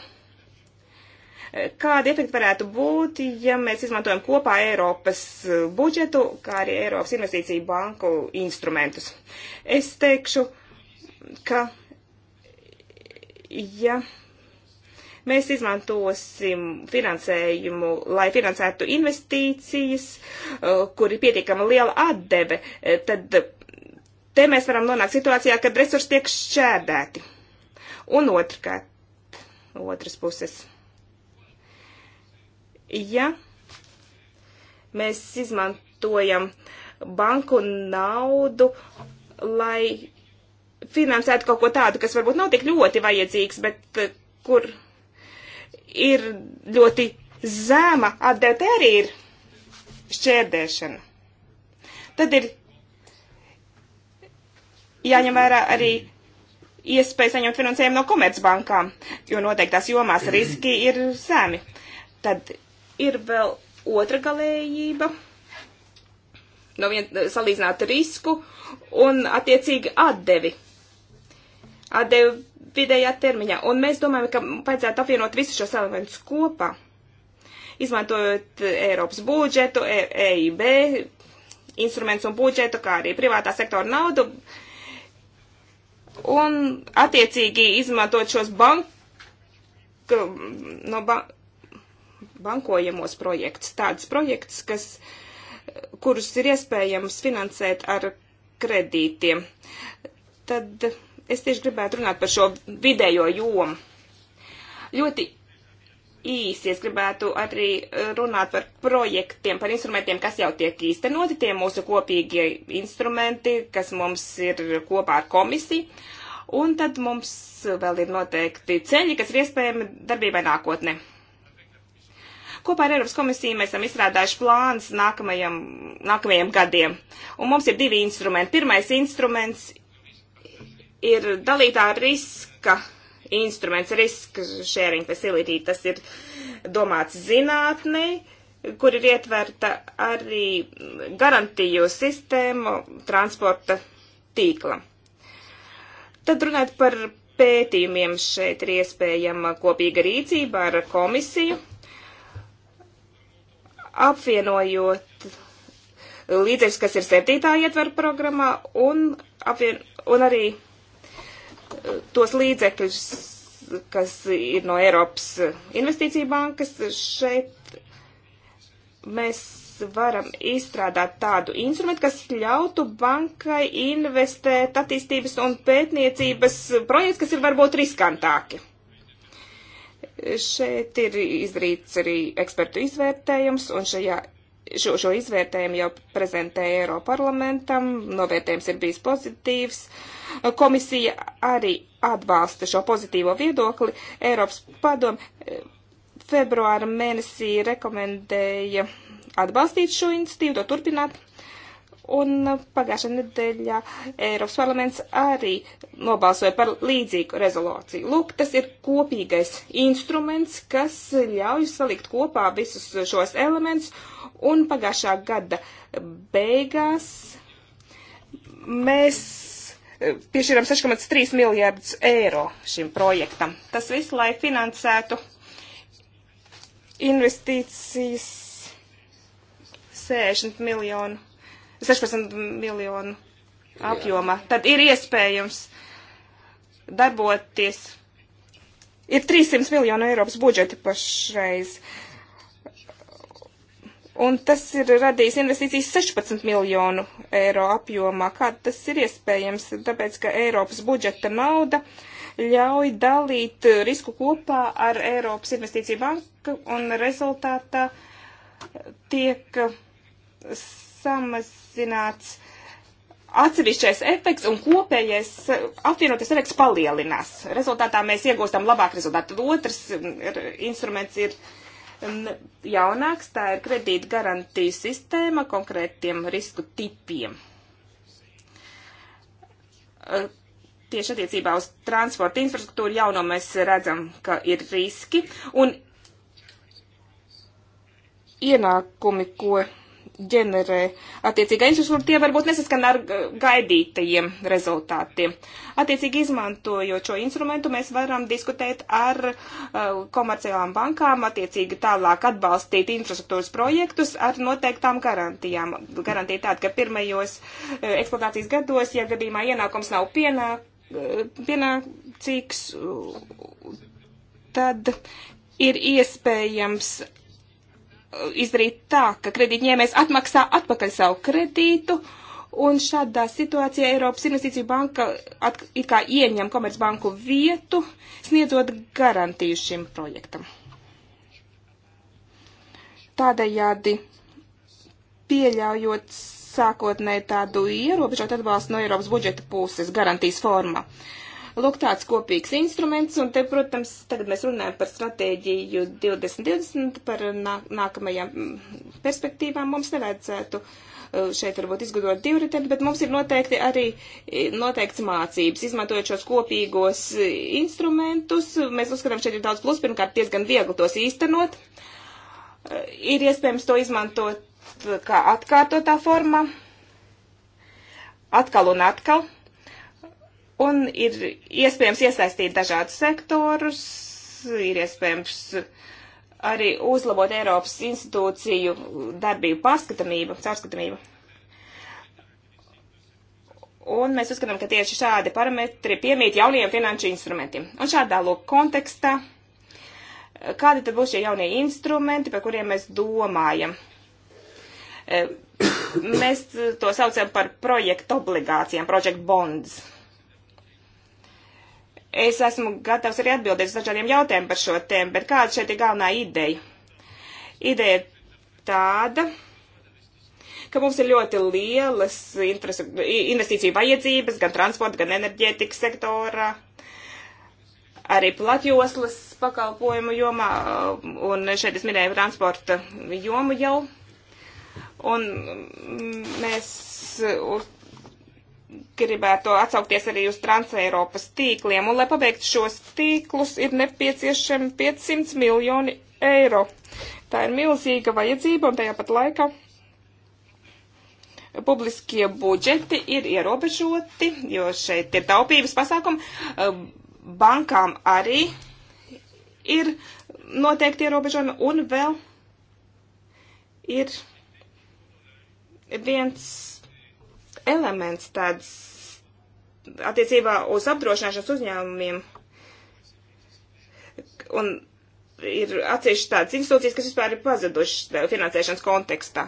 E, kādi efekti varētu būt, ja mēs izmantojam kopā Eiropas e, budžetu, kā arī Eiropas investīciju banku instrumentus? Es teikšu, ka ja Mēs izmantosim finansējumu, lai finansētu investīcijas, eh, kur ir pietiekama liela atdeve. Eh, tad te mēs varam nonākt situācijā, kad resursi tiek šķērdēti. Un otrkārt, otras puses. Ja mēs izmantojam banku naudu, lai finansētu kaut ko tādu, kas varbūt nav tik ļoti vajadzīgs, bet eh, kur ir ļoti zema, atdeve arī ir šķērdēšana. Tad ir jāņem vērā arī iespēja saņemt finansējumu no komercbankām, jo noteiktās jomās riski ir zemi. Tad ir vēl otra galējība, no viena salīdzināt risku un attiecīgi atdevi. Atdevi vidējā termiņā. Un mēs domājam, ka vajadzētu apvienot visus šos elementus kopā, izmantojot Eiropas budžetu, EIB, e instruments un budžetu, kā arī privātā sektora naudu, un attiecīgi izmantot šos bank, no ba, bankojamos projekts, tāds projekts, kas, kurus ir iespējams finansēt ar kredītiem. Tad Es tieši gribētu runāt par šo vidējo jomu. Ļoti īsi es gribētu arī e, runāt par projektiem, par instrumentiem, kas jau tiek īstenoti, tie mūsu kopīgie instrumenti, kas mums ir kopā ar komisiju. Un tad mums vēl ir noteikti ceļi, kas ir iespējami darbībai nākotnē. Kopā ar Eiropas komisiju mēs esam izstrādājuši plāns nākamajam, nākamajiem gadiem. Un mums ir divi instrumenti. Pirmais instruments ir dalītā riska instruments, riska sharing facility. Tas ir domāts zinātnei, kur ir ietverta arī garantiju sistēmu transporta tīkla. Tad runāt par pētījumiem šeit ir iespējama kopīga rīcība ar komisiju, apvienojot līdzekļus, kas ir septītā ietver programmā, un, apvien, un arī tos līdzekļus, kas ir no Eiropas investīcija bankas, šeit mēs varam izstrādāt tādu instrumentu, kas ļautu bankai investēt attīstības un pētniecības projekts, kas ir varbūt riskantāki. Šeit ir izdarīts arī ekspertu izvērtējums, un šajā, šo, šo izvērtējumu jau prezentēja Eiroparlamentam. Novērtējums ir bijis pozitīvs. Uh, Komisija arī atbalsta šo pozitīvo viedokli. Eiropas padom eh, februāra mēnesī rekomendēja atbalstīt šo iniciatīvu, to turpināt. Un eh, pagājušā nedēļā Eiropas parlaments arī nobalsoja par līdzīgu rezolūciju. Lūk, tas ir kopīgais instruments, kas ļauj salikt kopā visus šos elementus. Un pagājušā gada beigās mēs piešķiram 6,3 miljārdus eiro šim projektam. Tas viss, lai finansētu investīcijas 60 miljonu, 16 miljonu apjomā. Tad ir iespējams darboties. Ir 300 miljonu Eiropas budžeti pašreiz. Uh, Un tas ir radījis investīcijas 16 miljonu eiro apjomā. Kā tas ir iespējams? Tāpēc, ka Eiropas budžeta nauda ļauj dalīt risku kopā ar Eiropas investīciju banku un rezultātā tiek samazināts atsevišķais efekts un kopējais apvienotais efekts palielinās. Rezultātā mēs iegūstam labāk rezultātu. Otrs mm, instruments ir jaunāks, tā ir kredīta garantija sistēma konkrētiem risku tipiem. Tieši attiecībā uz transporta infrastruktūru jauno mēs redzam, ka ir riski un ienākumi, ko ģenerē attiecīgā infrastruktūra, tie varbūt nesaskan ar gaidītajiem rezultātiem. Attiecīgi izmantojot šo instrumentu, mēs varam diskutēt ar uh, komerciālām bankām, attiecīgi tālāk atbalstīt infrastruktūras projektus ar noteiktām garantijām. Garantija tāda, ka pirmajos uh, eksploatācijas gados, ja gadījumā ienākums nav pienā, uh, pienācīgs, uh, tad ir iespējams izdarīt tā, ka kredītņēmējs atmaksā atpakaļ savu kredītu. Un šādā situācijā Eiropas Investīcija banka at, it kā ieņem Komercbanku vietu, sniedzot garantiju šim projektam. Tādējādi pieļaujot sākotnēji tādu ierobežotu atbalstu no Eiropas budžeta puses garantijas formā. Uh, Lūk, tāds kopīgs instruments, un te, protams, tagad mēs runājam par stratēģiju 2020, par nā, nākamajām perspektīvām. Mums nevajadzētu e, šeit varbūt izgudrot divriteni, bet mums ir noteikti arī e, noteikts mācības. Izmantojot šos kopīgos e, instrumentus, mēs uzskatām, šeit ir daudz plus, pirmkārt, diezgan viegli tos īstenot. Ir iespējams to izmantot kā atkārtotā formā, atkal un atkal Un ir iespējams iesaistīt dažādus sektorus, ir iespējams arī uzlabot Eiropas institūciju darbību pārskatamību, caurskatamību. Un mēs uzskatām, ka tieši šādi parametri piemīt jaunajiem finanšu instrumentiem. Un šādā lūk kontekstā, kādi tad būs šie jaunie instrumenti, par kuriem mēs domājam? Eh, mēs to saucam par projektu obligācijām, project bonds. Es esmu gatavs arī atbildēt uz dažādiem jautājumiem par šo tēmu, bet kāda šeit ir galvenā ideja? Ideja ir tāda, ka mums ir ļoti lielas investīciju vajadzības gan transporta, gan enerģētikas sektorā, arī platjoslas pakalpojumu jomā, un šeit es minēju transporta jomu jau. Un mēs gribētu atsaukties arī uz Transeiropas tīkliem, un lai pabeigtu šos tīklus, ir nepieciešami 500 miljoni eiro. Tā ir milzīga vajadzība, un tajā pat laikā publiskie budžeti ir ierobežoti, jo šeit ir taupības pasākumi. Bankām arī ir noteikti ierobežojumi, un vēl ir viens elements tāds attiecībā uz apdrošināšanas uzņēmumiem. Un ir atsevišķi tādas institūcijas, kas vispār ir pazudušas finansēšanas kontekstā.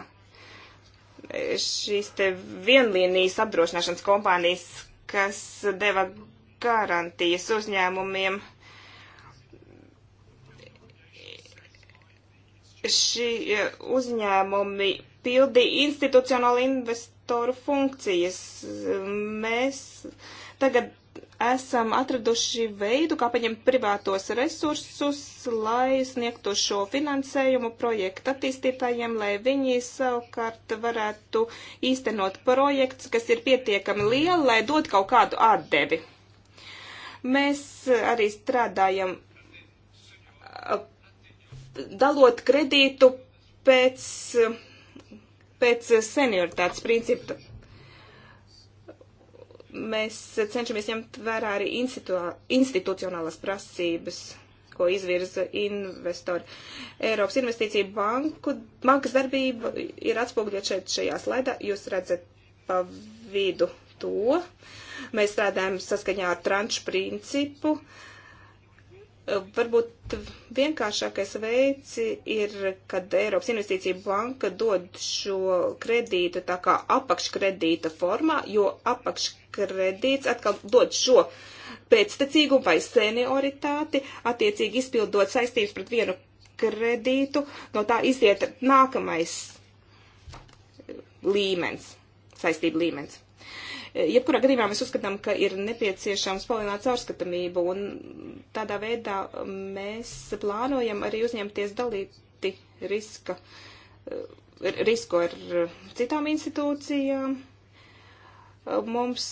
Šīs te vienlīnijas apdrošināšanas kompānijas, kas deva garantijas uzņēmumiem, šie eh, uzņēmumi pildi institucionāli investoru funkcijas. Mēs tagad esam atraduši veidu, kā paņemt privātos resursus, lai sniegtu šo finansējumu projektu attīstītājiem, lai viņi savukārt varētu īstenot projekts, kas ir pietiekami liela, lai dod kaut kādu atdevi. Mēs arī strādājam dalot kredītu pēc pēc senioritātes principa. Mēs cenšamies ņemt vērā arī institucionālas prasības, ko izvirza investori. Eiropas investīcija banku, bankas darbība ir atspoguļot šeit šajā slaidā. Jūs redzat pa vidu to. Mēs strādājam saskaņā ar tranšu principu. Uh, Varbūt vienkāršākais veids ir, kad Eiropas Investīcija banka dod šo kredītu tā kā apakškredīta formā, jo apakškredīts atkal dod šo pēctecīgumu vai senioritāti, attiecīgi izpildot saistības pret vienu kredītu, no tā iziet nākamais līmenis, saistību līmenis. Jebkurā gadījumā mēs uzskatām, ka ir nepieciešams palielināt caurskatamību, un tādā veidā mēs plānojam arī uzņemties dalīti riska, risku ar citām institūcijām. Mums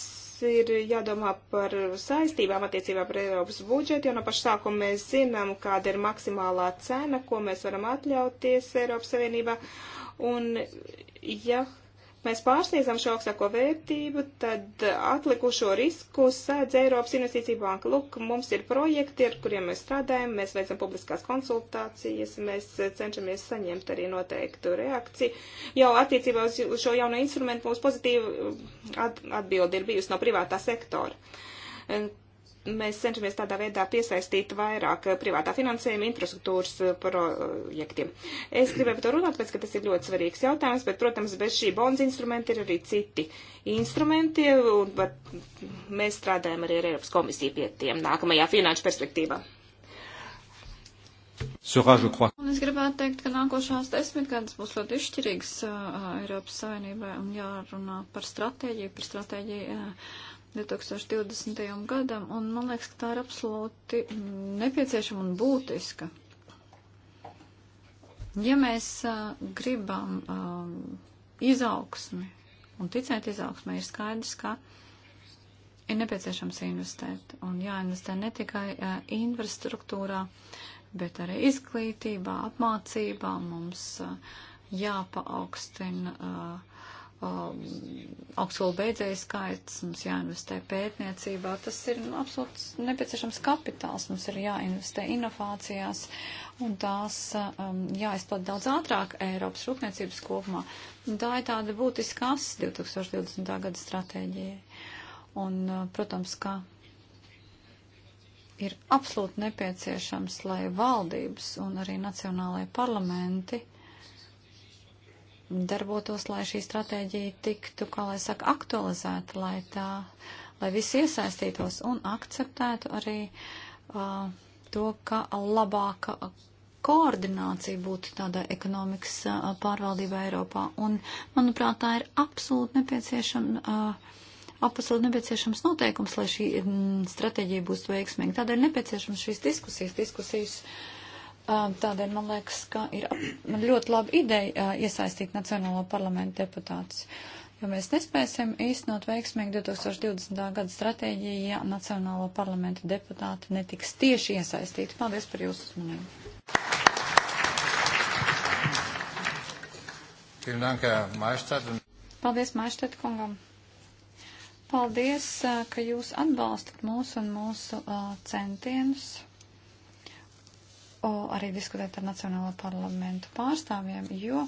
ir jādomā par saistībām attiecībā par Eiropas budžetu, jo no paša sākuma mēs zinām, kāda ir maksimālā cena, ko mēs varam atļauties Eiropas Savienībā. Un, ja mēs pārsniedzam šo augstāko vērtību, tad atlikušo risku sēdz Eiropas Investīcija banka. Lūk, mums ir projekti, ar kuriem mēs strādājam, mēs veicam publiskās konsultācijas, mēs cenšamies saņemt arī noteiktu reakciju. Jau attiecībā uz šo jauno instrumentu mums pozitīva atbildi ir bijusi no privātā sektora mēs cenšamies tādā veidā piesaistīt vairāk eh, privātā finansējuma infrastruktūras eh, projektiem. Es gribēju par to runāt, pēc ka tas ir ļoti svarīgs jautājums, bet, protams, bez šī bonza instrumenta ir arī citi instrumenti, un mēs strādājam arī ar Eiropas komisiju pie tiem nākamajā finanšu perspektīvā. Un es gribētu teikt, ka nākošās desmitgades būs ļoti izšķirīgs uh, Eiropas Savienībai un jārunā par stratēģiju, par stratēģiju. Uh, 2020. gadam, un man liekas, ka tā ir absolūti nepieciešama un būtiska. Ja mēs uh, gribam um, izaugsmi un ticēt izaugsmē, ir skaidrs, ka ir nepieciešams investēt. Un jāinvestē ne tikai uh, infrastruktūrā, bet arī izglītībā, apmācībā mums uh, jāpaaugstina. Uh, um, augstskolu beidzēju skaits, mums jāinvestē pētniecībā, tas ir nu, absolūts nepieciešams kapitāls, mums ir jāinvestē inovācijās un tās um, jāizplat daudz ātrāk Eiropas rūpniecības kopumā. Un tā ir tāda būtiska as 2020. gada stratēģijai. Un, uh, protams, ka ir absolūti nepieciešams, lai valdības un arī nacionālajie parlamenti darbotos, lai šī stratēģija tiktu, kā lai saka, aktualizēta, lai tā, lai visi iesaistītos un akceptētu arī uh, to, ka labāka koordinācija būtu tādai ekonomikas uh, pārvaldībai Eiropā. Un, manuprāt, tā ir absolūti nepieciešama. Uh, Absolūti nepieciešams noteikums, lai šī m, stratēģija būs veiksmīga. Tādēļ nepieciešams šīs diskusijas, diskusijas uh, Tādēļ man liekas, ka ir man ļoti laba ideja iesaistīt Nacionālo parlamentu deputātus, jo mēs nespēsim īstenot veiksmīgi 2020. gada stratēģiju, ja Nacionālo parlamentu deputāti netiks tieši iesaistīti. Paldies par jūsu uzmanību. Paldies, Maistēt kungam. Paldies, ka jūs atbalstat mūs un mūsu uh, centienus arī diskutēt ar Nacionālo parlamentu pārstāvjiem, jo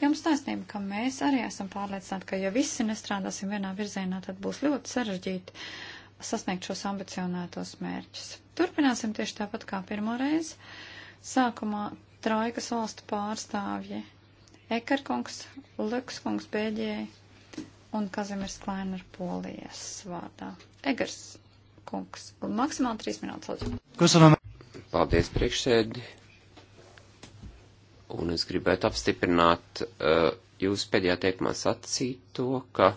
jums taisnība, ka mēs arī esam pārliecināti, ka ja visi nestrādāsim vienā virzienā, tad būs ļoti sarežģīti sasniegt šos ambicionētos mērķus. Turpināsim tieši tāpat kā pirmoreiz. Sākumā trojkas valstu pārstāvji Ekerkungs, Lekskungs Bēģijai un Kazimirs Klainer Polijas vārdā. Egers kungs. Maksimāli trīs minūtes. Lūdzu. Paldies priekšsēdi. Un es gribētu apstiprināt uh, jūs pēdējā teikumā sacīto, ka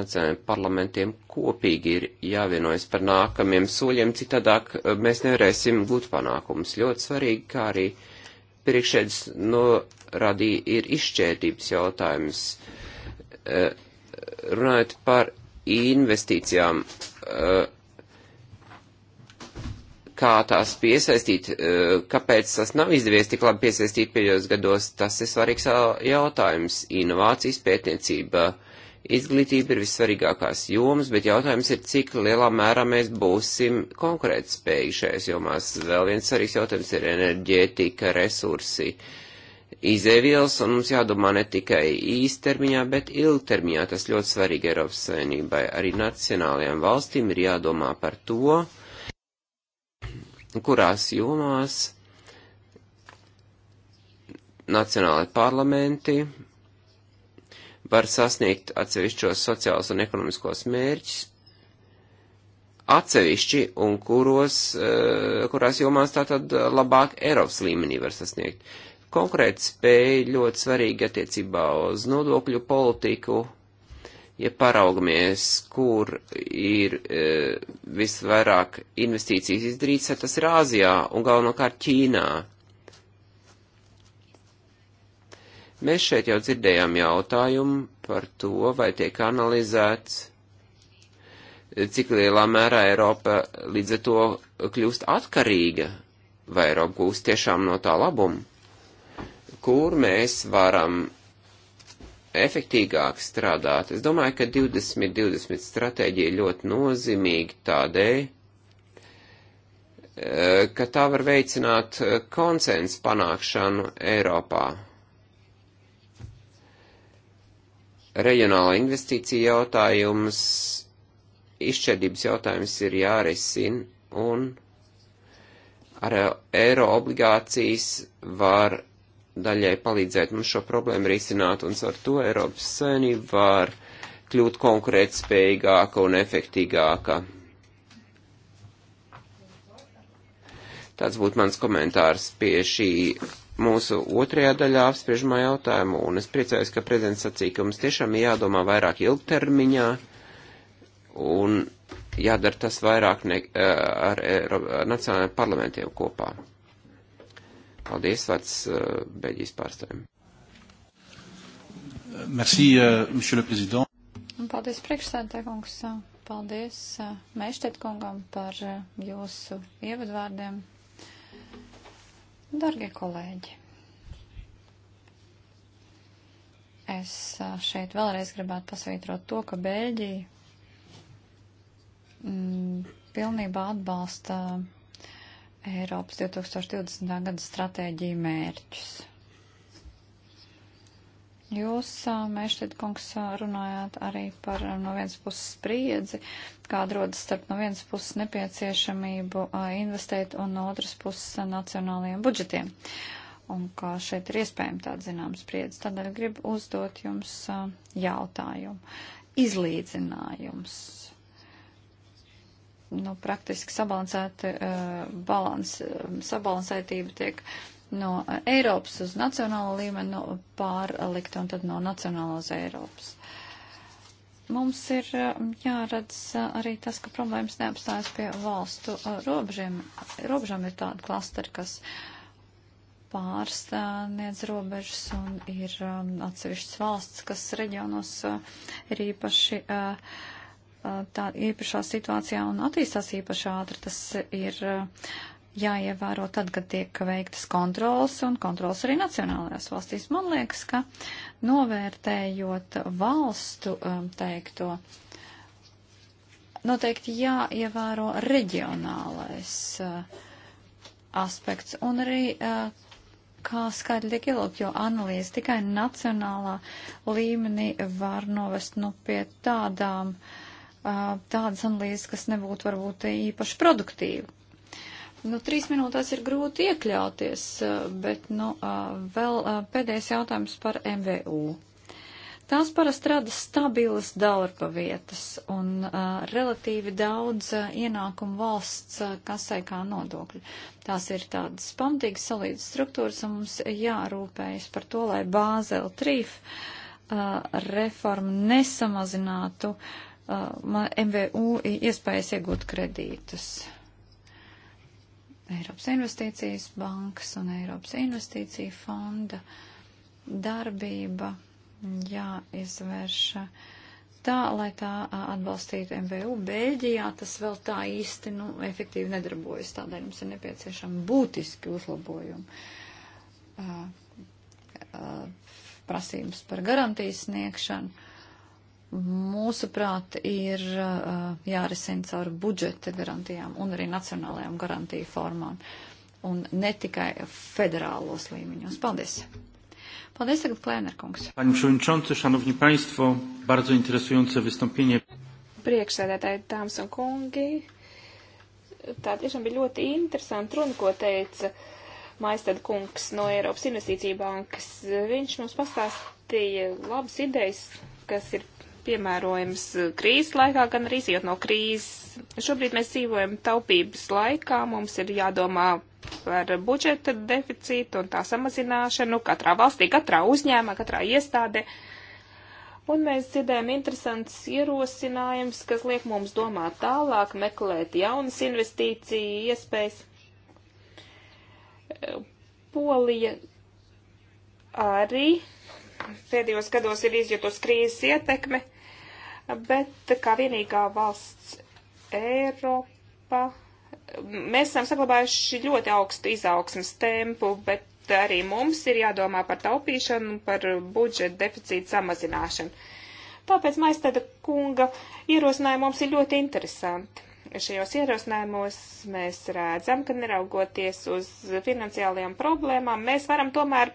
nacionālajiem parlamentiem kopīgi ir jāvienojas par nākamiem soļiem, citādāk eh, mēs nevarēsim gūt panākumus. Ļoti svarīgi, kā arī priekšēdz norādīja, ir izšķētības jautājums. Eh, runājot par investīcijām, kā tās piesaistīt, eh, kāpēc tas nav izdevies tik labi piesaistīt pēdējos gados, tas ir svarīgs jautājums. Inovācijas pētniecība, izglītība ir vissvarīgākās jomas, bet jautājums ir, cik lielā mērā mēs būsim konkurētspējīgi šajās jomās. Vēl viens svarīgs jautājums ir enerģētika, resursi. Izēvielas, un mums jādomā ne tikai īstermiņā, bet ilgtermiņā. Tas ļoti svarīgi Eiropas Savienībai. Arī nacionālajām valstīm ir jādomā par to, uh, Nu, kurās jomās nacionālai parlamenti var sasniegt atsevišķos sociālos un ekonomiskos mērķus, atsevišķi un kuros, eh, kurās jomās tātad labāk Eiropas līmenī var sasniegt. Konkrēta spēja ļoti svarīga attiecībā uz nodokļu politiku, Ja paraugamies, kur ir e, visvairāk investīcijas izdarīts, tas ir Āzijā un galvenokārt Ķīnā. Mēs šeit jau dzirdējām jautājumu par to, vai tiek analizēts, e, cik lielā mērā Eiropa līdz ar to kļūst atkarīga, vai Eiropa gūst tiešām no tā labumu, kur mēs varam efektīgāk strādāt. Es domāju, ka 2020 stratēģija ļoti nozīmīga tādēļ, eh, ka tā var veicināt eh, konsensu panākšanu Eiropā. Reģionāla investīcija jautājums, izšķērdības jautājums ir jārisina un ar eiro obligācijas var daļai palīdzēt mums šo problēmu risināt, un ar to Eiropas saimnība var kļūt konkurētspējīgāka un efektīgāka. Tāds būtu mans komentārs pie šī mūsu otrajā daļā apspriežamā jautājuma, un es priecājos, ka prezidents sacīja, ka mums tiešām ir jādomā vairāk ilgtermiņā, un jādara tas vairāk ne, eh, ar, ar, ar nacionālajiem parlamentiem kopā. Paldies, vārds eh, Beļģijas pārstāvjiem. Merci, eh, monsieur le président. Paldies, priekšsēdētāj kungs. Paldies eh, Meštet kungam par jūsu ievadvārdiem. Dargie kolēģi, es šeit vēlreiz gribētu pasvītrot to, ka Beļģija mm, pilnībā atbalsta uh, Eiropas 2020. gada stratēģiju mērķus. Jūs, Mēšķiet kungs, runājāt arī par no vienas puses spriedzi, kāda rodas starp no vienas puses nepieciešamību investēt un no otras puses nacionālajiem budžetiem. Un kā šeit ir iespējama tāda zināma spriedze. Tādēļ gribu uzdot jums jautājumu. Izlīdzinājums nu, praktiski sabalansēti, uh, balans, eh, sabalansētība tiek no Eiropas uz nacionālo līmeni no nu, pārlikta un tad no nacionālās Eiropas. Mums ir uh, jāredz uh, arī tas, ka problēmas neapstājas pie valstu uh, robežiem. Robežām ir tāda klasteri, kas pārstāvniec robežas un ir um, atsevišķas valsts, kas reģionos uh, ir īpaši. Uh, tā īpašā situācijā un attīstās īpaši ātri. Tas ir jāievēro tad, kad tiek veiktas kontrols un kontrols arī nacionālajās valstīs. Man liekas, ka novērtējot valstu teikto, noteikti jāievēro reģionālais aspekts un arī kā skaidri tiek ielūgt, jo analīze tikai nacionālā līmenī var novest nu, pie tādām uh, tādas analīzes, kas nebūtu varbūt īpaši produktīvi. Nu, trīs minūtēs ir grūti iekļauties, bet nu, vēl pēdējais jautājums par MVU. Tās parasti rada stabilas darba vietas un uh, relatīvi daudz uh, ienākumu valsts uh, kasai kā nodokļu. Tās ir tādas pamatīgas salīdzes struktūras un mums jārūpējas par to, lai Bāzela trīf uh, reforma nesamazinātu uh, Uh, MVU iespējas iegūt kredītus. Eiropas investīcijas bankas un Eiropas investīcija fonda darbība jāizvērš tā, lai tā uh, atbalstītu MVU. Bēļģijā tas vēl tā īsti nu, efektīvi nedarbojas, tādēļ mums ir nepieciešami būtiski uzlabojumi. Uh, uh, prasības par garantijas sniegšanu mūsuprāt, ir uh, jārisina caur budžeta garantijām un arī nacionālajām garantiju formām un ne tikai federālos līmeņos. Paldies! Paldies, tagad Klēnerkungs. Pani Przewodniczący, Szanowni Państwo, bardzo interesujące wystąpienie. Priekšsēdētāji, dāmas un kungi, tā tiešām bija ļoti interesanti runa, ko teica Maistad kungs no Eiropas investīcija bankas. Viņš mums pastāstīja labas idejas, kas ir piemērojams krīzes laikā, gan arī izjūt no krīzes. Šobrīd mēs dzīvojam taupības laikā, mums ir jādomā par budžeta deficītu un tā samazināšanu katrā valstī, katrā uzņēmā, katrā iestādē. Un mēs dzirdējam interesants ierosinājums, kas liek mums domāt tālāk, meklēt jaunas investīciju iespējas. Polija arī pēdējos gados ir izjutusi krīzes ietekme bet kā vienīgā valsts Eiropa, mēs esam saglabājuši ļoti augstu izaugsmas tempu, bet arī mums ir jādomā par taupīšanu, par budžeta deficītu samazināšanu. Tāpēc maistada kunga ierosinājumi mums ir ļoti interesanti. Šajos ierosinājumos mēs redzam, ka neraugoties uz finansiālajām problēmām, mēs varam tomēr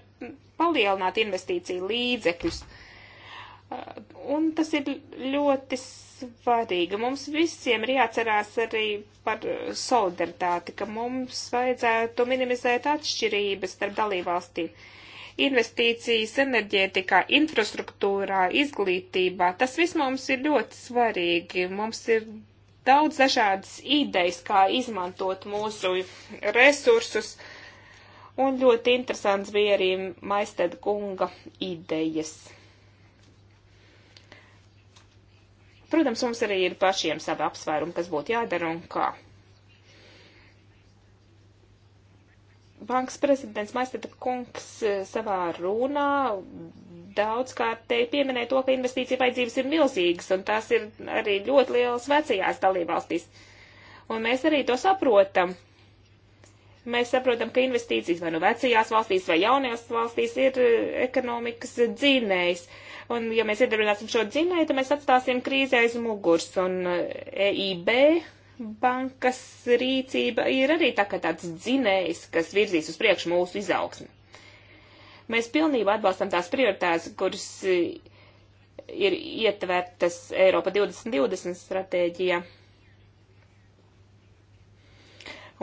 palielināt investīciju līdzekļus. Uh, Un tas ir ļoti svarīgi. Mums visiem ir jāatcerās arī par solidaritāti, ka mums vajadzētu minimizēt atšķirības starp dalībvalstīm. Investīcijas enerģētikā, infrastruktūrā, izglītībā, tas viss mums ir ļoti svarīgi. Mums ir daudz dažādas idejas, kā izmantot mūsu resursus. Un ļoti interesants bija arī Maisteda kunga idejas. Protams, mums arī ir pašiem savi apsvērumi, kas būtu jādara un kā. Bankas prezidents Maistata kungs e, savā runā daudzkārt te pieminēja to, ka investīcija vajadzības ir milzīgas, un tās ir arī ļoti lielas vecajās dalībvalstīs. Un mēs arī to saprotam. Mēs saprotam, ka investīcijas vai nu vecajās valstīs vai jaunajās valstīs ir e, ekonomikas dzinējs. Uh, Un ja mēs iedarbināsim šo dzinēju, tad mēs atstāsim krīzi aiz muguras. Un EIB eh, e bankas rīcība ir arī tā kā tāds dzinējs, kas virzīs uz priekšu mūsu izaugsmi. Mēs pilnībā atbalstam tās prioritātes, kuras eh, ir ietvertas Eiropa 2020 stratēģijā.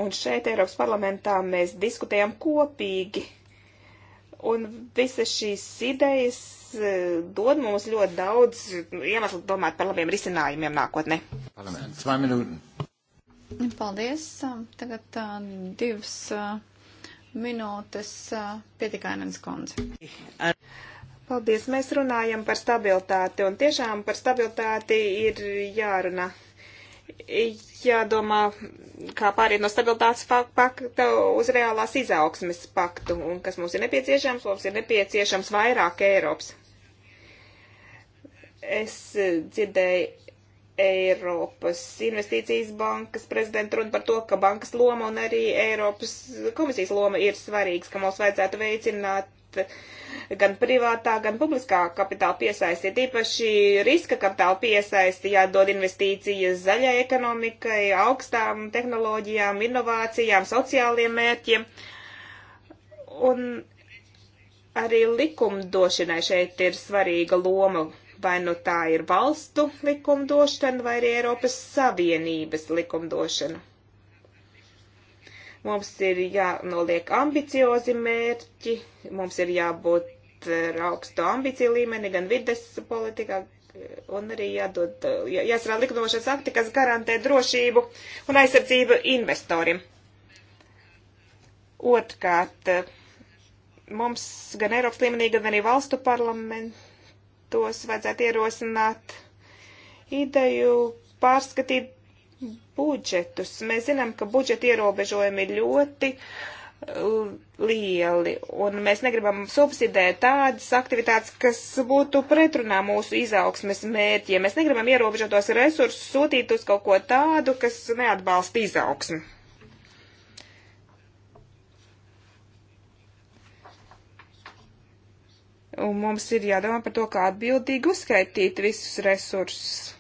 Un šeit Eiropas parlamentā mēs diskutējam kopīgi. Un visas šīs idejas Eh, dod mums ļoti daudz iemeslu domāt par labiem risinājumiem nākotnē. Paldies. Tagad uh, divas uh, minūtes uh, pietikainens kundze. Paldies. Mēs runājam par stabilitāti un tiešām par stabilitāti ir jārunā jādomā, kā pāriet no stabilitātes pakta uz reālās izaugsmes paktu, un kas mums ir nepieciešams, mums ir nepieciešams vairāk Eiropas. Es eh, dzirdēju Eiropas investīcijas bankas prezidenta runa par to, ka bankas loma un arī Eiropas komisijas loma ir svarīgs, ka mums vajadzētu veicināt gan privātā, gan publiskā kapitāla piesaisti. Tīpaši riska kapitāla piesaisti jādod investīcijas zaļai ekonomikai, augstām tehnoloģijām, inovācijām, sociāliem mērķiem. Un arī likumdošanai šeit ir svarīga loma vai nu tā ir valstu likumdošana vai arī Eiropas Savienības likumdošana. Mums ir jānoliek ambiciozi mērķi, mums ir jābūt ar eh, augstu ambiciju līmeni gan vides politikā, eh, un arī jādod, eh, jā, jāsarā likumdošanas akti, kas garantē drošību un aizsardzību investoriem. Otrkārt, mums gan Eiropas līmenī, gan arī valstu parlamentu tos vajadzētu ierosināt ideju pārskatīt budžetus. Mēs zinām, ka budžeta ierobežojumi ir ļoti uh, lieli, un mēs negribam subsidēt tādas aktivitātes, kas būtu pretrunā mūsu izaugsmes mērķiem. Mēs negribam ierobežotos resursus sūtīt uz kaut ko tādu, kas neatbalsta izaugsmu. Un mums ir jādomā par to, kā atbildīgi uzskaitīt visus resursus.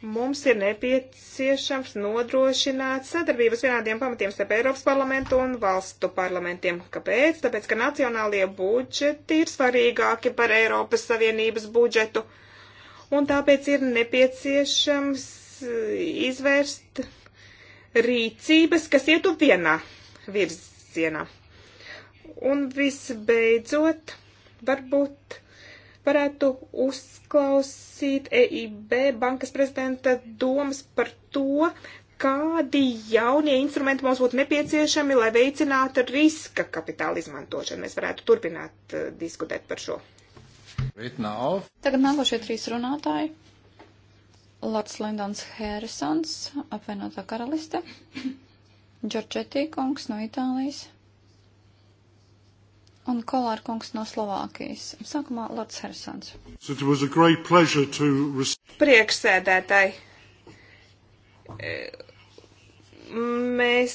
Mums ir nepieciešams nodrošināt sadarbības vienādiem pamatiem starp Eiropas parlamentu un valstu parlamentiem. Kāpēc? Tāpēc, ka nacionālie budžeti ir svarīgāki par Eiropas Savienības budžetu. Un tāpēc ir nepieciešams eh, izvērst rīcības, kas ietu vienā virzienā. Un visbeidzot, varbūt varētu uzklausīt EIB bankas prezidenta domas par to, kādi jaunie instrumenti mums būtu nepieciešami, lai veicinātu riska kapitāla izmantošanu. Mēs varētu turpināt uh, diskutēt par šo. Tagad nākošie trīs runātāji. Lats Lendons Hērisons, apvienotā karaliste, Džorčetī kungs no Itālijas un Kolārkungs no Slovākijas. Sākumā Lots Hersons. To... Prieksēdētāji, e, mēs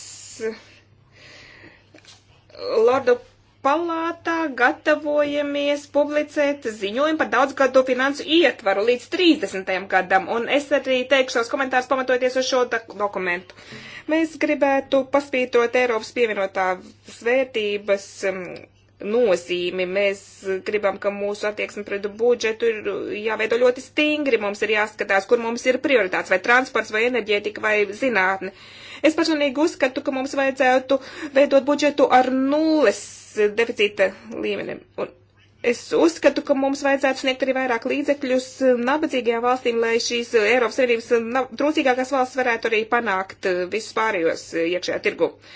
Lordu palātā gatavojamies publicēt ziņojumu par daudzgadu finansu ietvaru līdz 30. gadam, un es arī teikšu savus komentārus pamatoties uz šo dokumentu. Mēs gribētu paspītot Eiropas pievienotā svērtības nozīmi. Mēs gribam, ka mūsu attieksme pret budžetu ir jāveido ļoti stingri. Mums ir jāskatās, kur mums ir prioritāts, vai transports, vai enerģētika, vai zinātne. Es personīgi uzskatu, ka mums vajadzētu veidot budžetu ar nulles deficīta līmenim. Un Es uzskatu, ka mums vajadzētu sniegt arī vairāk līdzekļus nabadzīgajām valstīm, lai šīs Eiropas Savienības trūcīgākās valsts varētu arī panākt visus pārējos iekšējā tirgu. Uh,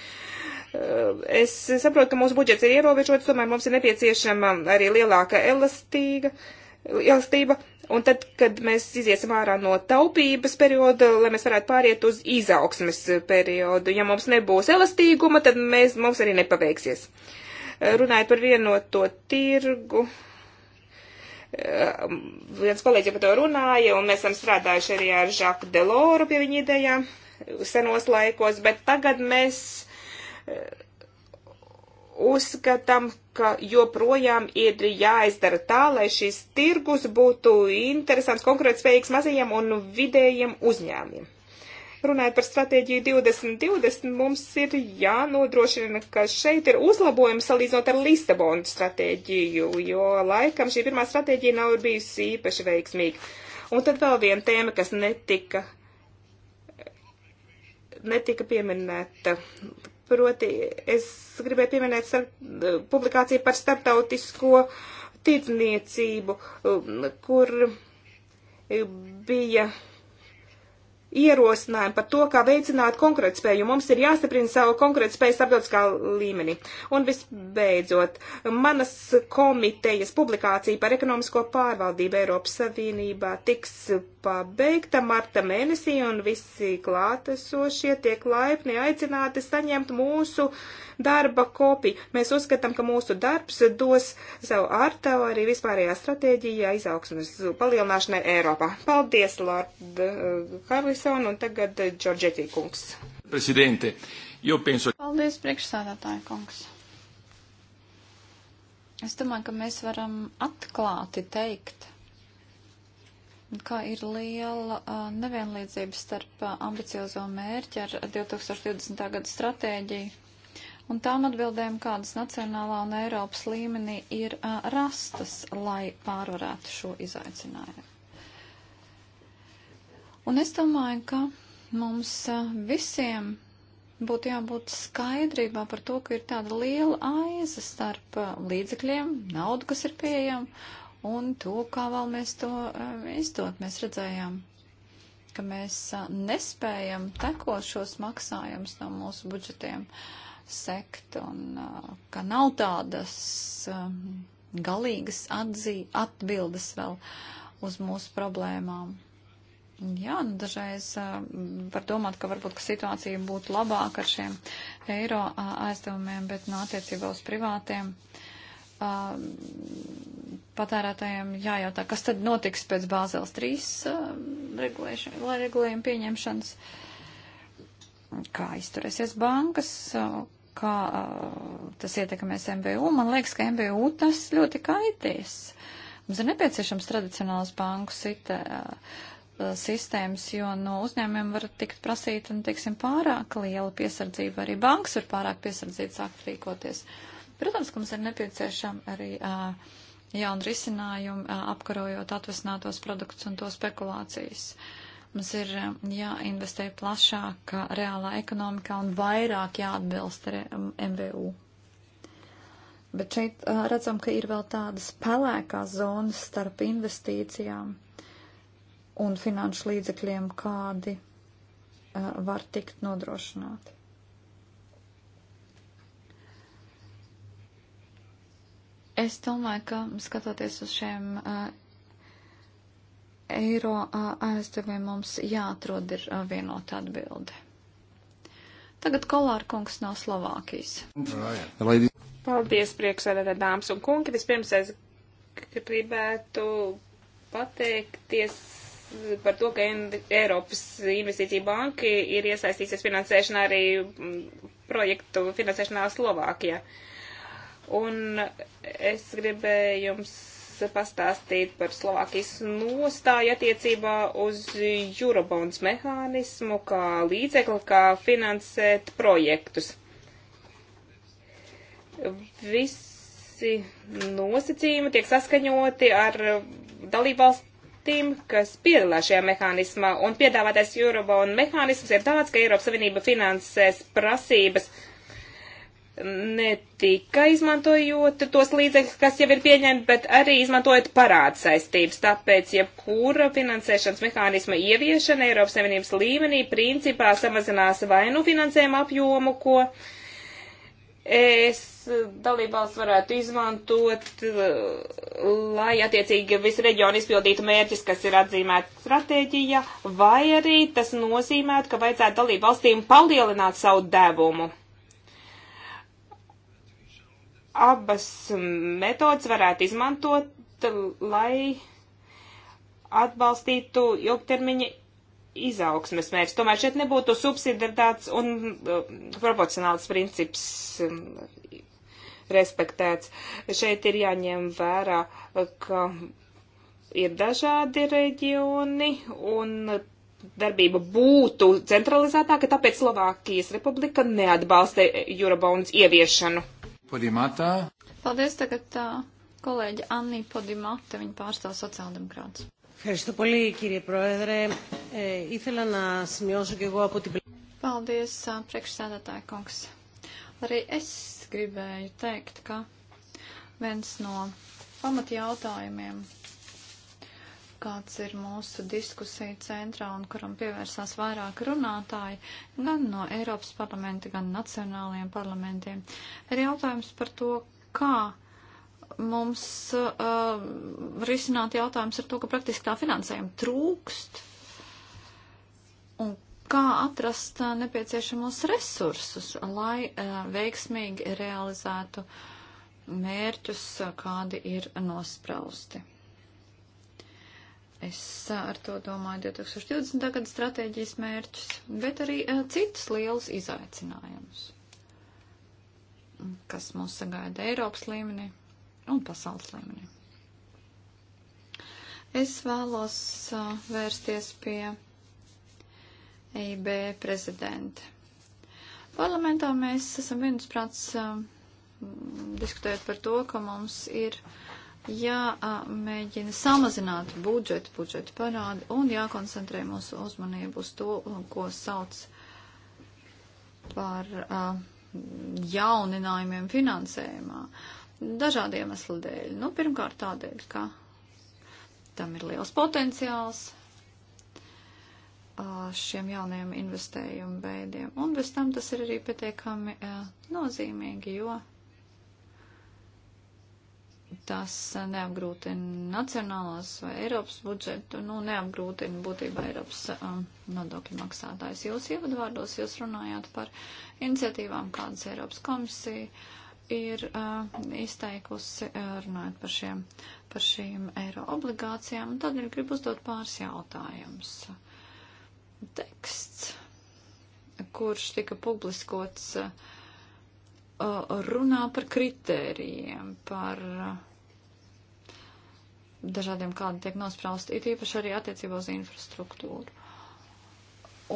Es saprotu, ka mūsu budžets ir ierobežots, tomēr mums ir nepieciešama arī lielāka elastīga, elastība. Un tad, kad mēs iziesim ārā no taupības perioda, lai mēs varētu pāriet uz izaugsmes periodu, ja mums nebūs elastīguma, tad mēs, mums arī nepaveiksies. Runājot par vienoto tirgu, um, viens kolēģis par to runāja, un mēs esam strādājuši arī ar Žaku Deloru pie viņa idejām senos laikos, bet tagad mēs uzskatām, ka joprojām ir jāizdara tā, lai šis tirgus būtu interesants, konkurētspējīgs mazajiem un vidējiem uzņēmumiem. Runājot par stratēģiju 2020, mums ir jānodrošina, ka šeit ir uzlabojumi salīdzinot ar Lisabonu stratēģiju, jo laikam šī pirmā stratēģija nav bijusi īpaši veiksmīga. Un tad vēl viena tēma, kas netika, netika pieminēta, Proti, es gribēju pieminēt starp, publikāciju par starptautisko tirdzniecību, um, kur eh, bija ierosinājumu par to, kā veicināt konkurētspēju. Mums ir jāstiprina savu konkurētspēju starptautiskā līmenī. Un visbeidzot, manas komitejas publikācija par ekonomisko pārvaldību Eiropas Savienībā tiks pabeigta marta mēnesī, un visi klātesošie tiek laipni aicināti saņemt mūsu uh, darba kopiju. Mēs uzskatām, ka mūsu darbs dos savu ārtavu arī vispārējā stratēģijā izaugsmas palielināšanai Eiropā. Paldies, Lord eh, Harrison, un tagad Džordžetī eh, kungs. Presidente, jo penso. Paldies, priekšsādātāja kungs. Es domāju, ka mēs varam atklāti teikt, ka ir liela uh, nevienlīdzība starp uh, ambiciozo mērķi ar 2020. gada stratēģiju un tām atbildēm, kādas nacionālā un Eiropas līmenī ir uh, rastas, lai pārvarētu šo izaicinājumu. Un es domāju, ka mums uh, visiem būtu jābūt skaidrībā par to, ka ir tāda liela aiza starp līdzekļiem, naudu, kas ir pieejama, un to, kā vēlamies to uh, izdot. Mēs redzējām, ka mēs uh, nespējam tekot šos maksājumus no mūsu budžetiem. Uh, sekt un uh, ka nav tādas um, galīgas atzī, atbildes vēl uz mūsu problēmām. Jā, nu dažreiz uh, var domāt, ka varbūt ka situācija būtu labāka ar šiem eiro uh, aizdevumiem, bet no nu, attiecībā uz privātiem uh, patērētājiem jājautā, kas tad notiks pēc Bāzels 3 um, regulējuma pieņemšanas, kā izturēsies bankas, uh, kā uh, tas ietekmēs MBU. Man liekas, ka MBU tas ļoti kaitīs. Mums ir nepieciešams tradicionāls banku sita uh, sistēmas, jo no uzņēmumiem var tikt prasīta, nu, teiksim, pārāk liela piesardzība. Arī bankas var pārāk piesardzīt sākt rīkoties. Protams, ka mums ir nepieciešama arī uh, jauna risinājuma, uh, apkarojot atvesinātos produktus un to spekulācijas. Uh, Mums ir um, jāinvestē plašāk uh, reālā ekonomikā un vairāk jāatbilst MVU. Um, Bet šeit uh, redzam, ka ir vēl tādas pelēkās zonas starp investīcijām un finanšu līdzekļiem, kādi uh, var tikt nodrošināti. Es domāju, ka skatoties uz šiem uh, eiro aizdevumiem mums jāatrod ir vienota atbilde. Tagad Kolārkungs no Slovākijas. Paldies, priekšsēdētāji, dāmas un kungi. Vispirms es gribētu pateikties par to, ka Eiropas investīcija banka ir iesaistīsies finansēšanā arī projektu finansēšanā Slovākijā. Un es gribēju jums pastāstīt par Slovākijas nostāju attiecībā uz Eurobonds mehānismu, kā līdzekli, kā finansēt projektus. Visi nosacījumi tiek saskaņoti ar dalībvalstīm, kas piedalās šajā mehānismā, un piedāvātais Eurobonds mehānisms ir tāds, ka Eiropas Savienība finansēs prasības uh, ne tikai izmantojot tos līdzekļus, kas jau ir pieņemti, bet arī izmantojot parāda saistības. Tāpēc jebkura finansēšanas mehānisma ieviešana Eiropas Savienības līmenī principā samazinās vainu finansējumu apjomu, ko es dalībvalsts varētu izmantot, lai attiecīgi visu reģionu izpildītu mērķis, kas ir atzīmēts stratēģijā, vai arī tas nozīmētu, ka vajadzētu dalībvalstīm palielināt savu devumu abas metodas varētu izmantot, lai atbalstītu ilgtermiņa izaugsmes mērķis. Tomēr šeit nebūtu subsidiaritāts un uh, proporcionāls princips um, respektēts. Šeit ir jāņem vērā, uh, ka ir dažādi reģioni un darbība būtu centralizētāka, tāpēc Slovākijas republika neatbalsta Eurobonds ieviešanu. Podimatā. Paldies tagad tā, kolēģi Annī Podimata, viņa pārstāv sociāldemokrātus. Ευχαριστώ πολύ κύριε Πρόεδρε. Ε, ήθελα να σημειώσω και εγώ από την Paldies, priekšsēdētāja kungs. Arī es gribēju teikt, ka viens no pamatjautājumiem kāds ir mūsu diskusija centrā un kuram pievērsās vairāk runātāji gan no Eiropas parlamenta, gan nacionālajiem parlamentiem, ir jautājums par to, kā mums uh, risināt jautājums ar to, ka praktiski tā finansējuma trūkst un kā atrast uh, nepieciešamos resursus, lai uh, veiksmīgi realizētu mērķus, uh, kādi ir nosprausti. Es ar to domāju 2020. gada stratēģijas mērķus, bet arī citus lielus izaicinājumus, kas mūs sagaida Eiropas līmenī un pasaules līmenī. Es vēlos vērsties pie EIB prezidenta. Parlamentā mēs esam viensprāts diskutējot par to, ka mums ir uh, jāmēģina samazināt budžetu, budžetu parādu un jākoncentrē mūsu uzmanību uz to, ko sauc par uh, jauninājumiem finansējumā. Dažādi iemesli dēļ. Nu, pirmkārt tādēļ, ka tam ir liels potenciāls uh, šiem jaunajiem investējumu veidiem. Un bez tam tas ir arī pietiekami uh, nozīmīgi, jo tas neapgrūtina nacionālās vai Eiropas budžetu, nu, neapgrūtina būtībā Eiropas um, nodokļu maksātājs. Jūs ievadvārdos jūs runājāt par iniciatīvām, kādas Eiropas komisija ir um, uh, izteikusi, runājot par, šiem, par šīm eiro obligācijām, un tādēļ gribu uzdot pāris jautājumus. Teksts, kurš tika publiskots, uh, runā par kritērijiem, par uh, dažādiem kādiem tiek nosprausti, it īpaši arī attiecībā uz infrastruktūru.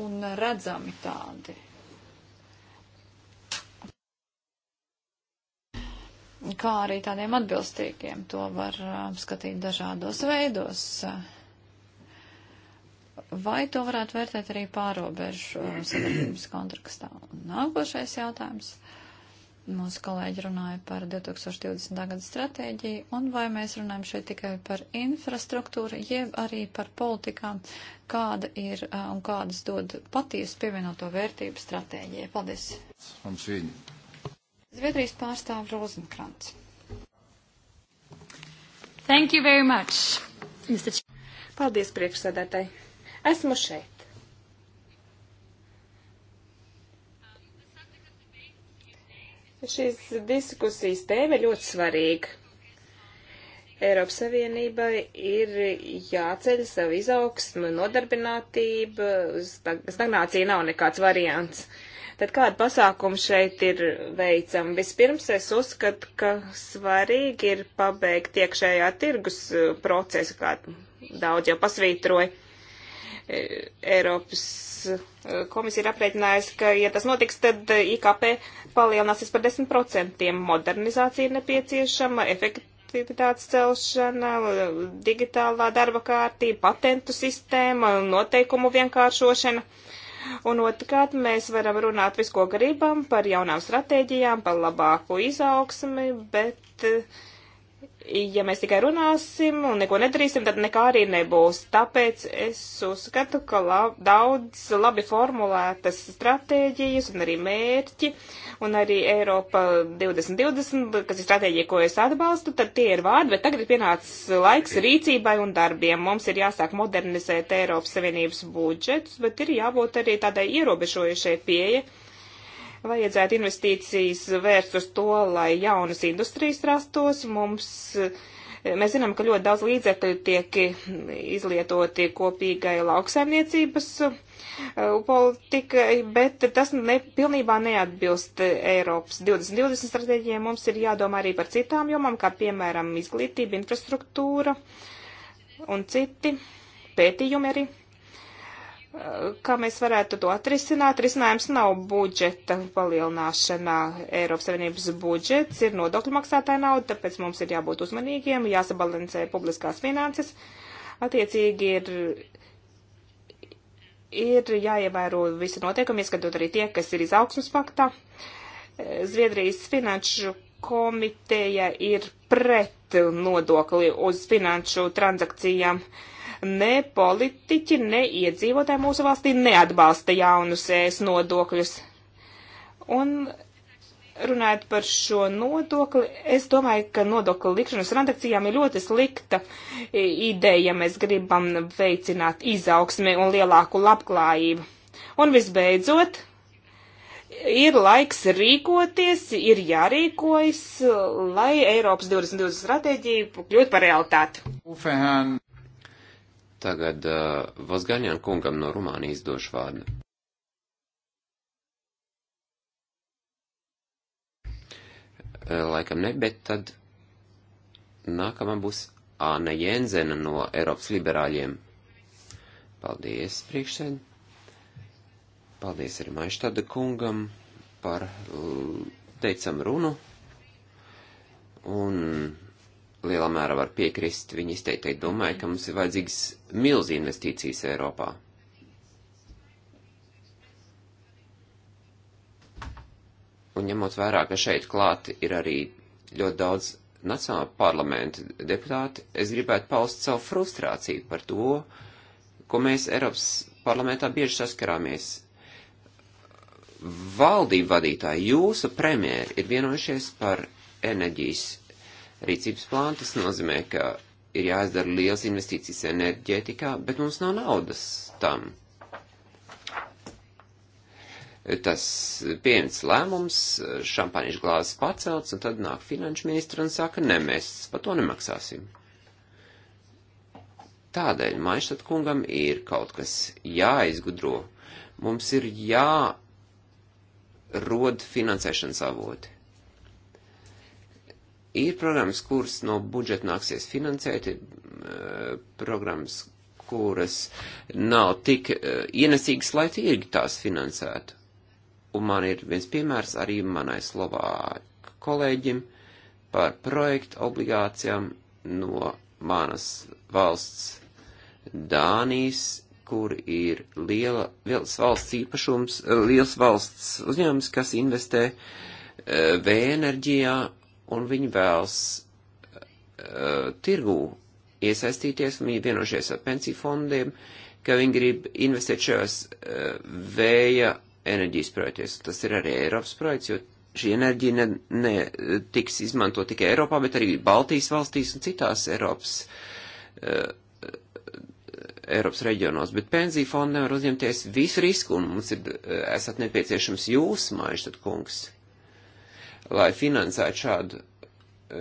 Un redzami tādi. Kā arī tādiem atbilstīgiem, to var uh, skatīt dažādos veidos. Vai to varētu vērtēt arī pārobežu uh, sadarbības kontekstā? Nākošais jautājums. Uh, Mūsu kolēģi runāja par 2020. gada stratēģiju, un vai mēs runājam šeit tikai par infrastruktūru, jeb arī par politikām, kāda ir un kādas dod patiesu pievienoto vērtību stratēģijai. Paldies! Mums viņa. Zviedrijas pārstāv Rozenkrants. Thank you very much, Mr. Paldies, priekšsēdētāji. Esmu šeit. Šīs diskusijas tēma ir ļoti svarīga. Eiropas Savienībai ir jāceļ savu izaugsmu, nodarbinātību, stagnācija nav nekāds variants. Tad kāda pasākuma šeit ir veicama? Vispirms es uzskatu, ka svarīgi ir pabeigt iekšējā tirgus procesu, kā daudz jau pasvītroja. E, Eiropas e, komisija ir aprēķinājusi, ka, ja tas notiks, tad IKP palielināsies par 10%. Modernizācija ir nepieciešama, efektivitātes celšana, digitālā darba kārtība, patentu sistēma, noteikumu vienkāršošana. Un otrkārt, mēs varam runāt visu, ko gribam, par jaunām stratēģijām, par labāku izaugsmi, bet uh, ja mēs tikai runāsim un neko nedarīsim, tad nekā arī nebūs. Tāpēc es uzskatu, ka lab, daudz labi formulētas stratēģijas un arī mērķi un arī Eiropa 2020, kas ir stratēģija, ko es atbalstu, tad tie ir vārdi, bet tagad ir pienācis laiks rīcībai un darbiem. Mums ir jāsāk modernizēt Eiropas Savienības budžetus, bet ir jābūt arī tādai ierobežojušai pieeja vajadzētu investīcijas vērst uz to, lai jaunas industrijas rastos. Mums, eh, mēs zinām, ka ļoti daudz līdzekļu tiek izlietoti kopīgai lauksaimniecības eh, politikai, bet tas ne, pilnībā neatbilst Eiropas 2020 stratēģijai. Mums ir jādomā arī par citām jomām, kā piemēram izglītība, infrastruktūra un citi pētījumi arī kā mēs varētu to atrisināt. Risinājums nav budžeta palielināšanā. Eiropas Savienības budžets ir nodokļu maksātāja nauda, tāpēc mums ir jābūt uzmanīgiem, jāsabalansē publiskās finanses. Attiecīgi ir, ir jāievēro visi noteikumi, ieskatot arī tie, kas ir izaugsmas paktā. Zviedrijas finanšu komiteja ir pret nodokli uz finanšu transakcijām. Uh, ne politiķi, ne iedzīvotāji mūsu valstī neatbalsta jaunus ēs nodokļus. Un runājot par šo nodokli, es domāju, ka nodokļu likšanas transakcijām ir ļoti slikta e, ideja, ja mēs gribam veicināt izaugsmi un lielāku labklājību. Un visbeidzot, ir laiks rīkoties, ir jārīkojas, lai Eiropas 2020 stratēģija kļūtu par realitāti. Ufen. Tagad uh, Vosgaņan kungam no Rumānijas došu vārdu. Uh, laikam ne, bet tad nākamā būs Āna Jēnzena no Eiropas liberāļiem. Paldies, priekšsēd. Paldies arī Maištada kungam par teicam runu. Un lielā mērā var piekrist viņa izteiktai domai, ka mums ir vajadzīgas milz investīcijas Eiropā. Un ņemot vērā, ka šeit klāt ir arī ļoti daudz nacionāla parlamenta deputāti, es gribētu paust savu frustrāciju par to, ko mēs Eiropas parlamentā bieži saskarāmies. Valdību vadītāji, jūsu premjeri ir vienojušies par enerģijas rīcības plānu. Tas nozīmē, ka ir jāizdara liels investīcijas enerģētikā, bet mums nav naudas tam. Tas pieņemts lēmums, šampāņu glāzes pacelts, un tad nāk finanšu ministra un saka, ne, mēs par to nemaksāsim. Tādēļ Maištat kungam ir kaut kas jāizgudro. Mums ir jārod finansēšanas avoti. Ir programmas, kuras no budžeta nāksies finansēt, ir eh, programmas, kuras nav tik eh, ienesīgas, lai tirgi tās finansētu. Un man ir viens piemērs arī manai slovāku kolēģim par projektu obligācijām no manas valsts Dānijas, kur ir liela, liels valsts īpašums, eh, liels valsts uzņēmums, kas investē vēja enerģijā un viņi vēlas uh, tirgū iesaistīties, viņi vienošies ar pensiju fondiem, ka viņi grib investēt šajos uh, eh, vēja enerģijas projektos. Tas ir arī Eiropas projekts, jo šī enerģija ne, ne tiks izmanto tikai Eiropā, bet arī Baltijas valstīs un citās Eiropas, uh, Eiropas reģionos. Bet pensiju fondi nevar uzņemties visu risku, un mums ir, uh, esat nepieciešams jūs, Maištat kungs lai finansētu šādu,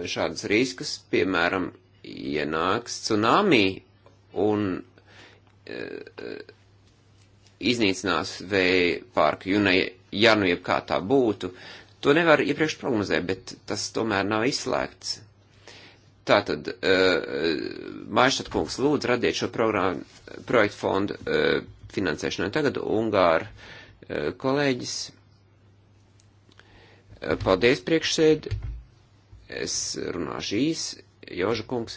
šādus riskus, piemēram, ienāks tsunami un e, e iznīcinās vēja parku, jo ne, ja nu jeb kā tā būtu, to nevar iepriekš prognozēt, bet tas tomēr nav izslēgts. Tātad, uh, e, e, Maištat kungs, lūdzu, radiet šo programmu, projektu fondu uh, finansēšanai. Tagad Ungāra uh, kolēģis Paldies, priekšsēd. Es runāšu īs, Joža kungs.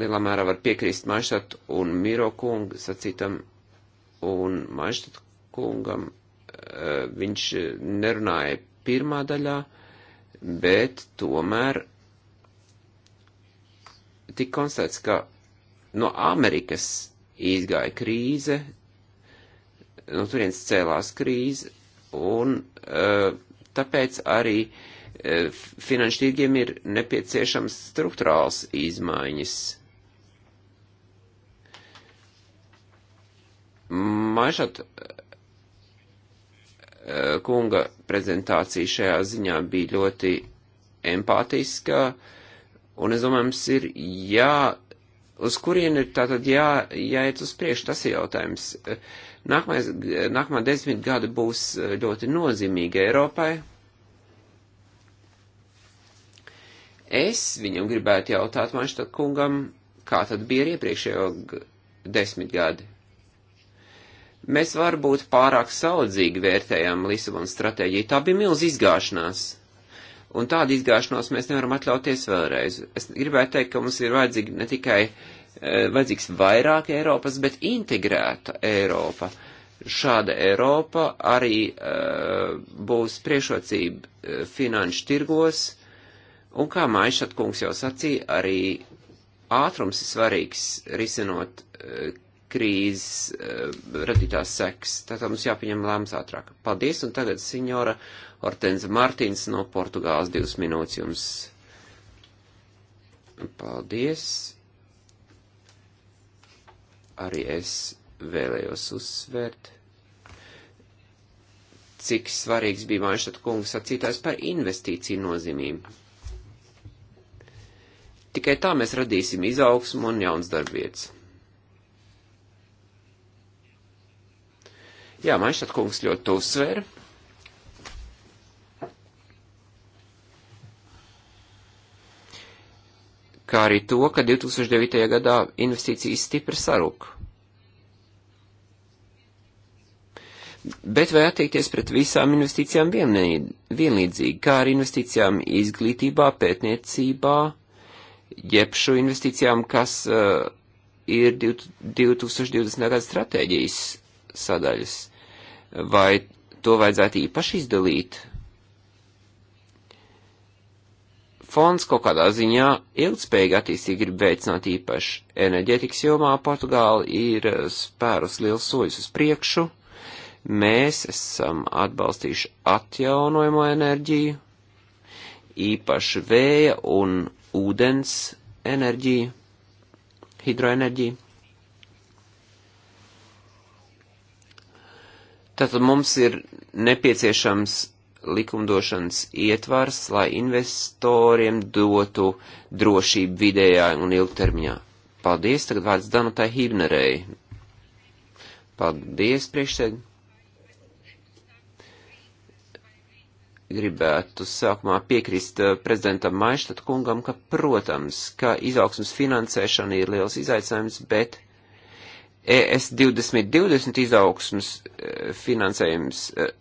Lielā mērā var piekrīst Maištat un Miro kungu sacītam un Maištat kungam. E, viņš nerunāja pirmā daļā, bet tomēr tik konstatēts, ka no Amerikas izgāja krīze, no turienes cēlās krīze, un eh, tāpēc arī eh, finanšu tirgiem ir nepieciešams struktūrāls izmaiņas. Mažat eh, kunga prezentācija šajā ziņā bija ļoti empātiska, un es domāju, mums ir jā uz kurien ir tātad jā, jāiet uz priekšu, tas ir jautājums. Nākamais, nākamā desmit gada būs ļoti nozīmīga Eiropai. Es viņam gribētu jautāt Manštad kungam, kā tad bija ar iepriekšējo desmit gadi. Mēs varbūt pārāk saudzīgi vērtējām Lisabonas stratēģiju, tā bija milz izgāšanās. Un tādu izgāšanos mēs nevaram atļauties vēlreiz. Es gribētu teikt, ka mums ir vajadzīgi ne tikai eh, vajadzīgs vairāk Eiropas, bet integrēta Eiropa. Šāda Eiropa arī uh, būs priešrocība uh, finanšu tirgos, un kā Maišat kungs jau sacīja, arī ātrums ir svarīgs risinot uh, krīzes uh, radītās seks. Tātad mums jāpieņem lēmums ātrāk. Paldies, un tagad signora Hortenze Martins no Portugāles divas minūtes jums. Paldies. Arī es vēlējos uzsvērt, cik svarīgs bija Maišat kungs sacītājs par investīciju nozīmību. Tikai tā mēs radīsim izaugsmu un jauns darbvietas. Jā, Maišat kungs ļoti uzsver. kā arī to, ka 2009. gadā investīcijas stipri sarūk. Bet vai attiekties pret visām investīcijām vienlīdzīgi, kā ar investīcijām izglītībā, pētniecībā, jeb šo investīcijām, kas uh, ir 2020. gada stratēģijas sadaļas? Vai to vajadzētu īpaši izdalīt fonds kaut kādā ziņā ilgspējīgi attīstīgi grib veicināt īpaši enerģetikas jomā. Portugāla ir eh, spērus liels soļus uz priekšu. Mēs esam atbalstījuši atjaunojamo enerģiju, īpaši vēja un ūdens enerģiju, hidroenerģiju. Tātad mums ir nepieciešams likumdošanas ietvars, lai investoriem dotu drošību vidējā un ilgtermiņā. Paldies, tagad vārds Danutai Hibnerei. Paldies, priekšsēd. Gribētu sākumā piekrist eh, prezidentam Maištat kungam, ka, protams, ka izaugsmas finansēšana ir liels izaicinājums, bet e ES 2020 izaugsmas eh, finansējums eh,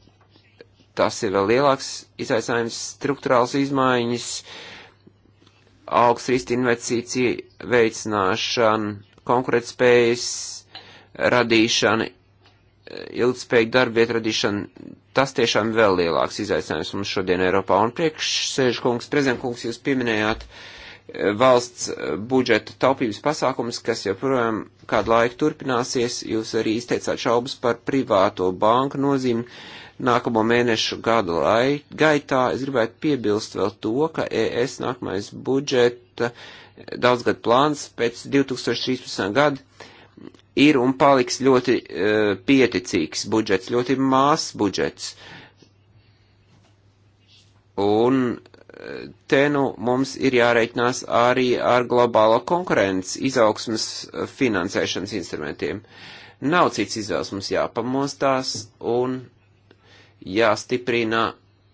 tas ir vēl lielāks izaicinājums struktūrāls izmaiņas, augsts riski investīcija veicināšana, konkurētspējas radīšana, ilgspējīga darbvieta radīšana. Tas tiešām vēl lielāks izaicinājums mums šodien Eiropā. Un priekšsēžkungs, prezidentkungs, jūs pieminējāt eh, valsts eh, budžeta taupības pasākums, kas joprojām kādu laiku turpināsies. Jūs arī izteicāt šaubas par privāto banku nozīmi. Uh, nākamo mēnešu gadu lai, gaitā. Es gribētu piebilst vēl to, ka ES nākamais budžeta daudzgad plāns pēc 2013. gada ir un paliks ļoti uh, pieticīgs budžets, ļoti mās budžets. Un e, te nu mums ir jāreikinās arī ar globālo konkurences izaugsmas e, finansēšanas instrumentiem. Nav cits izvēles mums jāpamostās un jāstiprina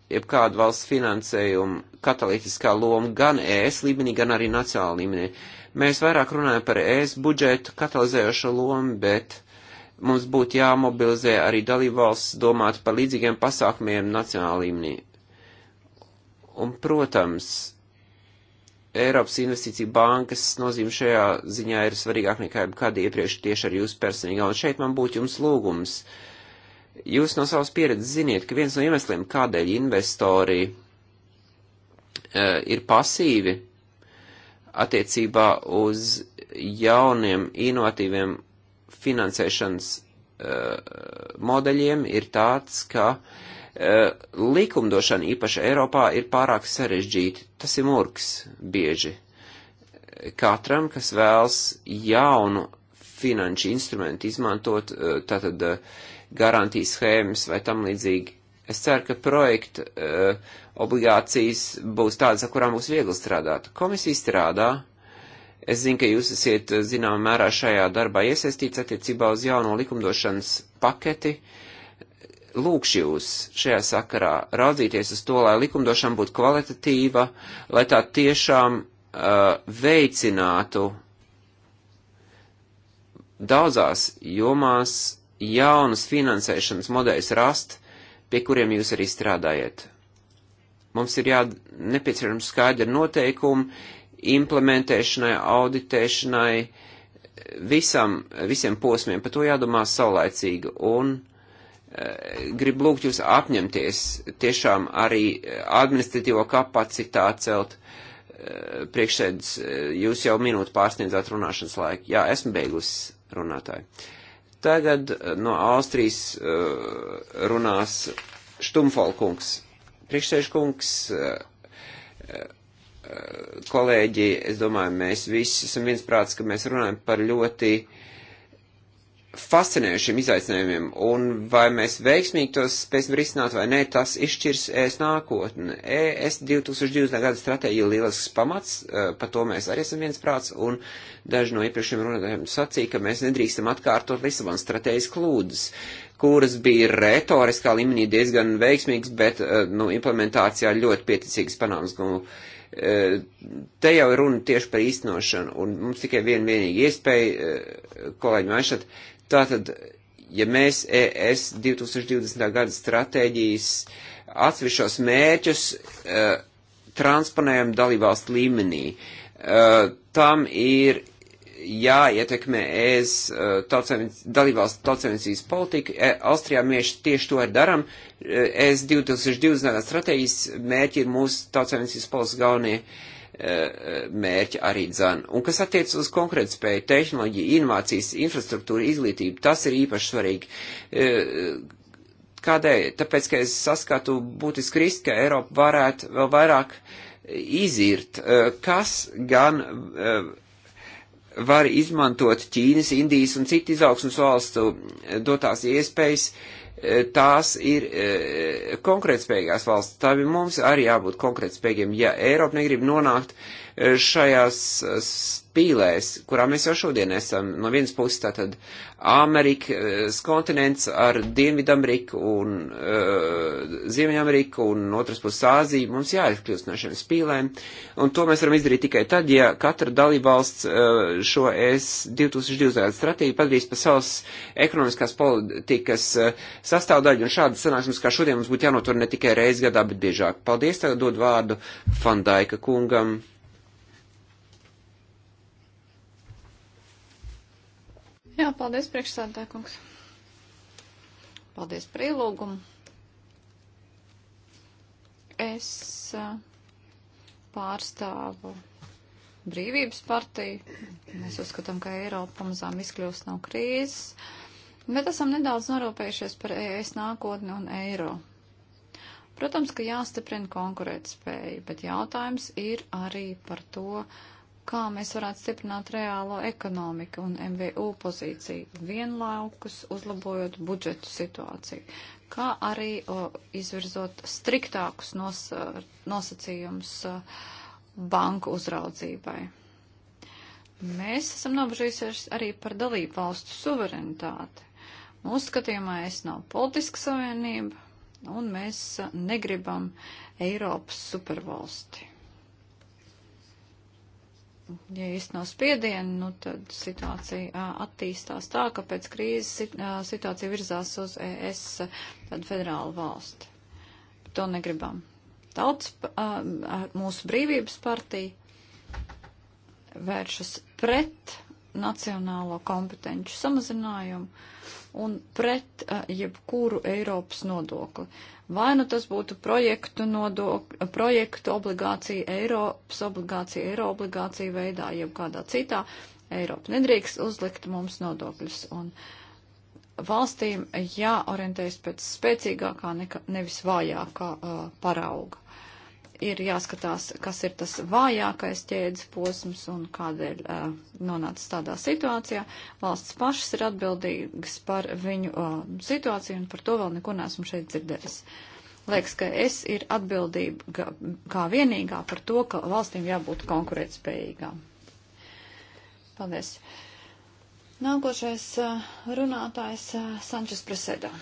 jebkādu valsts finansējumu katalītiskā loma gan ES līmenī, gan arī nacionāla līmenī. Mēs vairāk runājam par ES budžetu katalizējošo lomu, bet mums būtu jāmobilizē arī dalībvalsts domāt par līdzīgiem pasākumiem nacionāla līmenī. Un, protams, Eiropas investīcija bankas nozīme šajā ziņā ir svarīgāk nekā jebkad iepriekš tieši ar jūsu personīgā. Un šeit man būtu jums lūgums. Uh, Jūs no savas pieredzes ziniet, ka viens no iemesliem, kādēļ investori e, ir pasīvi attiecībā uz jauniem, inovatīviem finansēšanas e, modeļiem, ir tāds, ka e, likumdošana īpaši Eiropā ir pārāk sarežģīta. Tas ir murgs bieži. Katram, kas vēlas jaunu finanšu instrumentu izmantot, tātad garantijas schēmas vai tam līdzīgi. Es ceru, ka projekta uh, eh, obligācijas būs tādas, ar kurām būs viegli strādāt. Komisija strādā. Es zinu, ka jūs esat eh, zināmā mērā šajā darbā iesaistīts attiecībā uz jauno likumdošanas paketi. Lūkšu jūs šajā sakarā raudzīties uz to, lai likumdošana būtu kvalitatīva, lai tā tiešām uh, veicinātu daudzās jomās jaunus finansēšanas modeļus rast, pie kuriem jūs arī strādājat. Mums ir jā, nepieciešams skaidri noteikumi implementēšanai, auditēšanai, visam, visiem posmiem, par to jādomā saulaicīgi un e, grib lūgt jūs apņemties tiešām arī administratīvo kapacitāti celt e, priekšsēdus, e, jūs jau minūtu pārsniedzāt runāšanas laiku. Jā, esmu beigusi runātāju. Tagad eh, no Austrijas uh, runās Štumfalkungs. Priekšsēžkungs, uh, kolēģi, es domāju, mēs visi esam viensprāts, ka mēs runājam par ļoti uh, fascinējušiem izaicinājumiem, un vai mēs veiksmīgi tos spēsim risināt vai nē, tas izšķirs ES nākotni. E ES 2020. gada stratēģija ir lielisks pamats, par to mēs arī esam viensprāts, un daži no iepriekšējiem runātājiem sacīja, ka mēs nedrīkstam atkārtot Lisabonas stratēģijas kļūdas, kuras bija retoriskā līmenī diezgan veiksmīgas, bet nu, implementācijā ļoti pieticīgas panāmas gūmas te jau ir runa tieši par īstenošanu, un mums tikai viena vienīga iespēja, kolēģi Maišat, Tātad, ja mēs e ES 2020. gada stratēģijas atsevišķos mērķus uh, transponējam dalībvalstu līmenī, uh, tam ir jāietekmē ES tautsēmins, dalībvalstu tautsēmniecības politika. E, Austrijā mēs tieši to arī daram. ES 2020. stratēģijas mērķi ir mūsu tautsēmniecības politikas galvenie mērķi arī dzan. Un kas attiec uz konkurētspēju, tehnoloģiju, inovācijas, infrastruktūru, izglītību, tas ir īpaši svarīgi. E, kādēļ? Tāpēc, ka es saskatu būtiski risku, ka Eiropa varētu vēl vairāk izirt, e, kas gan e, var izmantot Ķīnas, Indijas un citu izaugsmas valstu dotās iespējas uh, E, tās ir e, konkrētspējīgās valsts. Tā ir mums arī jābūt konkrētspējīgiem. Ja Eiropa negrib nonākt e, šajās spīlēs, kurā mēs jau šodien esam, no vienas puses tātad Amerikas kontinents ar Dienvidameriku un uh, Ziemeņameriku un otras puses Āziju, mums jāizkļūst no šiem spīlēm. Un to mēs varam izdarīt tikai tad, ja katra dalībvalsts uh, šo es 2020. stratēģiju padarīs pa savas ekonomiskās politikas uh, sastāvdaļa, un šādas sanāksmes kā šodien mums būtu jānotur ne tikai reizi gadā, bet biežāk. Paldies, tagad dod vārdu Fandaika kungam. Jā, paldies, priekšsēdā kungs. Paldies par ielūgumu. Es eh, pārstāvu brīvības partiju. Mēs uzskatām, ka Eiropa pamazām izkļūst no krīzes. Uh, Bet esam nedaudz norūpējušies par ES nākotni un eiro. Protams, ka jāstiprina konkurētspēja, bet jautājums ir arī par to, kā mēs varētu stiprināt reālo ekonomiku un MVU pozīciju vienlaukus, uzlabojot budžetu situāciju, kā arī o, izvirzot striktākus nos, nosacījumus banku uzraudzībai. Mēs esam nobežījušies arī par dalību valstu suverenitāti. Mūsu skatījumā es nav politiska savienība, un mēs negribam Eiropas supervalsti. Ja īstenot spiedienu, nu, tad situācija attīstās tā, ka pēc krīzes situācija virzās uz ES, tad federālu valsti. To negribam. Tauts, mūsu brīvības partija vēršas pret nacionālo kompetenci samazinājumu un pret uh, jebkuru Eiropas nodokli. Vai nu tas būtu projektu, nodok, projektu obligācija, Eiropas obligācija, eiro obligācija veidā, jeb kādā citā, Eiropa nedrīkst uzlikt mums nodokļus. Un valstīm jāorientējas pēc spēcīgākā, nekā, nevis vājākā uh, parauga ir jāskatās, kas ir tas vājākais ķēdes posms un kādēļ uh, nonāca tādā situācijā. Valsts pašas ir atbildīgas par viņu uh, situāciju un par to vēl neko neesmu šeit dzirdējis. Liekas, ka es ir atbildība kā vienīgā par to, ka valstīm jābūt konkurētspējīgām. Paldies. Nākošais runātājs Sančes Presedā.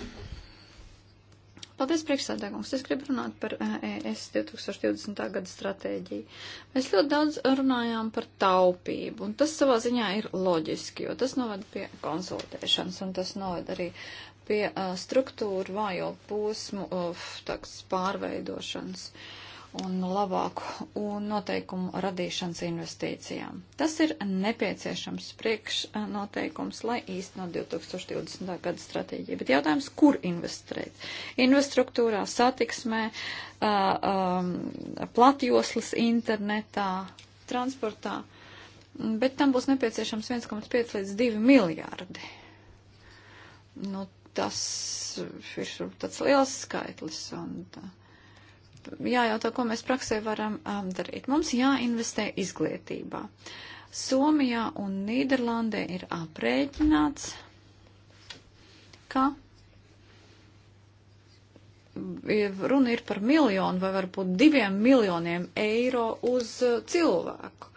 Paldies, priekšsēdētājums. Es gribu runāt par eh, e ES 2020. gada stratēģiju. Mēs ļoti daudz runājām par taupību, un tas savā ziņā ir loģiski, jo tas novada pie konsultēšanas, un tas novada arī pie uh, struktūru vājo posmu uh, pārveidošanas. Uh, un labāku un noteikumu radīšanas investīcijām. Tas ir nepieciešams priekšnoteikums, lai īstenot 2020. gada stratēģiju. Bet jautājums, kur investēt? Infrastruktūrā, satiksmē, platjoslas internetā, transportā. Bet tam būs nepieciešams 1,5 līdz 2 miljārdi. Nu, tas ir tāds liels skaitlis. Un, uh, jājautā, ko mēs praksē varam um, darīt. Mums jāinvestē izglītībā. Somijā un Nīderlandē ir aprēķināts, ka runa ir par miljonu vai varbūt diviem miljoniem eiro uz cilvēku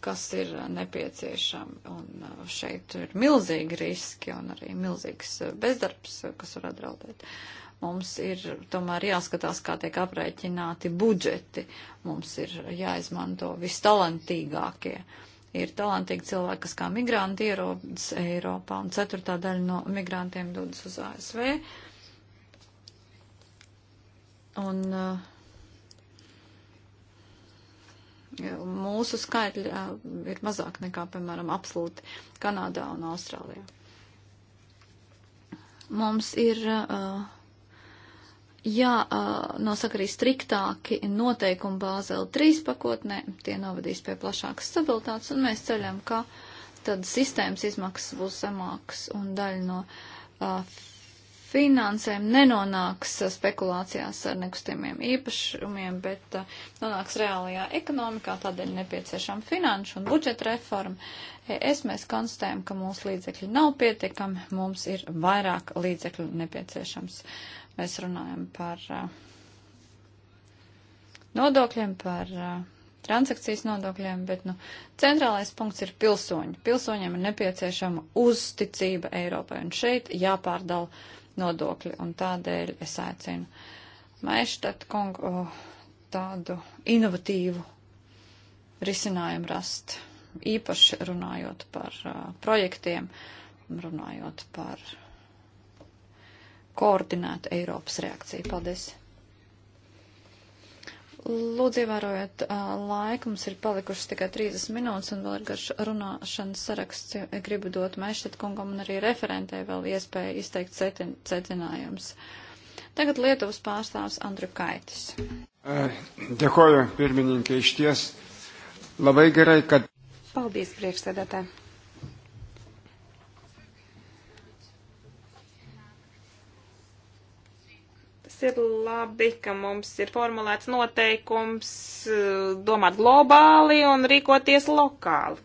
kas ir nepieciešami. Un šeit ir milzīgi riski un arī milzīgs bezdarbs, kas var atdraudēt. Uh, Mums ir tomēr jāskatās, kā tiek aprēķināti budžeti. Mums ir jāizmanto vistalantīgākie. Ir talantīgi cilvēki, kas kā migranti ierodas Eiropā, un ceturtā daļa no migrantiem dodas uz ASV. Un uh, mūsu skaitļi uh, ir mazāk nekā, piemēram, absolūti Kanādā un Austrālijā. Mums ir uh, jānosaka arī striktāki noteikumi Bāzeli 3 pakotnē, tie novadīs pie plašākas stabilitātes, un mēs ceļam, ka tad sistēmas izmaksas būs zemākas un daļa no uh, finansēm nenonāks spekulācijās ar nekustamiem īpašumiem, bet uh, nonāks reālajā ekonomikā, tādēļ nepieciešama finanšu un budžeta reforma. Es mēs konstatējam, ka mūsu līdzekļi nav pietiekami, mums ir vairāk līdzekļu nepieciešams. Uh, Mēs runājam par uh, nodokļiem, par uh, transakcijas nodokļiem, bet nu, centrālais punkts ir pilsoņi. Pilsoņiem ir nepieciešama uzticība Eiropai, un šeit jāpārdala nodokļi, un tādēļ es aicinu Maištat kungu tādu inovatīvu risinājumu rast, īpaši runājot par uh, projektiem, runājot par koordinēta Eiropas reakcija. Paldies! Lūdzu, ievērojiet laiku, mums ir palikušas tikai 30 minūtes un vēl ir garš runāšanas saraksts. Gribu dot Mešļet kungam un arī referentē vēl iespēju izteikt secinājumus. Tagad Lietuvas pārstāvs Andru Kaitis. Dekoju, pirmininkē, iš ties. Labai gerai, kad. Paldies, priekšsēdētāji. ir labi, ka mums ir formulēts noteikums eh, domāt globāli un rīkoties lokāli.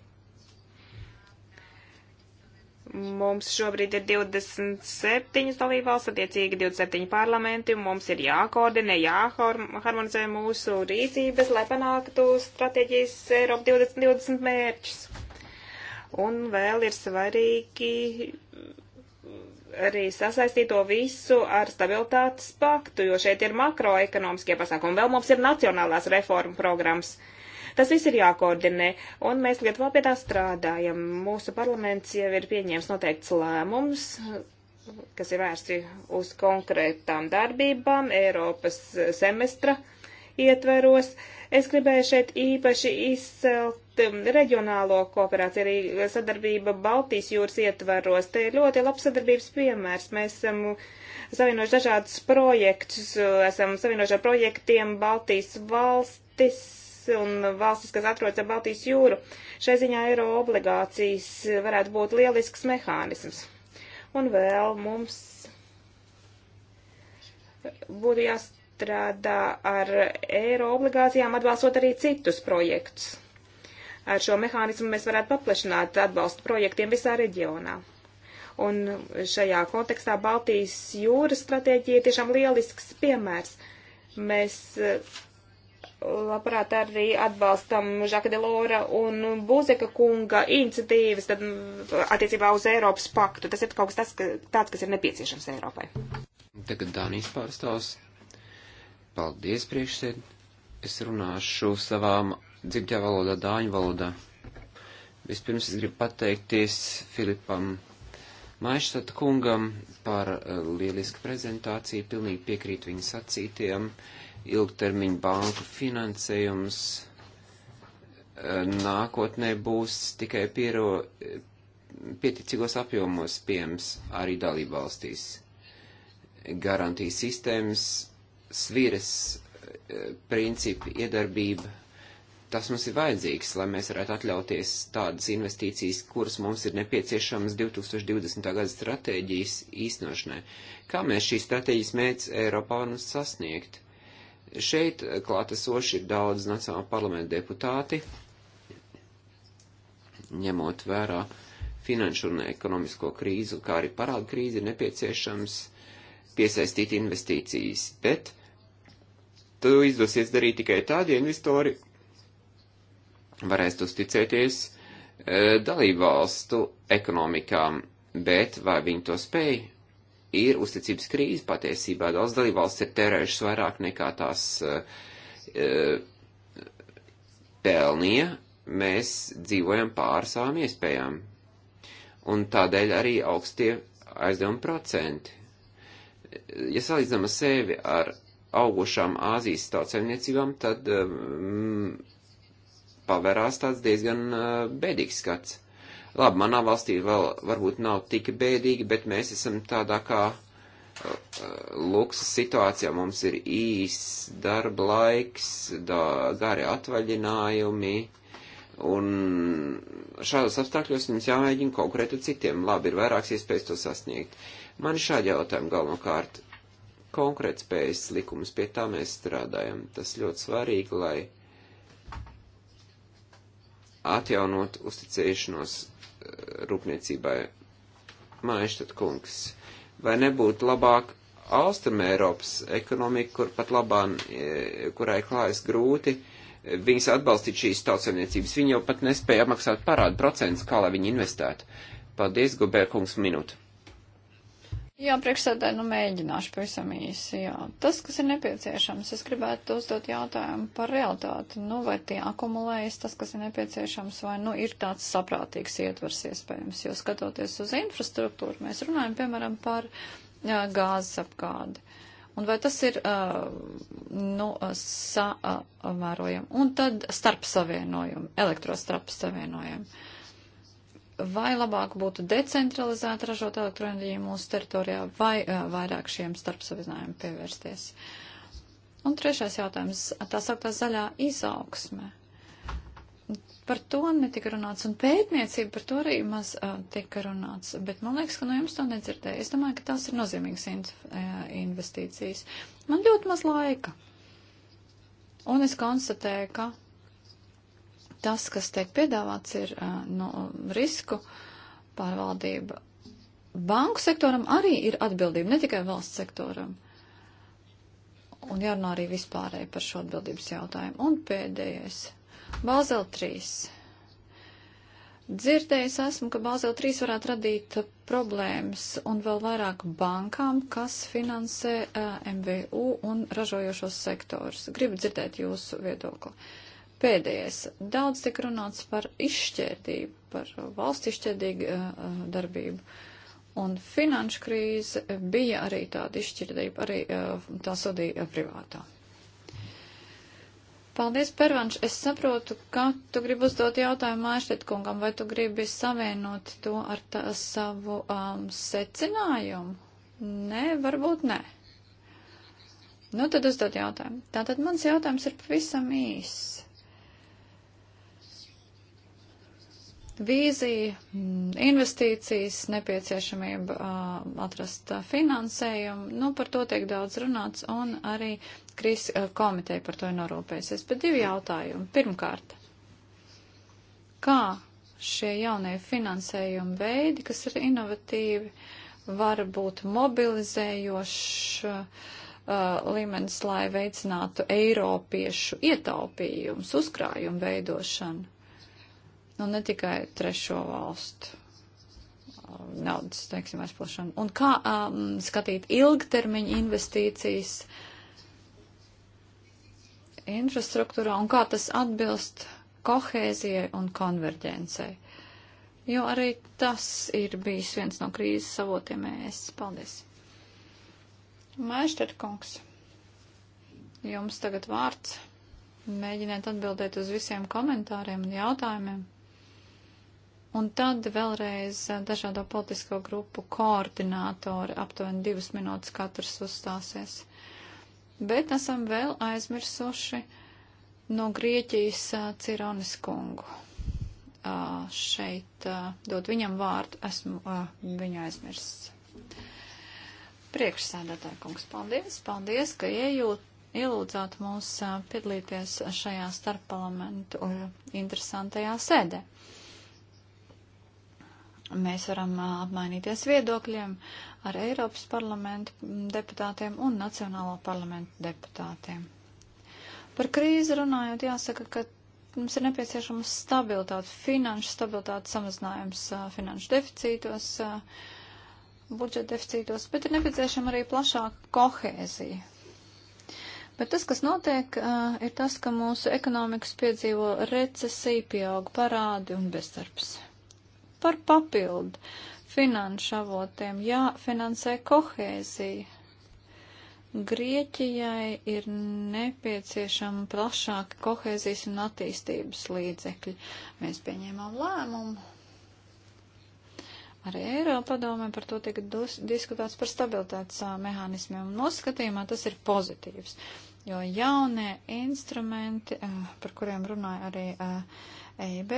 Mums šobrīd ir 27 dalībvalsts, attiecīgi 27 parlamenti, un mums ir jākoordinē, jāharmonizē mūsu rīcības, lai panāktu stratēģijas Eiropa 2020 mērķus. Un vēl ir svarīgi arī sasaistīt to visu ar stabilitātes paktu, jo šeit ir makroekonomiskie pasākumi. Vēl mums ir nacionālās reformu programmas. Tas viss ir jākoordinē, un mēs Lietuvā pie tā strādājam. Mūsu parlaments jau ir pieņēmis noteikts lēmums, kas ir vērsti uz konkrētām darbībām Eiropas semestra ietveros. Uh, Es gribēju šeit īpaši izcelt um, reģionālo kooperāciju, arī sadarbība Baltijas jūras ietvaros. Te ir ļoti labs sadarbības piemērs. Mēs esam savienojuši dažādus projektus, esam savienojuši ar projektiem Baltijas valstis un valstis, kas atrodas ar Baltijas jūru. Šai ziņā eiro obligācijas varētu būt lielisks mehānisms. Un vēl mums būtu jāstāv strādā ar eiro obligācijām, atbalstot arī citus projektus. Ar šo mehānismu mēs varētu paplašināt atbalstu projektiem visā reģionā. Un šajā kontekstā Baltijas jūras stratēģija ir tiešām lielisks piemērs. Mēs eh, labprāt arī atbalstam Žaka Delora un Buzeka kunga iniciatīvas tad, mm, attiecībā uz Eiropas paktu. Tas ir kaut kas tas, ka, tāds, kas ir nepieciešams Eiropai. Tagad Dānijas pārstāvs Paldies, priekšsēd. Es runāšu savām dzimtajā valodā, dāņu valodā. Vispirms es gribu pateikties Filipam Maištata kungam par eh, lielisku prezentāciju, pilnīgi piekrīt viņa sacītajam, ilgtermiņu banku finansējums eh, nākotnē būs tikai piero, eh, pieticīgos apjomos pieejams arī dalībvalstīs. Garantijas sistēmas svīras eh, principu iedarbība, tas mums ir vajadzīgs, lai mēs varētu atļauties tādas investīcijas, kuras mums ir nepieciešamas 2020. gada stratēģijas īstenošanai. Kā mēs šīs stratēģijas mērķis Eiropā varam nu sasniegt? Šeit klātesoši ir daudz nacionāla parlamenta deputāti, ņemot vērā finanšu un ekonomisko krīzu, kā arī parādu krīzi, ir nepieciešams piesaistīt investīcijas, bet uh, to izdosies darīt tikai tad, ja investori varēs uzticēties e, dalībvalstu ekonomikām, bet vai viņi to spēj? Ir uzticības krīze patiesībā. Daudz dalībvalsts ir tērējušas vairāk nekā tās e, e, pelnīja. Mēs dzīvojam pār savām iespējām. Un tādēļ arī augstie aizdevuma procenti. Ja salīdzinām sevi ar augušām Āzijas tautsaimniecībām, tad um, mm, pavērās tāds diezgan uh, bēdīgs skats. Labi, manā valstī vēl varbūt nav tik bēdīgi, bet mēs esam tādā kā uh, luksus situācijā. Mums ir īs darba laiks, da, gari atvaļinājumi, un šādos apstākļos mums jāmēģina konkurēt ar citiem. Labi, ir vairāks iespējas to sasniegt. Man šādi jautājumi galvenokārt konkrētspējas likums, pie tā mēs strādājam. Tas ļoti svarīgi, lai atjaunot uzticēšanos eh, rūpniecībai. Maištat kungs, vai nebūtu labāk Austrum Eiropas ekonomika, kur pat labāk, eh, kurai klājas grūti, eh, viņas atbalstīt šīs tautsaimniecības, viņi jau pat nespēja apmaksāt parādu procentus, kā lai viņi investētu. Paldies, Gubērkungs, minūte. Jā, priekšsēdē, nu mēģināšu pavisam īsi. Jā. Tas, kas ir nepieciešams, es gribētu uzdot jautājumu par realitāti. Nu, vai tie akumulējas tas, kas ir nepieciešams, vai nu ir tāds saprātīgs ietvers iespējams. Jo skatoties uz infrastruktūru, mēs runājam, piemēram, par jā, gāzes apgādi. Un vai tas ir, uh, nu, samērojami? Un tad starp savienojumu, elektrostarp savienojumu vai labāk būtu decentralizēt ražot elektroenerģiju mūsu teritorijā, vai uh, vairāk šiem starpsavizinājumiem pievērsties. Un trešais jautājums - tā sauktā zaļā izaugsme. Par to netika runāts, un pētniecība par to arī maz uh, tika runāts, bet man liekas, ka no jums to nedzirdēju. Es domāju, ka tās ir nozīmīgas in eh, investīcijas. Man ļoti maz laika, un es konstatēju, ka Tas, kas tiek piedāvāts, ir uh, no nu, risku pārvaldība. Banku sektoram arī ir atbildība, ne tikai valsts sektoram. Un jārunā arī vispārēji par šo atbildības jautājumu. Un pēdējais. Bāzel 3. Dzirdējis esmu, ka Bāzel 3 varētu radīt problēmas un vēl vairāk bankām, kas finansē uh, MVU un ražojošos sektors. Gribu dzirdēt jūsu viedokli. Uh, Pēdējais. Daudz tiek runāts par izšķērdību, par valsts izšķērdīgu uh, darbību. Un finanšu krīze bija arī tāda izšķirdība, arī uh, tā sodīja privātā. Paldies, Pervanš. Es saprotu, ka tu gribi uzdot jautājumu Maištetkungam, vai tu gribi savienot to ar tā, savu um, secinājumu? Nē, varbūt nē. Nu, tad uzdot jautājumu. Tātad mans jautājums ir pavisam īss. vīzija, mm, investīcijas, nepieciešamība uh, atrast uh, finansējumu. Nu, par to tiek daudz runāts un arī krīzes uh, komiteja par to ir norūpējusies. Bet divi jautājumi. Pirmkārt, kā šie jaunie finansējuma veidi, kas ir inovatīvi, var būt mobilizējoši līmenis, lai veicinātu eiropiešu ietaupījumus, uzkrājumu veidošanu? nu ne tikai trešo valstu um, naudas, teiksim, aizplašanu. Un kā um, skatīt ilgtermiņa investīcijas infrastruktūrā un kā tas atbilst kohēzijai un konverģencei. Jo arī tas ir bijis viens no krīzes savotiem ēs. Paldies. Maišter kungs, jums tagad vārds. Mēģiniet atbildēt uz visiem komentāriem un jautājumiem. Un tad vēlreiz eh, dažādo politisko grupu koordinātori aptuveni divas minūtes katrs uzstāsies. Bet esam vēl aizmirsuši no Grieķijas eh, Cironis kungu. Eh, šeit dod viņam vārdu, esmu viņu aizmirsis. Priekšsēdētāja kungs, paldies, paldies, ka iejūt ielūdzāt mūs piedalīties šajā starpparlamentu interesantajā sēdē. Uh, Mēs varam apmainīties viedokļiem ar Eiropas parlamentu deputātiem un Nacionālo parlamentu deputātiem. Par krīzi runājot, jāsaka, ka mums ir nepieciešama stabilitāte, finanšu stabilitāte, samazinājums finanšu deficītos, budžeta deficītos, bet ir nepieciešama arī plašāka kohēzija. Bet tas, kas notiek, ir tas, ka mūsu ekonomikas piedzīvo recesiju, pieaug parādi un bezdarbs par papildu finanšu avotiem jāfinansē kohēzija. Grieķijai ir nepieciešama plašāka kohēzijas un attīstības līdzekļi. Mēs pieņēmām lēmumu. Arī Eiropadomē par to tika diskutēts par stabilitātes mehānismiem un uzskatījumā tas ir pozitīvs, jo jaunie instrumenti, par kuriem runāja arī uh, EIB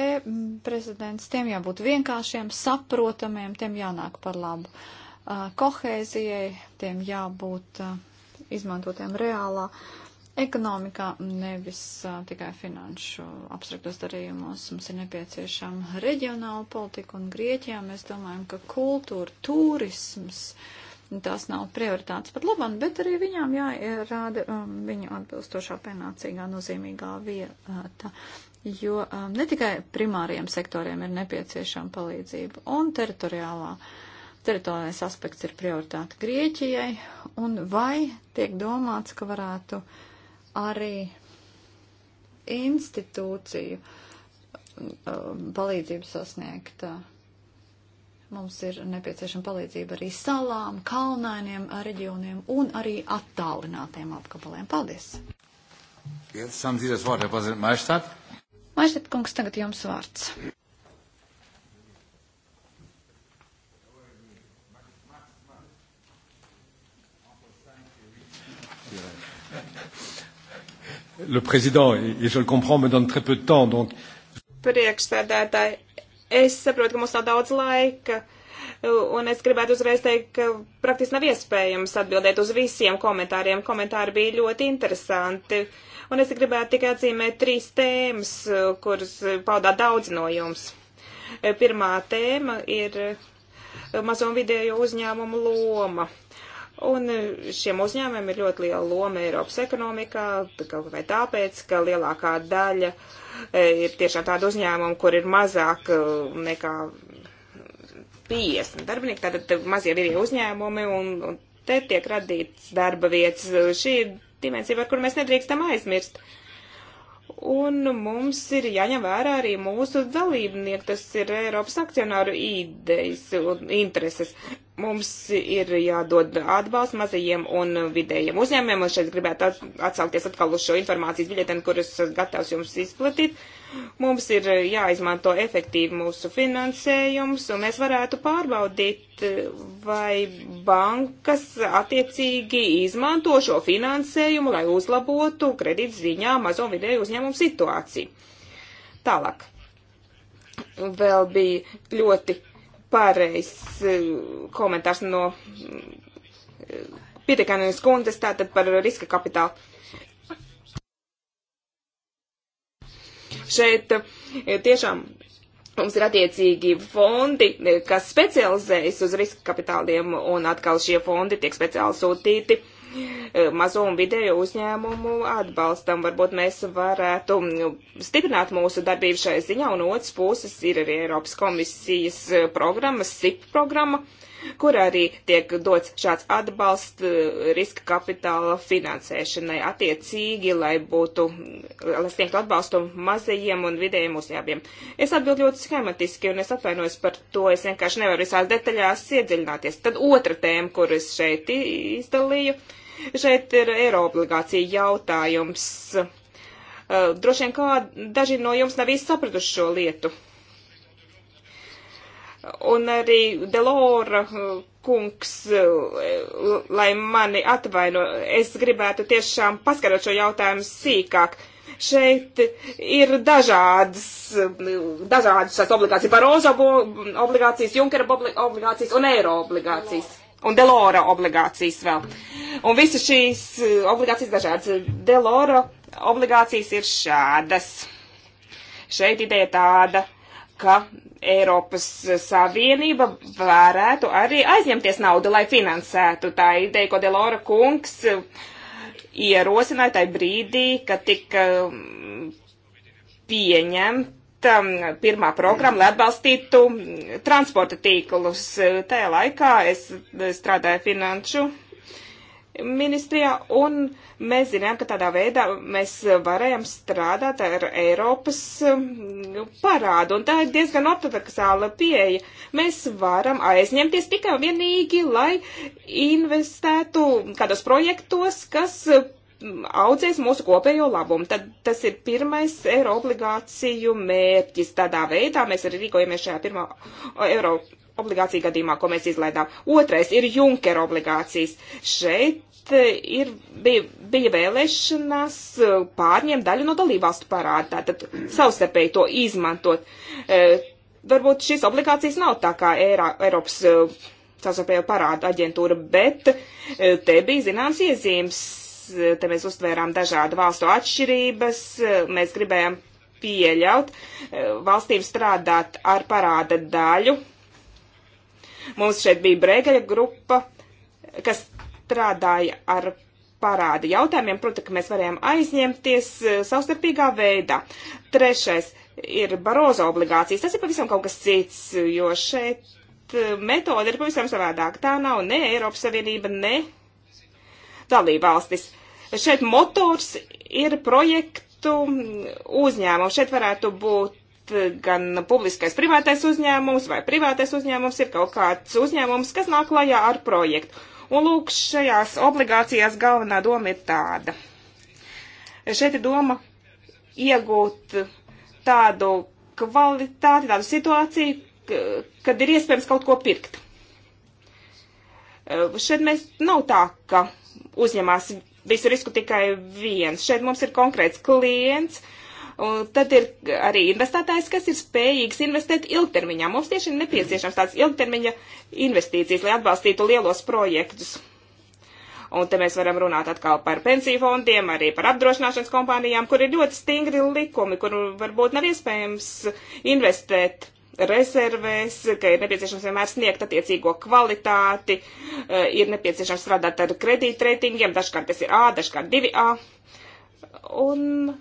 prezidents, tiem jābūt vienkāršiem, saprotamiem, tiem jānāk par labu uh, kohēzijai, tiem jābūt uh, izmantotiem reālā ekonomikā, nevis uh, tikai finanšu abstraktos darījumos. Mums ir nepieciešama reģionāla politika un Grieķijā mēs domājam, ka kultūra, turisms, tās nav prioritātes pat labam, bet arī viņām jāierāda um, viņu atbilstošā pienācīgā nozīmīgā vieta jo um, ne tikai primāriem sektoriem ir nepieciešama palīdzība, un teritoriālā, teritoriālais aspekts ir prioritāte Grieķijai, un vai tiek domāts, ka varētu arī institūciju um, palīdzību sasniegt. Mums ir nepieciešama palīdzība arī salām, kalnainiem reģioniem un arī attālinātiem apgabaliem. Paldies! Jetzt haben Sie das Wort, Herr Präsident Maestadt. Maistet kungs, tagad jums vārds. Le président, et je le comprends, me donne très peu de temps, donc. Priekšsēdētāji, es saprotu, ka mums nav daudz laika. Uh, Un es gribētu uzreiz teikt, ka praktiski nav iespējams atbildēt uz visiem komentāriem. Komentāri bija ļoti interesanti. Un es gribētu tikai atzīmēt trīs tēmas, kuras paudā daudz no jums. Pirmā tēma ir mazo un vidējo uzņēmumu loma. Un šiem uzņēmumiem ir ļoti liela loma Eiropas ekonomikā, kaut vai tāpēc, ka lielākā daļa e, ir tiešām tāda uzņēmuma, kur ir mazāk e, nekā 50 darbinieki, tātad mazie vidēji uzņēmumi, un, un te tiek radīts darba vietas. Šī ir dimensija, par kuru mēs nedrīkstam aizmirst. Un mums ir jāņem vērā arī mūsu dalībnieki, tas ir Eiropas akcionāru idejas un intereses mums ir jādod atbalsts mazajiem un vidējiem uzņēmumiem, un šeit gribētu atsaukties atkal uz šo informācijas biļeteni, kuras gatavs jums izplatīt. Mums ir jāizmanto efektīvi mūsu finansējums, un mēs varētu pārbaudīt, vai bankas attiecīgi izmanto šo finansējumu, lai uzlabotu kredīt ziņā mazo un vidēju uzņēmumu situāciju. Tālāk. Vēl bija ļoti pārējais eh, komentārs no eh, pietiekāmies kundas, tātad par riska kapitālu. Šeit eh, tiešām mums ir attiecīgi fondi, kas specializējas uz riska kapitāliem, un atkal šie fondi tiek speciāli sūtīti uh, Eh, mazo un vidējo uzņēmumu atbalstam. Varbūt mēs varētu nu, stiprināt mūsu darbību šai ziņā, un otrs puses ir arī Eiropas komisijas eh, programma, SIP programma. Uh, kur arī tiek dots šāds atbalsts eh, riska kapitāla finansēšanai attiecīgi, lai būtu, lai sniegtu atbalstu mazajiem un vidējiem uzņēmumiem. Es atbildu ļoti schematiski un es atvainojos par to, es vienkārši nevaru visās detaļās iedziļināties. Tad otra tēma, kur es šeit izdalīju, šeit ir eiro obligācija jautājums. Eh, Droši vien kā daži no jums nav īsti sapratuši šo lietu. Un arī Delora uh, kungs, uh, lai mani atvaino, es gribētu tiešām paskarot šo jautājumu sīkāk. Šeit ir dažādas, dažādas šās obligācijas, Barozo obligācijas, Junkera obligācijas un eiro obligācijas. Un Delora obligācijas vēl. Un visas šīs uh, obligācijas dažādas. Delora obligācijas ir šādas. Šeit ideja tāda ka Eiropas Savienība varētu arī aizņemties naudu, lai finansētu tā ideja, ko Delora kungs uh, ierosināja tajā brīdī, kad tika um, pieņemta um, pirmā programma, lai atbalstītu um, transporta tīklus. Uh, tajā laikā es strādāju finanšu ministrijā, un mēs zinām, ka tādā veidā mēs varējām strādāt ar Eiropas um, parādu, un tā ir diezgan ortodoksāla pieeja. Mēs varam aizņemties tikai un vienīgi, lai investētu kādos projektos, kas um, audzēs mūsu kopējo labumu. Tad tas ir pirmais eiro obligāciju mērķis. Tādā veidā mēs arī rīkojamies šajā pirmā eiro obligāciju gadījumā, ko mēs izlaidām. Otrais ir Junker obligācijas. Šeit eh, ir, bija, bija vēlēšanās eh, pārņemt daļu no dalībvalstu parādu, tātad savstarpēji to izmantot. Eh, varbūt šīs obligācijas nav tā kā Eirā, Eiropas savstarpējo parādu aģentūra, bet te bija zināms iezīmes. Te mēs uztvērām dažādu valstu atšķirības, mēs gribējām pieļaut valstīm strādāt ar parāda daļu, Mums šeit bija Bregeļa grupa, kas strādāja ar parāda jautājumiem, proti, ka mēs varējām aizņemties e, savstarpīgā veidā. Trešais ir Barozo obligācijas. Tas ir pavisam kaut kas cits, jo šeit e, metode ir pavisam savādāk. Tā nav ne Eiropas Savienība, ne dalībvalstis. Šeit motors ir projektu uzņēmumu. Šeit varētu būt Eh, gan publiskais privātais uzņēmums vai privātais uzņēmums ir kaut kāds uzņēmums, kas nāk klajā ar projektu. Un lūk, šajās obligācijās galvenā doma ir tāda. Šeit ir doma iegūt tādu kvalitāti, tādu situāciju, kad ir iespējams kaut ko pirkt. Eh, šeit mēs nav tā, ka uzņemās visu risku tikai viens. Šeit mums ir konkrēts klients, uh, Un tad ir arī investētājs, kas ir spējīgs investēt ilgtermiņā. Mums tieši ir nepieciešams tāds ilgtermiņa investīcijas, lai atbalstītu lielos projektus. Un te mēs varam runāt atkal par pensiju fondiem, arī par apdrošināšanas kompānijām, kur ir ļoti stingri likumi, kur varbūt nav iespējams investēt rezervēs, ka ir nepieciešams vienmēr sniegt attiecīgo kvalitāti, eh, ir nepieciešams strādāt ar kredītreitingiem, dažkārt tas ir A, dažkārt 2A. Un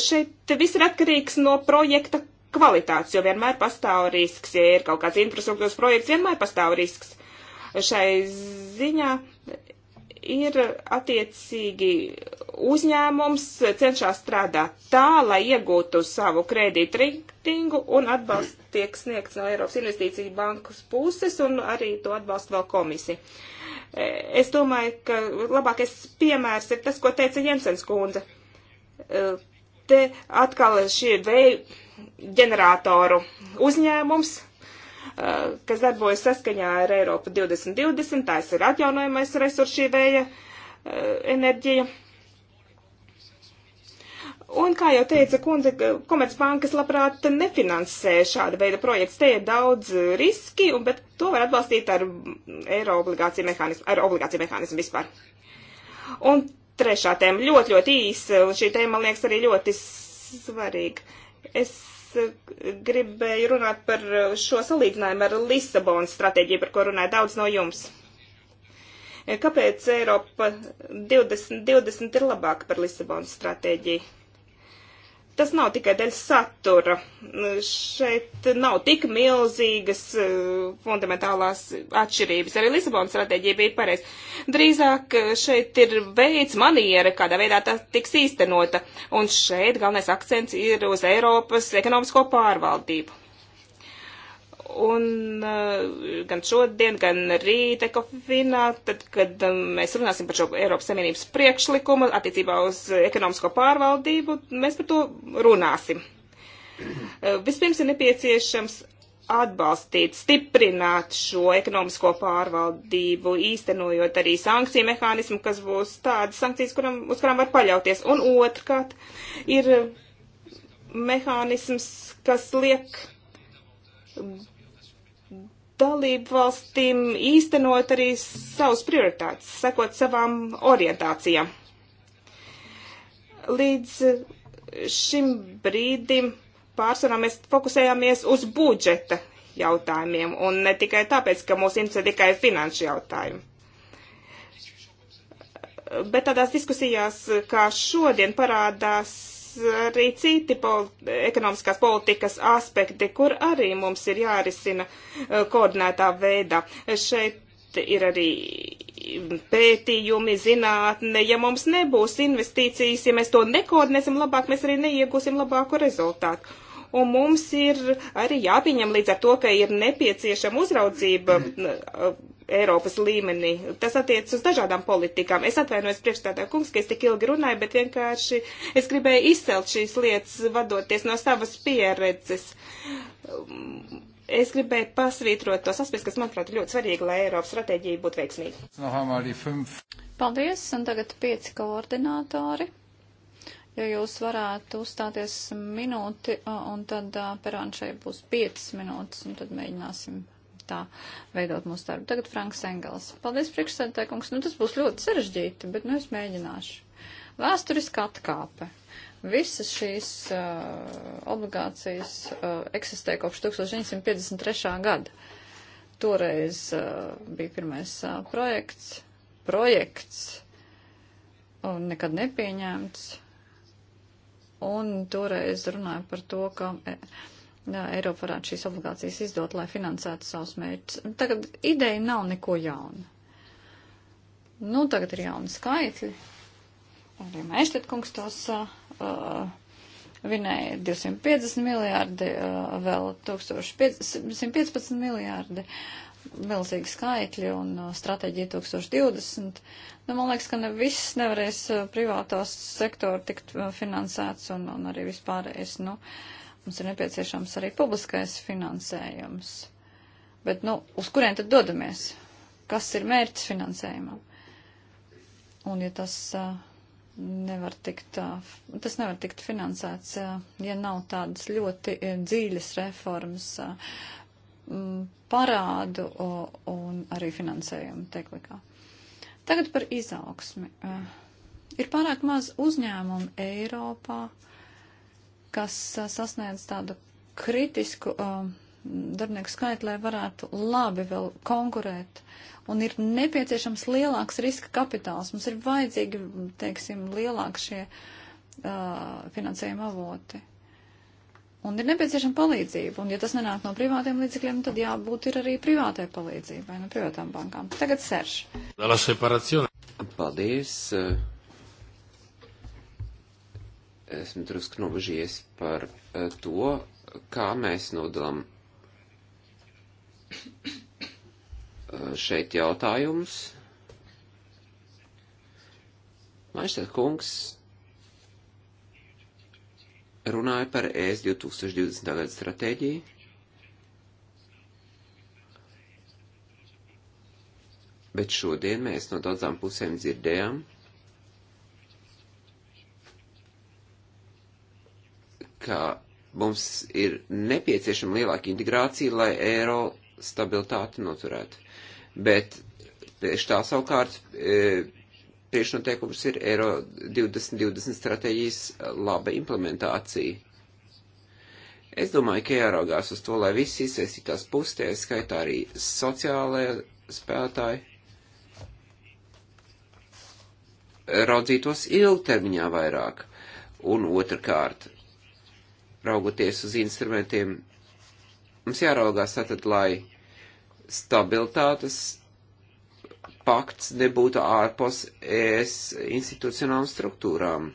šeit viss ir atkarīgs no projekta kvalitātes, jo vienmēr pastāv risks. Ja ir kaut kāds infrastruktūras projekts, vienmēr pastāv risks. Šai ziņā ir attiecīgi uzņēmums cenšas strādāt tā, lai iegūtu savu kredītu reitingu un atbalsts tiek sniegts no Eiropas investīciju bankas puses un arī to atbalsta vēl komisija. Es domāju, ka labākais piemērs ir tas, ko teica Jensens kundze Te atkal šie vēja ģeneratoru uzņēmums, kas darbojas saskaņā ar Eiropu 2020, tās ir atjaunojamais resurs šī vēja enerģija. Un, kā jau teica kundze, Komercbankas labprāt nefinansē šāda veida projekts. Te ir daudz riski, un, bet to var atbalstīt ar eiro obligāciju mehānismu, ar obligāciju mehānismu vispār. Un trešā tēma. Ļoti, ļoti īsa, un šī tēma, man liekas, arī ļoti svarīga. Es eh, gribēju runāt par eh, šo salīdzinājumu ar Lisabonas stratēģiju, par ko runāja daudz no jums. Eh, kāpēc Eiropa 2020 ir labāka par Lisabonas stratēģiju? tas nav tikai dēļ satura. Šeit nav tik milzīgas eh, fundamentālās atšķirības. Arī Lisabonas stratēģija bija pareiza. Drīzāk eh, šeit ir veids, maniera, kādā veidā tā tiks īstenota. Un šeit galvenais akcents ir uz Eiropas ekonomisko pārvaldību. Un eh, gan šodien, gan rīt ekofinā, tad, kad eh, mēs runāsim par šo Eiropas Savienības priekšlikumu attiecībā uz ekonomisko pārvaldību, mēs par to runāsim. Eh, vispirms ir nepieciešams atbalstīt, stiprināt šo ekonomisko pārvaldību, īstenojot arī sankciju mehānismu, kas būs tādas sankcijas, kuram, uz kurām var paļauties. Un otrkārt ir mehānisms, kas liek dalību valstīm īstenot arī savus prioritātes, sekot savām orientācijām. Līdz šim brīdim pārsvarā mēs fokusējāmies uz budžeta jautājumiem, un ne tikai tāpēc, ka mūs interesē tikai finanšu jautājumi. Bet tādās diskusijās, kā šodien parādās arī citi pol ekonomiskās politikas aspekti, kur arī mums ir jārisina eh, koordinētā veidā. Šeit ir arī pētījumi, zinātne. Ja mums nebūs investīcijas, ja mēs to nekoordinēsim labāk, mēs arī neiegūsim labāku rezultātu. Un mums ir arī jāpieņem līdz ar to, ka ir nepieciešama uzraudzība eh, Eiropas līmenī. Tas attiec uz dažādām politikām. Es atvainojos priekšstādā kungs, ka es tik ilgi runāju, bet vienkārši es gribēju izcelt šīs lietas, vadoties no savas pieredzes. Es gribēju pasvītrot tos aspektus, kas, manuprāt, ir ļoti svarīgi, lai Eiropas stratēģija būtu veiksmīga. Paldies, un tagad pieci koordinātori. Ja jūs varētu uzstāties minūti, un tad uh, peranšai būs piecas minūtes, un tad mēģināsim tā veidot mūsu darbu. Tagad Franks Engels. Paldies, priekšsēdētāji, kungs. Nu, tas būs ļoti sarežģīti, bet, nu, es mēģināšu. Vēsturiska atkāpe. Visas šīs uh, obligācijas uh, eksistē kopš 1953. gada. Toreiz uh, bija pirmais uh, projekts, projekts, un nekad nepieņēmts. Un toreiz runāja par to, ka. Uh, Eiropa varētu šīs obligācijas izdot, lai finansētu savus mērķus. Tagad ideja nav neko jauna. Nu, tagad ir jauni skaitļi. Arī Meištetkungs tos uh, vinēja 250 miljārdi, uh, vēl 1115 miljārdi. Milzīgi skaitļi un uh, stratēģija 2020. Nu, man liekas, ka ne viss nevarēs uh, privātās sektora tikt uh, finansēts un, un arī vispārējais. Nu, uh, Mums ir nepieciešams arī publiskais finansējums. Bet, nu, uz kurien tad dodamies? Kas ir mērķis finansējumam? Un ja tas uh, nevar tikt, uh, tas nevar tikt finansēts, uh, ja nav tādas ļoti dziļas reformas parādu un arī finansējumu teklikā. Tagad par izaugsmi. Ir pārāk maz uzņēmumu Eiropā, uh, kas sasniedz tādu kritisku uh, darbinieku skaitu, lai varētu labi vēl konkurēt. Un ir nepieciešams lielāks riska kapitāls. Mums ir vajadzīgi, teiksim, lielāk šie uh, finansējuma avoti. Un ir nepieciešama palīdzība. Un ja tas nenāk no privātiem līdzekļiem, tad jābūt ir arī privātai palīdzībai no privātām bankām. Tagad serš. Paldies. Uh esmu drusku nobežies par eh, to, kā mēs nodalām eh, šeit jautājums. Maištēt kungs runāja par ES 2020. gada stratēģiju. Bet šodien mēs no daudzām pusēm dzirdējām, ka mums ir nepieciešama lielāka integrācija, lai eiro stabilitāti noturētu. Bet tieši tā savukārt e, priekšnoteikums ir eiro 2020 stratēģijas laba implementācija. Es domāju, ka jāraugās uz to, lai visi iesaistītās pusē, skaitā arī sociālajie spēlētāji, raudzītos ilgtermiņā vairāk. Un otrkārt, raugoties uz instrumentiem. Mums jāraugās tātad, lai stabilitātes pakts nebūtu ārpus ES institucionālām struktūrām.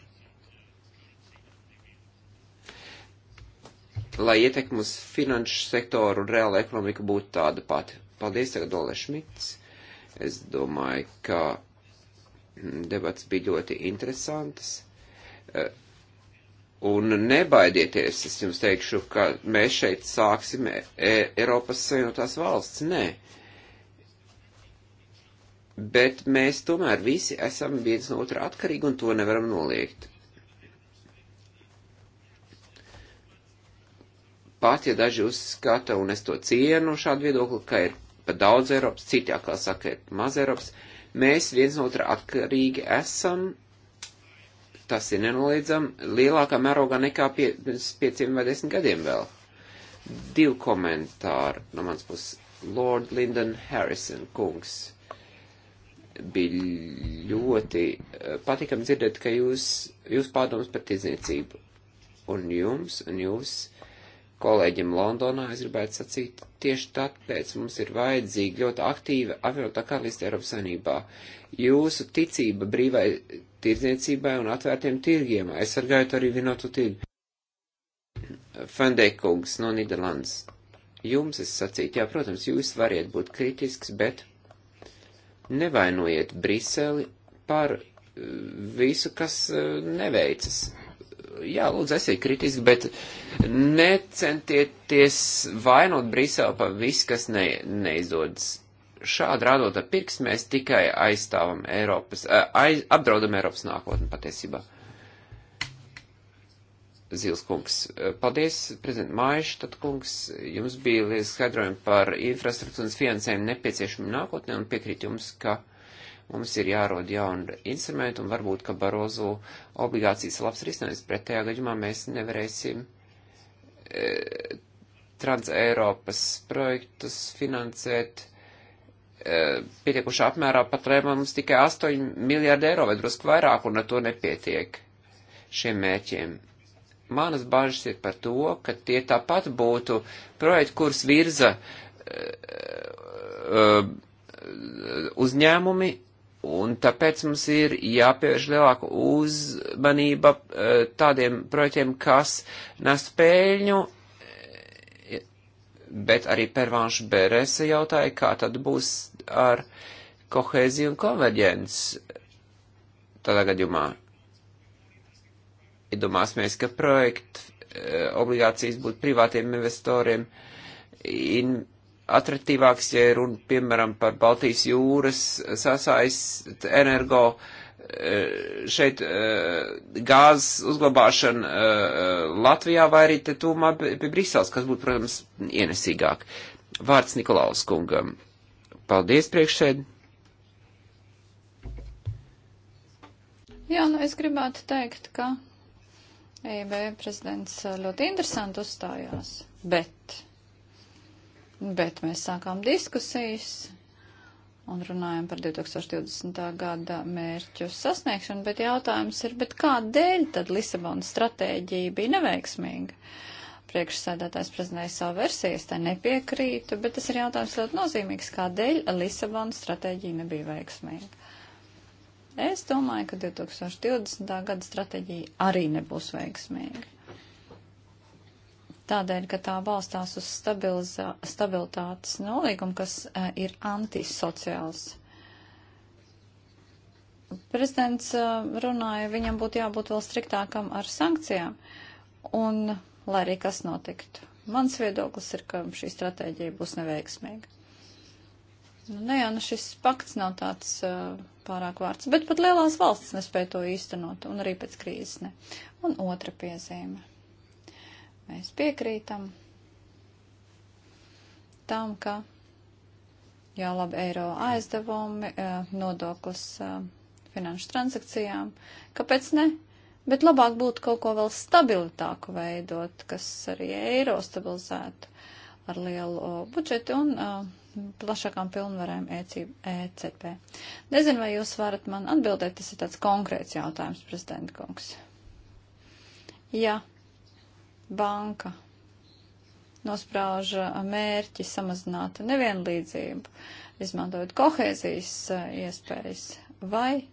Lai ietekme uz finanšu sektoru un reāla ekonomika būtu tāda pati. Paldies, tagad Ole Šmits. Es domāju, ka debats bija ļoti interesants. Uh, Un nebaidieties, es jums teikšu, ka mēs šeit sāksim e Eiropas Savienotās valsts. Nē. Bet mēs tomēr visi esam viens no otra atkarīgi un to nevaram noliegt. Pat ja daži uzskata, un es to cienu šādu viedokli, ka ir pa daudz Eiropas, citā, kā saka, ir maz Eiropas, mēs viens no otra atkarīgi esam Tas ir nenoliedzami lielākā mērogā nekā pie, pirms pieciem vai desmit gadiem vēl. Divi komentāri no mans puses. Lord Lyndon Harrison kungs bija ļoti eh, patīkami dzirdēt, ka jūs, jūs pārdomas par tirdzniecību. Un jums, un jūs kolēģim Londonā, es gribētu sacīt, tieši tāpēc mums ir vajadzīga ļoti aktīva aviotā karalista Eiropas Sanībā. Jūsu ticība brīvai tirdzniecībai un atvērtiem tirgiem aizsargājot arī vienotu tirgu. Fendekungs no Nīderlandes. Jums es sacītu, jā, protams, jūs variet būt kritisks, bet nevainojiet Briseli par uh, visu, kas uh, neveicas jā, lūdzu, esiet kritiski, bet necentieties vainot Briselu par visu, kas ne, neizdodas. Šādi rādot ar pirks, mēs tikai aizstāvam Eiropas, eh, aiz, apdraudam Eiropas nākotni patiesībā. Zils kungs, eh, paldies, prezident Mājiš, tad kungs, jums bija liels skaidrojumi par infrastruktūras finansējumu nepieciešamību nākotnē un piekrīt jums, ka Mums ir jārod jauni instrumenti, un varbūt, ka Barozo obligācijas labs risinājums. Pretējā gadījumā mēs nevarēsim e, Trans-Eiropas projektus finansēt e, pietiekušā apmērā, pat lai mums tikai 8 miljārdi eiro vai drusku vairāk, un ar to nepietiek šiem mērķiem manas bažas ir par to, ka tie tāpat būtu projekti, kurus virza uh, uh, uzņēmumi, Un tāpēc mums ir jāpievērš lielāka uzmanība e, tādiem projektiem, kas nes pēļņu, e, bet arī pervānšu bērēse jautāja, kā tad būs ar kohēziju un konverģenci tādā gadījumā. Iedomāsimies, ka projekta e, obligācijas būtu privātiem investoriem. In, atraktīvāks, ja runa, piemēram, par Baltijas jūras sasaist energo e, šeit e, gāzes uzglabāšana e, Latvijā vai arī te tūmā pie Briseles, kas būtu, protams, ienesīgāk. Vārds Nikolaus kungam. Paldies priekšsēd. Jā, nu es gribētu teikt, ka EIB prezidents ļoti interesanti uzstājās, bet Bet mēs sākām diskusijas un runājam par 2020. gada mērķu sasniegšanu, bet jautājums ir, bet kādēļ tad Lisabonas stratēģija bija neveiksmīga? Priekšsēdētājs prezentēja savu versiju, es tai nepiekrītu, bet tas ir jautājums ļoti nozīmīgs, kādēļ Lisabonas stratēģija nebija veiksmīga. Es domāju, ka 2020. gada stratēģija arī nebūs veiksmīga tādēļ, ka tā balstās uz stabilitātes nolīgumu, kas uh, ir antisociāls. Prezidents uh, runāja, viņam būtu jābūt vēl striktākam ar sankcijām, un lai arī kas notiktu. Mans viedoklis ir, ka šī stratēģija būs neveiksmīga. Nu, ne jau nu šis pakts nav tāds uh, pārāk vārds, bet pat lielās valstis nespēja to īstenot, un arī pēc krīzes ne. Un otra piezīme. Mēs piekrītam tam, ka jau labi eiro aizdevumi, eh, nodoklis eh, finanšu transakcijām. Kāpēc ne? Bet labāk būtu kaut ko vēl stabilitāku veidot, kas arī eiro stabilizētu ar lielu eh, budžetu un uh, plašākām pilnvarēm ECB. E Nezinu, vai jūs varat man atbildēt, tas ir tāds konkrēts jautājums, prezidenta kungs. Jā, banka nosprauž mērķi samazināt nevienlīdzību, izmantojot kohēzijas eh, iespējas, vai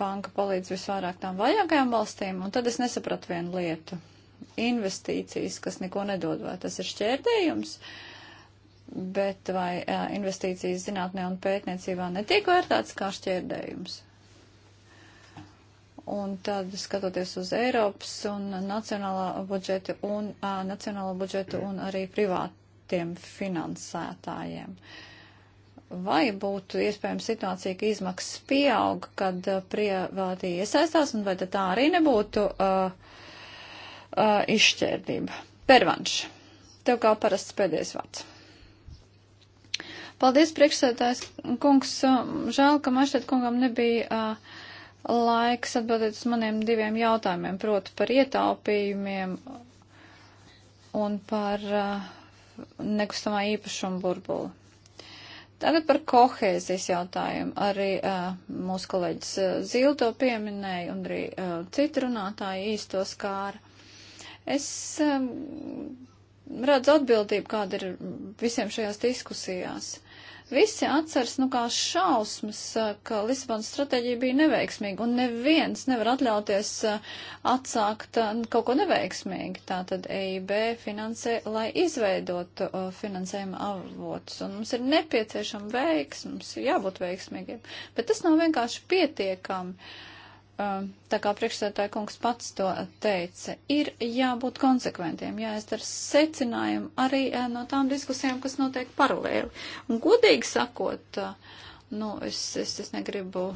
banka palīdz visvairāk tām vajagajām valstīm, un tad es nesapratu vienu lietu. Investīcijas, kas neko nedod, vai tas ir šķērdējums, bet vai eh, investīcijas zinātnē un pētniecībā netiek vērtāts kā šķērdējums? Un tad skatoties uz Eiropas un nacionālā budžeta un, uh, nacionālo budžetu un arī privātiem finansētājiem. Vai būtu iespējams situācija, ka izmaksas pieaug, kad uh, privātī iesaistās, un vai tad tā arī nebūtu uh, uh, izšķērdība? Pervanš, tev kā parasts pēdējais vārds. Paldies, priekšsētājs kungs. Žēl, ka Mašķiet kungam nebija. Uh, laiks atbildēt uz maniem diviem jautājumiem, proti par ietaupījumiem un par uh, nekustamā īpašuma burbuli. Tagad par kohēzijas jautājumu. Arī uh, mūsu kolēģis uh, Zīle to pieminēja un arī uh, citi runātāji īsto skāra. Es um, redzu atbildību, kāda ir visiem šajās diskusijās. Uh, Visi atceras, nu kā šausmas, eh, ka Lisabonas stratēģija bija neveiksmīga, un neviens nevar atļauties eh, atsākt eh, kaut ko neveiksmīgi. Tātad EIB finansē, lai izveidotu finansējuma avotus, un mums ir nepieciešama veiksma, mums ir jābūt veiksmīgiem, bet tas nav vienkārši pietiekami. Uh, tā kā priekšsētāja kungs pats to teica, ir jābūt konsekventiem, jāizdara secinājumi arī no tām diskusijām, kas notiek paralēli. Un godīgi sakot, nu, es, es, es negribu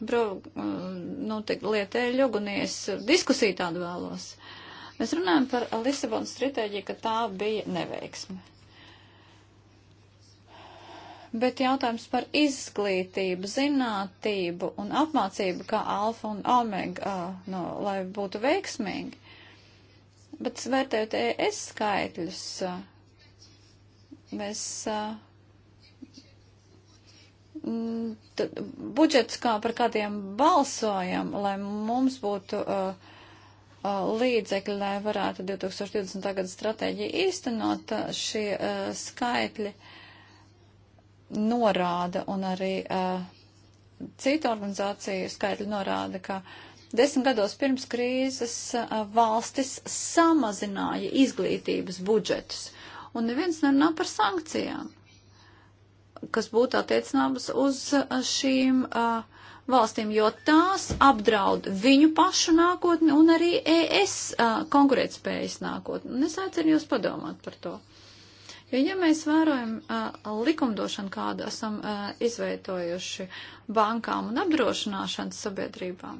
brau, nu, lietēļu ugunījies, diskusiju tādu vēlos. Mēs runājam par Lisabonas stratēģiju, ka tā bija neveiksme bet jautājums par izglītību, zinātību un apmācību kā alfa un omega, nu, lai būtu veiksmīgi. Bet vērtējot ES skaitļus, mēs. Mm, tad budžets kā par kādiem balsojam, lai mums būtu uh, līdzekļi, lai varētu 2020. gada stratēģiju īstenot, šie uh, skaitļi uh, norāda un arī uh, cita organizācija skaitļi norāda, ka desmit gados pirms krīzes uh, valstis samazināja izglītības budžetus. Un neviens nerunā par sankcijām, kas būtu attiecināmas uz uh, šīm uh, valstīm, jo tās apdraud viņu pašu nākotni un arī ES uh, konkurētspējas nākotni. Un es aicinu jūs padomāt par to. Jo, ja mēs vērojam uh, likumdošanu, kādu esam uh, izveidojuši bankām un apdrošināšanas sabiedrībām,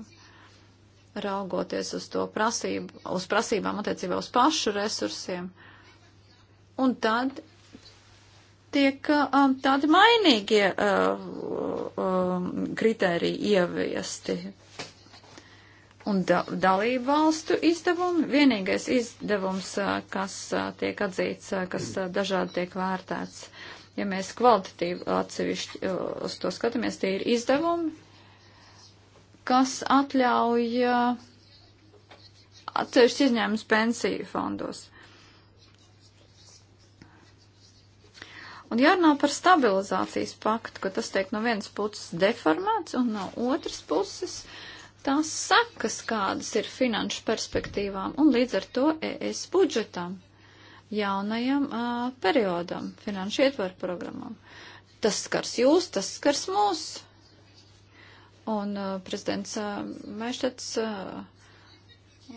raugoties uz to prasību, uz prasībām attiecībā uz pašu resursiem, un tad tiek um, tādi mainīgie uh, um, kritēriji ieviesti un da dalību valstu izdevumi. Vienīgais izdevums, kas tiek atzīts, kas dažādi tiek vērtēts, ja mēs kvalitatīvi atsevišķi uz to skatāmies, tie ir izdevumi, kas atļauj atsevišķi izņēmums pensiju fondos. Un jārunā par stabilizācijas paktu, ka tas tiek no vienas puses deformēts un no otras puses uh, tās sekas, kādas ir finanšu perspektīvām un līdz ar to ES budžetam, jaunajam uh, periodam, finanšu ietvaru programmam. Tas skars jūs, tas skars mūs. Un uh, prezidents uh, Mešets uh,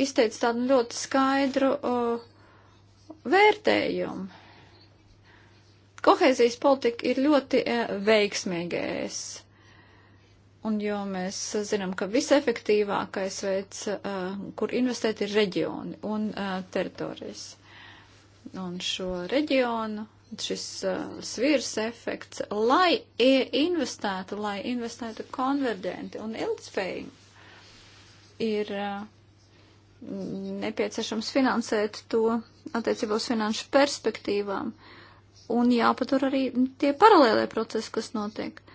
izteica tādu ļoti skaidru uh, vērtējumu. Kohēzijas politika ir ļoti uh, veiksmīgais e Un jo mēs zinām, ka visefektīvākais veids, uh, kur investēt, ir reģioni un uh, teritorijas. Un šo reģionu, šis uh, svirs efekts, lai investētu, lai investētu konverģenti un ilgspējīgi, ir uh, nepieciešams finansēt to attiecībā uz finanšu perspektīvām. Un jāpatur arī tie paralēlē procesi, kas notiek. Uh,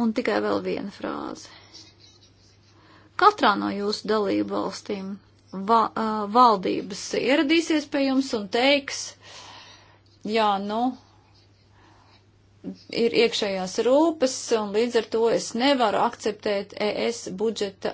Un tikai vēl viena frāze. Katrā no jūsu dalību valstīm va, uh, valdības ieradīsies pie jums un teiks, jā, nu, ir iekšējās rūpes, un līdz ar to es nevaru akceptēt ES budžeta